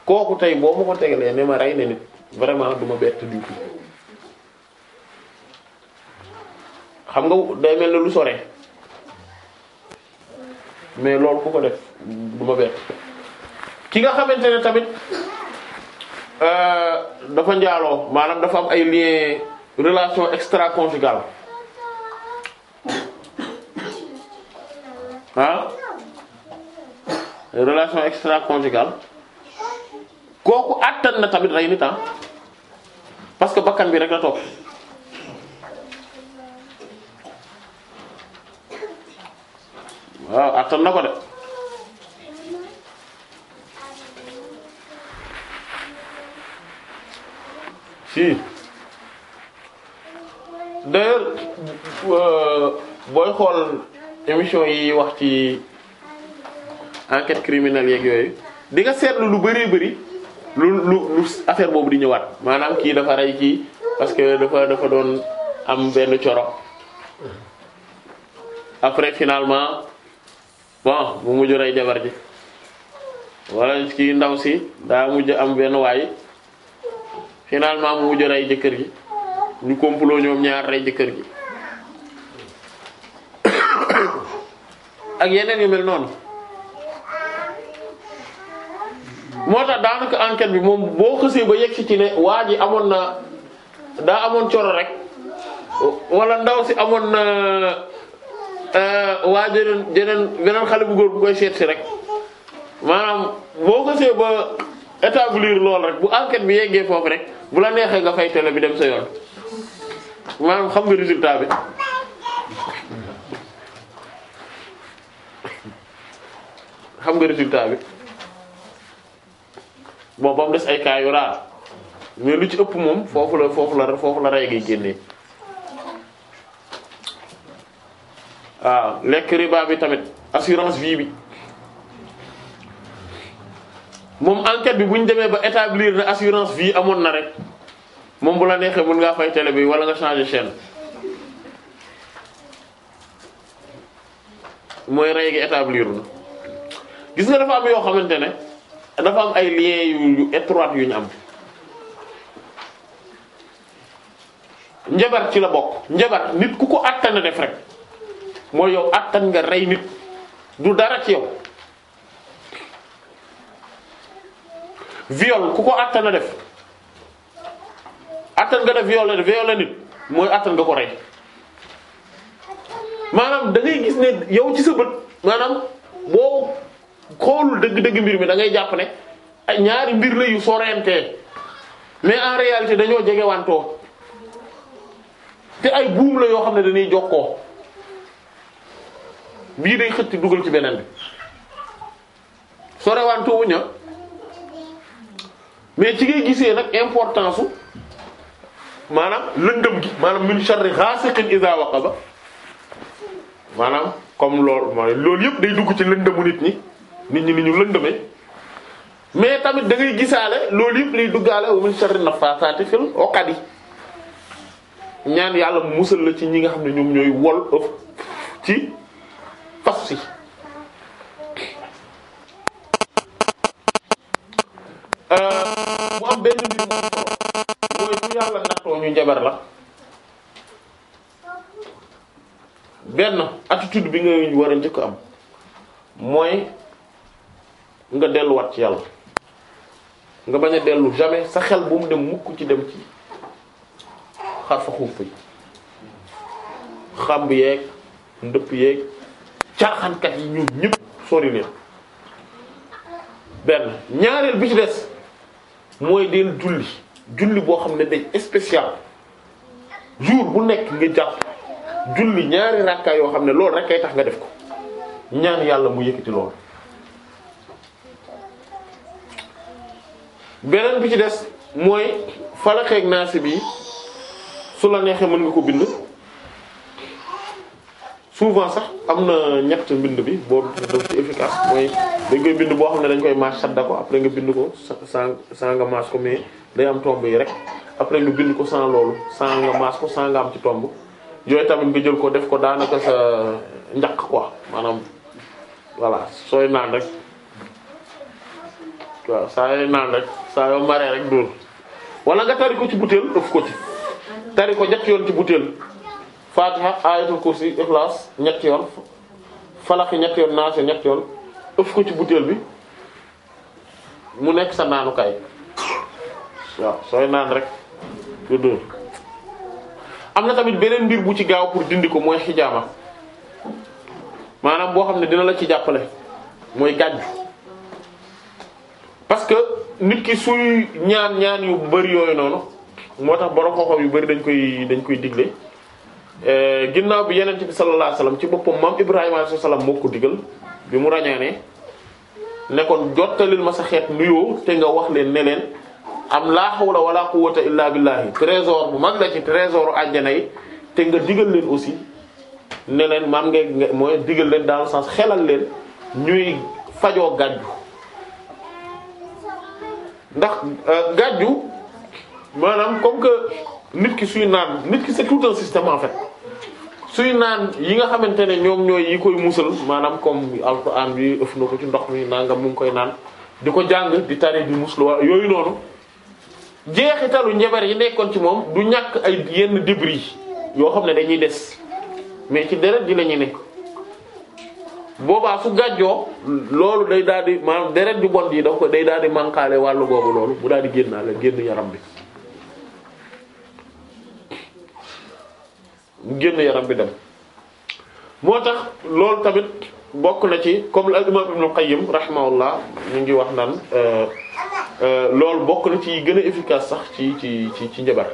kooku tey boo ma ko tegalee ne ma rey ne nit vraiment du ma bett du xam nga day mel ni lu sore mais loolu ku ko def du bett ki nga xamante ne tamit euh, dafa njaaloo maanaam dafa am ay lien relation extra conjugale ah relation extra-conjugale kooku attan na tamit rey nit parce que bakkan bi rek la topp waaw attan na ko de si d'ailleurs euh, booy xool émission yi wax ci enquête criminelle yéeg yooyu dinga seetlu lu bëree bëri lu lu lu affaire boobu di ñëwaat maanaam kii dafa rey kii parce que dafa dafa doon am benn coro après finalement bon mu mujj rey jabar ji walla kii ndaw si daa mujj am benn waay finalement mu mujj rey jëkkër ji ñu complot ñoom ñaar rey jëkkër ji ak yeneen yu mel noonu moo tax daanaka enquête bi moom boo xësee ba yegg ci ne waa ji amoon na daa amoon coro rek wala ndaw si amoon na eh, waa jeneen jeneen beneen xale bu góor bu koy seet rek maanaam boo xësee ba établir lool rek bu enquête bi yeggee foofu rek bu la neexee nga fay télé bi dem sa yoon maanaam xam nga résultat bi. xam nga résultat bi bon ba des ay cas yu mais lu ci ëpp moom foofu la foofu la foofu la rey gi génnee waaw ah, lekk riba bi tamit assurance vie bi moom enquête bi bu ñu demee ba établir na assurance vie amoon na rek moom bu la neexee mën ngaa fay télé bi wala nga changer chaîne mooy rey gi établir gis nga dafa am yoo xamante ne dafa am ay liens yu yu étroits yu am njabar ci la bokk njabar nit ku ko attan a def rek mooy yow attan nga rey nit du dara ci yow viol ku ko attan def attan nga def viol nit mooy attan nga ko rey maanaam da gis ne yow ci sa bët maanaam xoolul dëgg-dëgg mbir mi da ngay jàpp ne ñaari mbir la yu sorentee mais en réalité dañoo jege jegewantoo te ay buum la yoo xam ne dañuy jokkoo bii day xëtti duggal ci beneen bi sorewantoo wuñ mais ci ngay gisee nag importance su maanaam lëndëm gi maanaam min sharri ghasiqin idha waqaba maanaam comme loolu mooy loolu yëpp day dugg ci lëndëmu nit ñi nit ñi ni ñu lëndëmee mais tamit dangay ngay gisaale loolu yëpp liy duggaale wa min sharri nafaasaati fil uqad ñaan yàlla musal la ci ñi nga xam ne ñoom ñooy wol ëf ci fas si euh, mu am benn mbir mu solo mooy bu yàlla nattoo ñu jabar la benn attitude bi nga war a njëkk am mooy nga delluwaat ci yàlla nga bañ a dellu jamais sa xel bu mu dem mukk ci dem ci xar fa xuuf yi xàmb yeeg ndëpp yeeg caaxaankat yi ñun ñëpp sori leen benn ñaareel bi ci des mooy del julli julli boo xam ne day spécial jour bu nekk ngi jàpp julli ñaari rakka yoo xam ne loolu rek kay tax nga def ko ñaan yàlla mu yëkkati lool beneen bi ci des mooy falaq ak bi su la neexee mën nga ko bind souvent sax am na ñett mbind bi boo def ci efficace mooy dañ bind boo xam ne dañ koy maas sadda ko après nga bind ko sans sans nga maas ko mais day am tomb yi rek après nga bind ko sans loolu sans nga maas ko am ci tomb yooyu tamit nga jël ko def ko daanaka sa njaq quoi maanaam voilà sooy naan rek waaw saa yooyu naan rek saa yoo maree rek dóor wala nga tari ko ci butéel ëf ko ci tari ko ñetti yoon ci butéel fatiha ayatul kursi ñetti yoon falaxi ñetti ñetti yoon ëf ko ci butéel bi mu nekk sa naanukaay waaw sooy naan rek nga dóor am na tamit beneen mbir bu ci gaaw pour dindi ko mooy xijaama maanaam boo xam ne dina la ci jàppale mooy gàjju parce que nit ki suy ñaan ñaan yu bari yooyu noonu moo tax borom xoxom yu bari dañ koy dañ koy digle eh, ginnaaw bi yeneen bi sallallahu ci boppam maam Ibrahima alayhi salaam ko digal bi mu ràññaanee ne kon jottalil sa xeet nuyoo te nga wax leen ne leen am laa hawla wala quwwata illa billahi trésor bu mag la ci trésor àjjana yi te nga digal leen aussi ne leen maam ngay mooy digal leen daal sens xelal leen ñuy fajoo gàjju ndax euh, gàjju maanaam comme que nit ki suy naan nit ki c'est tout un système en fait suy naan yi nga xamante ne ñoom ñooy yi koy musal maanaam comme alxuraan bi ëff na ko ci ndox mi nangam mu ngi koy naan di ko jàng di tari di musluwaa yooyu noonu jeexitalu njabar yi nekkoon ci moom du ñàkk ay yenn débris yoo xam ne dañuy des mais ci deret ji la ñuy nekk. boobaa su gàjjoo loolu day daal di maanaam deret ju bon yi daf ko day daal di manqaale wàllu boobu loolu mu daal di génnaale génn yaram bi génn yaram bi dem moo tax loolu tamit bokk na ci comme al imam ibn qayyim rahimahullah ñu ngi wax naan euh, euh, loolu bokk na ci gën a efficace sax ci ci ci ci njabar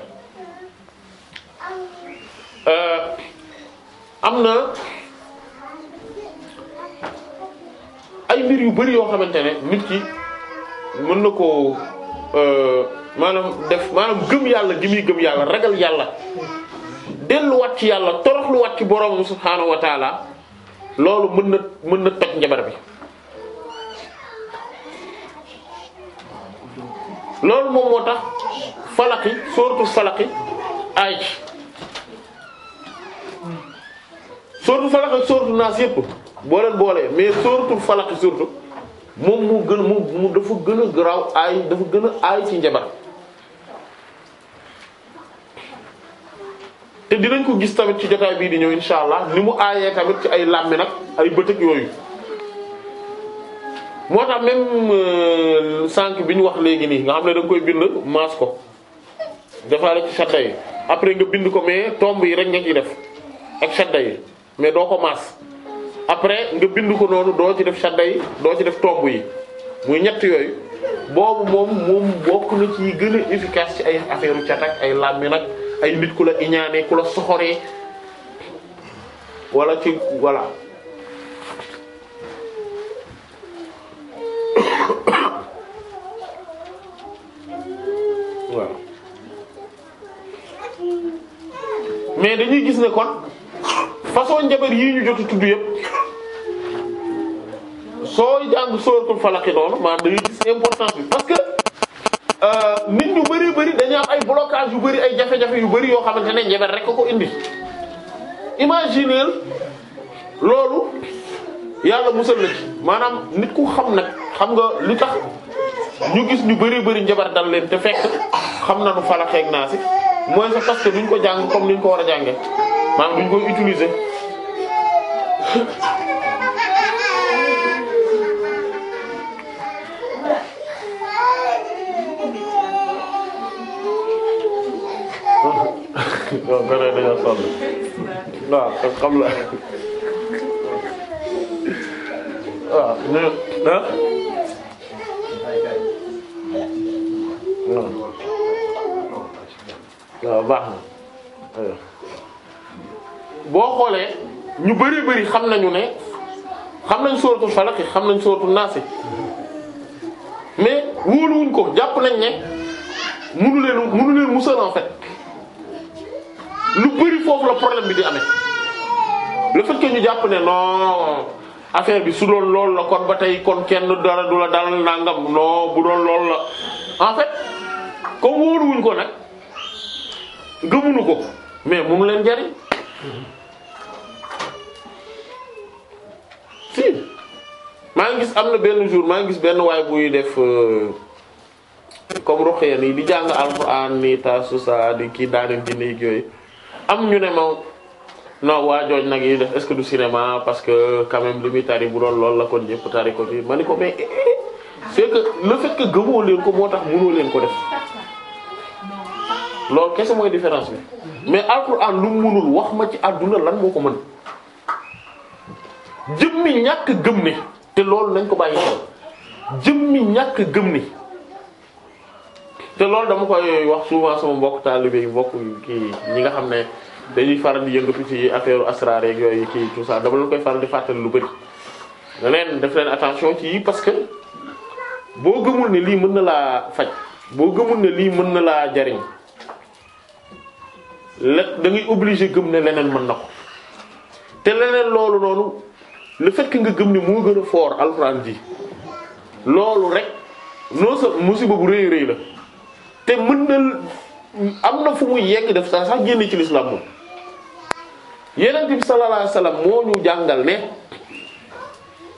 euh, am na ay mbir yu bari yoo xamante ne nit ki mën na koo euh, maanaam def maanaam gëm yàlla gi muy gëm yàlla ragal yàlla delluwaat ci yàlla toroxluwaat ci boroomam subhaanahu wa loolu mën na mën na toj njabar bi loolu moom moo tax falaki sooratu falaki ay sooratu falaki sooratu naas yépp boo leen boolee mais surtout falaq surtout moom mu gën mu dafa gën a garaaw aay dafa gën a aay ci njabar te dinañ ko gis tamit ci jotaay bii di ñëw insha allah ni mu aayee tamit ci ay làmmi nag ay bëtëk yooyu moo tax même euh, sànq bi ñu wax léegi nii nga xam ne da koy bind maas ko defaale ci shadda yi après nga bind ko mais tomb yi rek nga ciy def ak shadda yi mais doo ko maas après nga bind ko noonu doo ci def shadda yi doo ci def tomb yi muy ñett yooyu boobu moom moom bokk na ci gën a ci ay affaire u cat ay làmmi nag ay nit ku la iñaanee ku la soxoree wala ci voilà <coughs> mais dañuy gis ne kon façon njabar yii ñu jot a tudd yëpp sooy jàng sóoratul falaqi noonu maanaam dañuy gis importance bi parce que euh, nit ñu bari bari dañuy am ay blocage yu bari ay jafe-jafe yu bari yoo xamante ne njabar rek a ko indi imagineel loolu yàlla musal la ci maanaam nit ku xam nag xam nga li tax ñu gis ñu bari bari njabar dal leen te fekk xam na nu falaqeeg naa si mooy sa parce que duñ ko jàng comme niñ ko war a jànge maanaam duñ koy utiliser waaw gone xam la waaw ñu ah waaw baax na euh. boo xoolee ñu bari bari xam nañu ne xam nañ sóoratu falaki xam nañ sóoratu naasi mais wóoluwuñ ko jàpp nañ ne munu leen munu leen musal en fait lu bari foofu la problème bi di amee le fait ñu jàpp ne non affaire bi su doon loolu la kon ba tey kon kenn dara du la dal nangam non bu doon loolu la en fait comme wóoluwuñ ko nag. gëmuñu ko mais mu leen jariñ si maa ngi gis am na benn jour maa ngi gis benn waay buy def euh, comme roxee nii di jàng alxuraan nii taasu saa di kii daaneel di néeg yooyu am ñu ne ma non waa jooj nag yi def est-ce que du cinéma parce que quand même bu doon loolu la kon ñëpp tari ko fii ma ni ko mais eh, eh, eh. c'est que le fait gëmoo leen ko moo tax mënoo leen ko def loolu kese mooy différence bi mais alquran lu mu wax ma ci àdduna lan moo ko mën jëmmi ñàkk gëm ni te loolu nañ ko bàyyi xel ñàkk gëm te loolu dama koy wax souvent sama mbokk taalibe yi mbokk kii ñi nga xam ne dañuy faral di yëngatu ci affaire asrar yeeg yooyu kii tout ça dama leen koy faral di fàttali lu bëri. ne leen def leen attention ci yi parce que boo gëmul ne lii mën na laa faj boo gëmul ne lii mën na laa jariñ lépp da ngay gëm ne leneen mën na ko te leneen loolu noonu lu fekk nga gëm ne moo gën a fort alxuraan ji loolu rek non sa musiba bu rëy rëy la te mën na am na fu muy yegg def sax sax génne ci lislaam moom yenent bi sallallahu alayhi wasallam moo ñu jàngal ne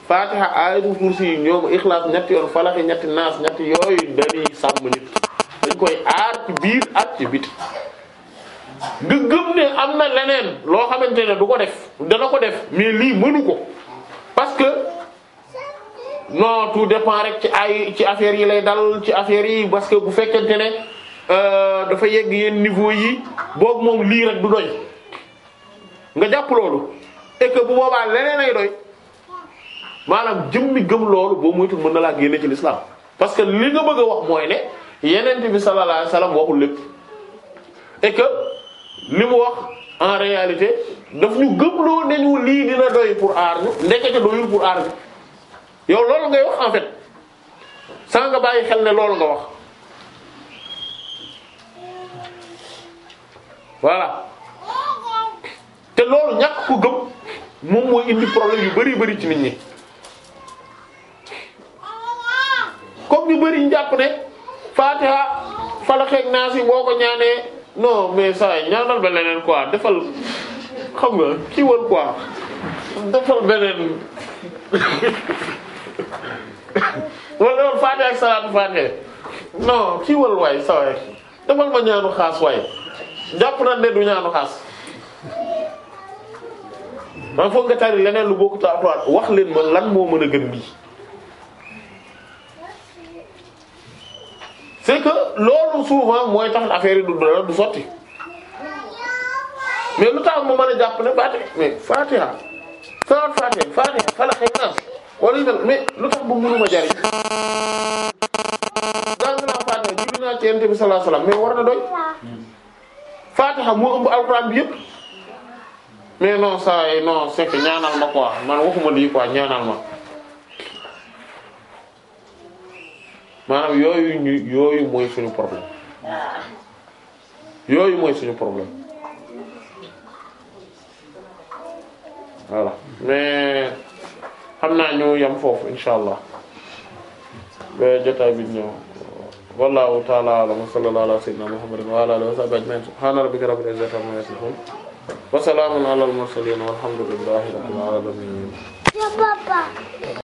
Fatiha ayatul kursi yi ñoom Ikhlas ñetti ñetti naas ñetti yooyu dañuy sàmm nit dañ koy aar ci biir ak ci biti nga gëm ne am na leneen loo xamante ne du ko def dana ko def mais lii mënu ko parce que non tout dépend rek ci ay ci affaires yi lay dal ci affaires yi parce que bu fekkente ne euh, dafa yegg yenn niveau yi boobu moom lii rek du doy nga jàpp loolu et bu boobaa leneen ay doy maanaam jëm mi gëm loolu boo moytul mën na laa génne ci l'islam parce que li nga bëgg wax mooy ne yeneen bi sallallahu alayhi wasallam waxul lépp et li mu wax en réalité daf ñu gëmloo ne ñu lii dina doy pour aar ñu ndekete doyul pour aar ñu yow loolu ngay wax en fait sans nga xel ne loolu nga wax voilà te loolu ñàkk ko gëm moom mooy indi problème yu bari bari ci nit ñi comme ñu bari ñu jàpp ne Fatiha Falaq ak Naas yi ngoo ko ñaanee. non mais saa yi ñaanal ba leneen quoi defal xam nga kii wal quoi defal beneen wala woon faate ak salaatu faate non kii wal waay defal ma ñaanu xaas waay jàpp na ne du ñaanu xaas man foog nga tari leneen lu bokkut a wax leen ma lan moo mën a gën bii c'est que loolu souvent mooy tax affaire yi du du sotti mais lu tax mu mën a jàpp ne baati mais Fatiha salaat Fatiha Fatiha Falaq ak Naas wala mais lu tax bu mais war na doy Fatiha moo ëmb alxuraan bi yëpp mais non saa non c'est que ñaanal ma quoi man waxuma lii quoi ñaanal ma. maanaam yooyu ñu yooyu mooy suñu problème yooyu mooy suñu problème voilà mais xam naa ñu yem foofu insha allah ba bi ñëw wallahu ta'ala a'lam sallallahu ala sayyidina muhammadin wa ala alihi wa sahbihi ajma'in subhana rabbika rabbil izzati amma yasifun wa salamun ala al mursalin walhamdulillahi rabbil alamin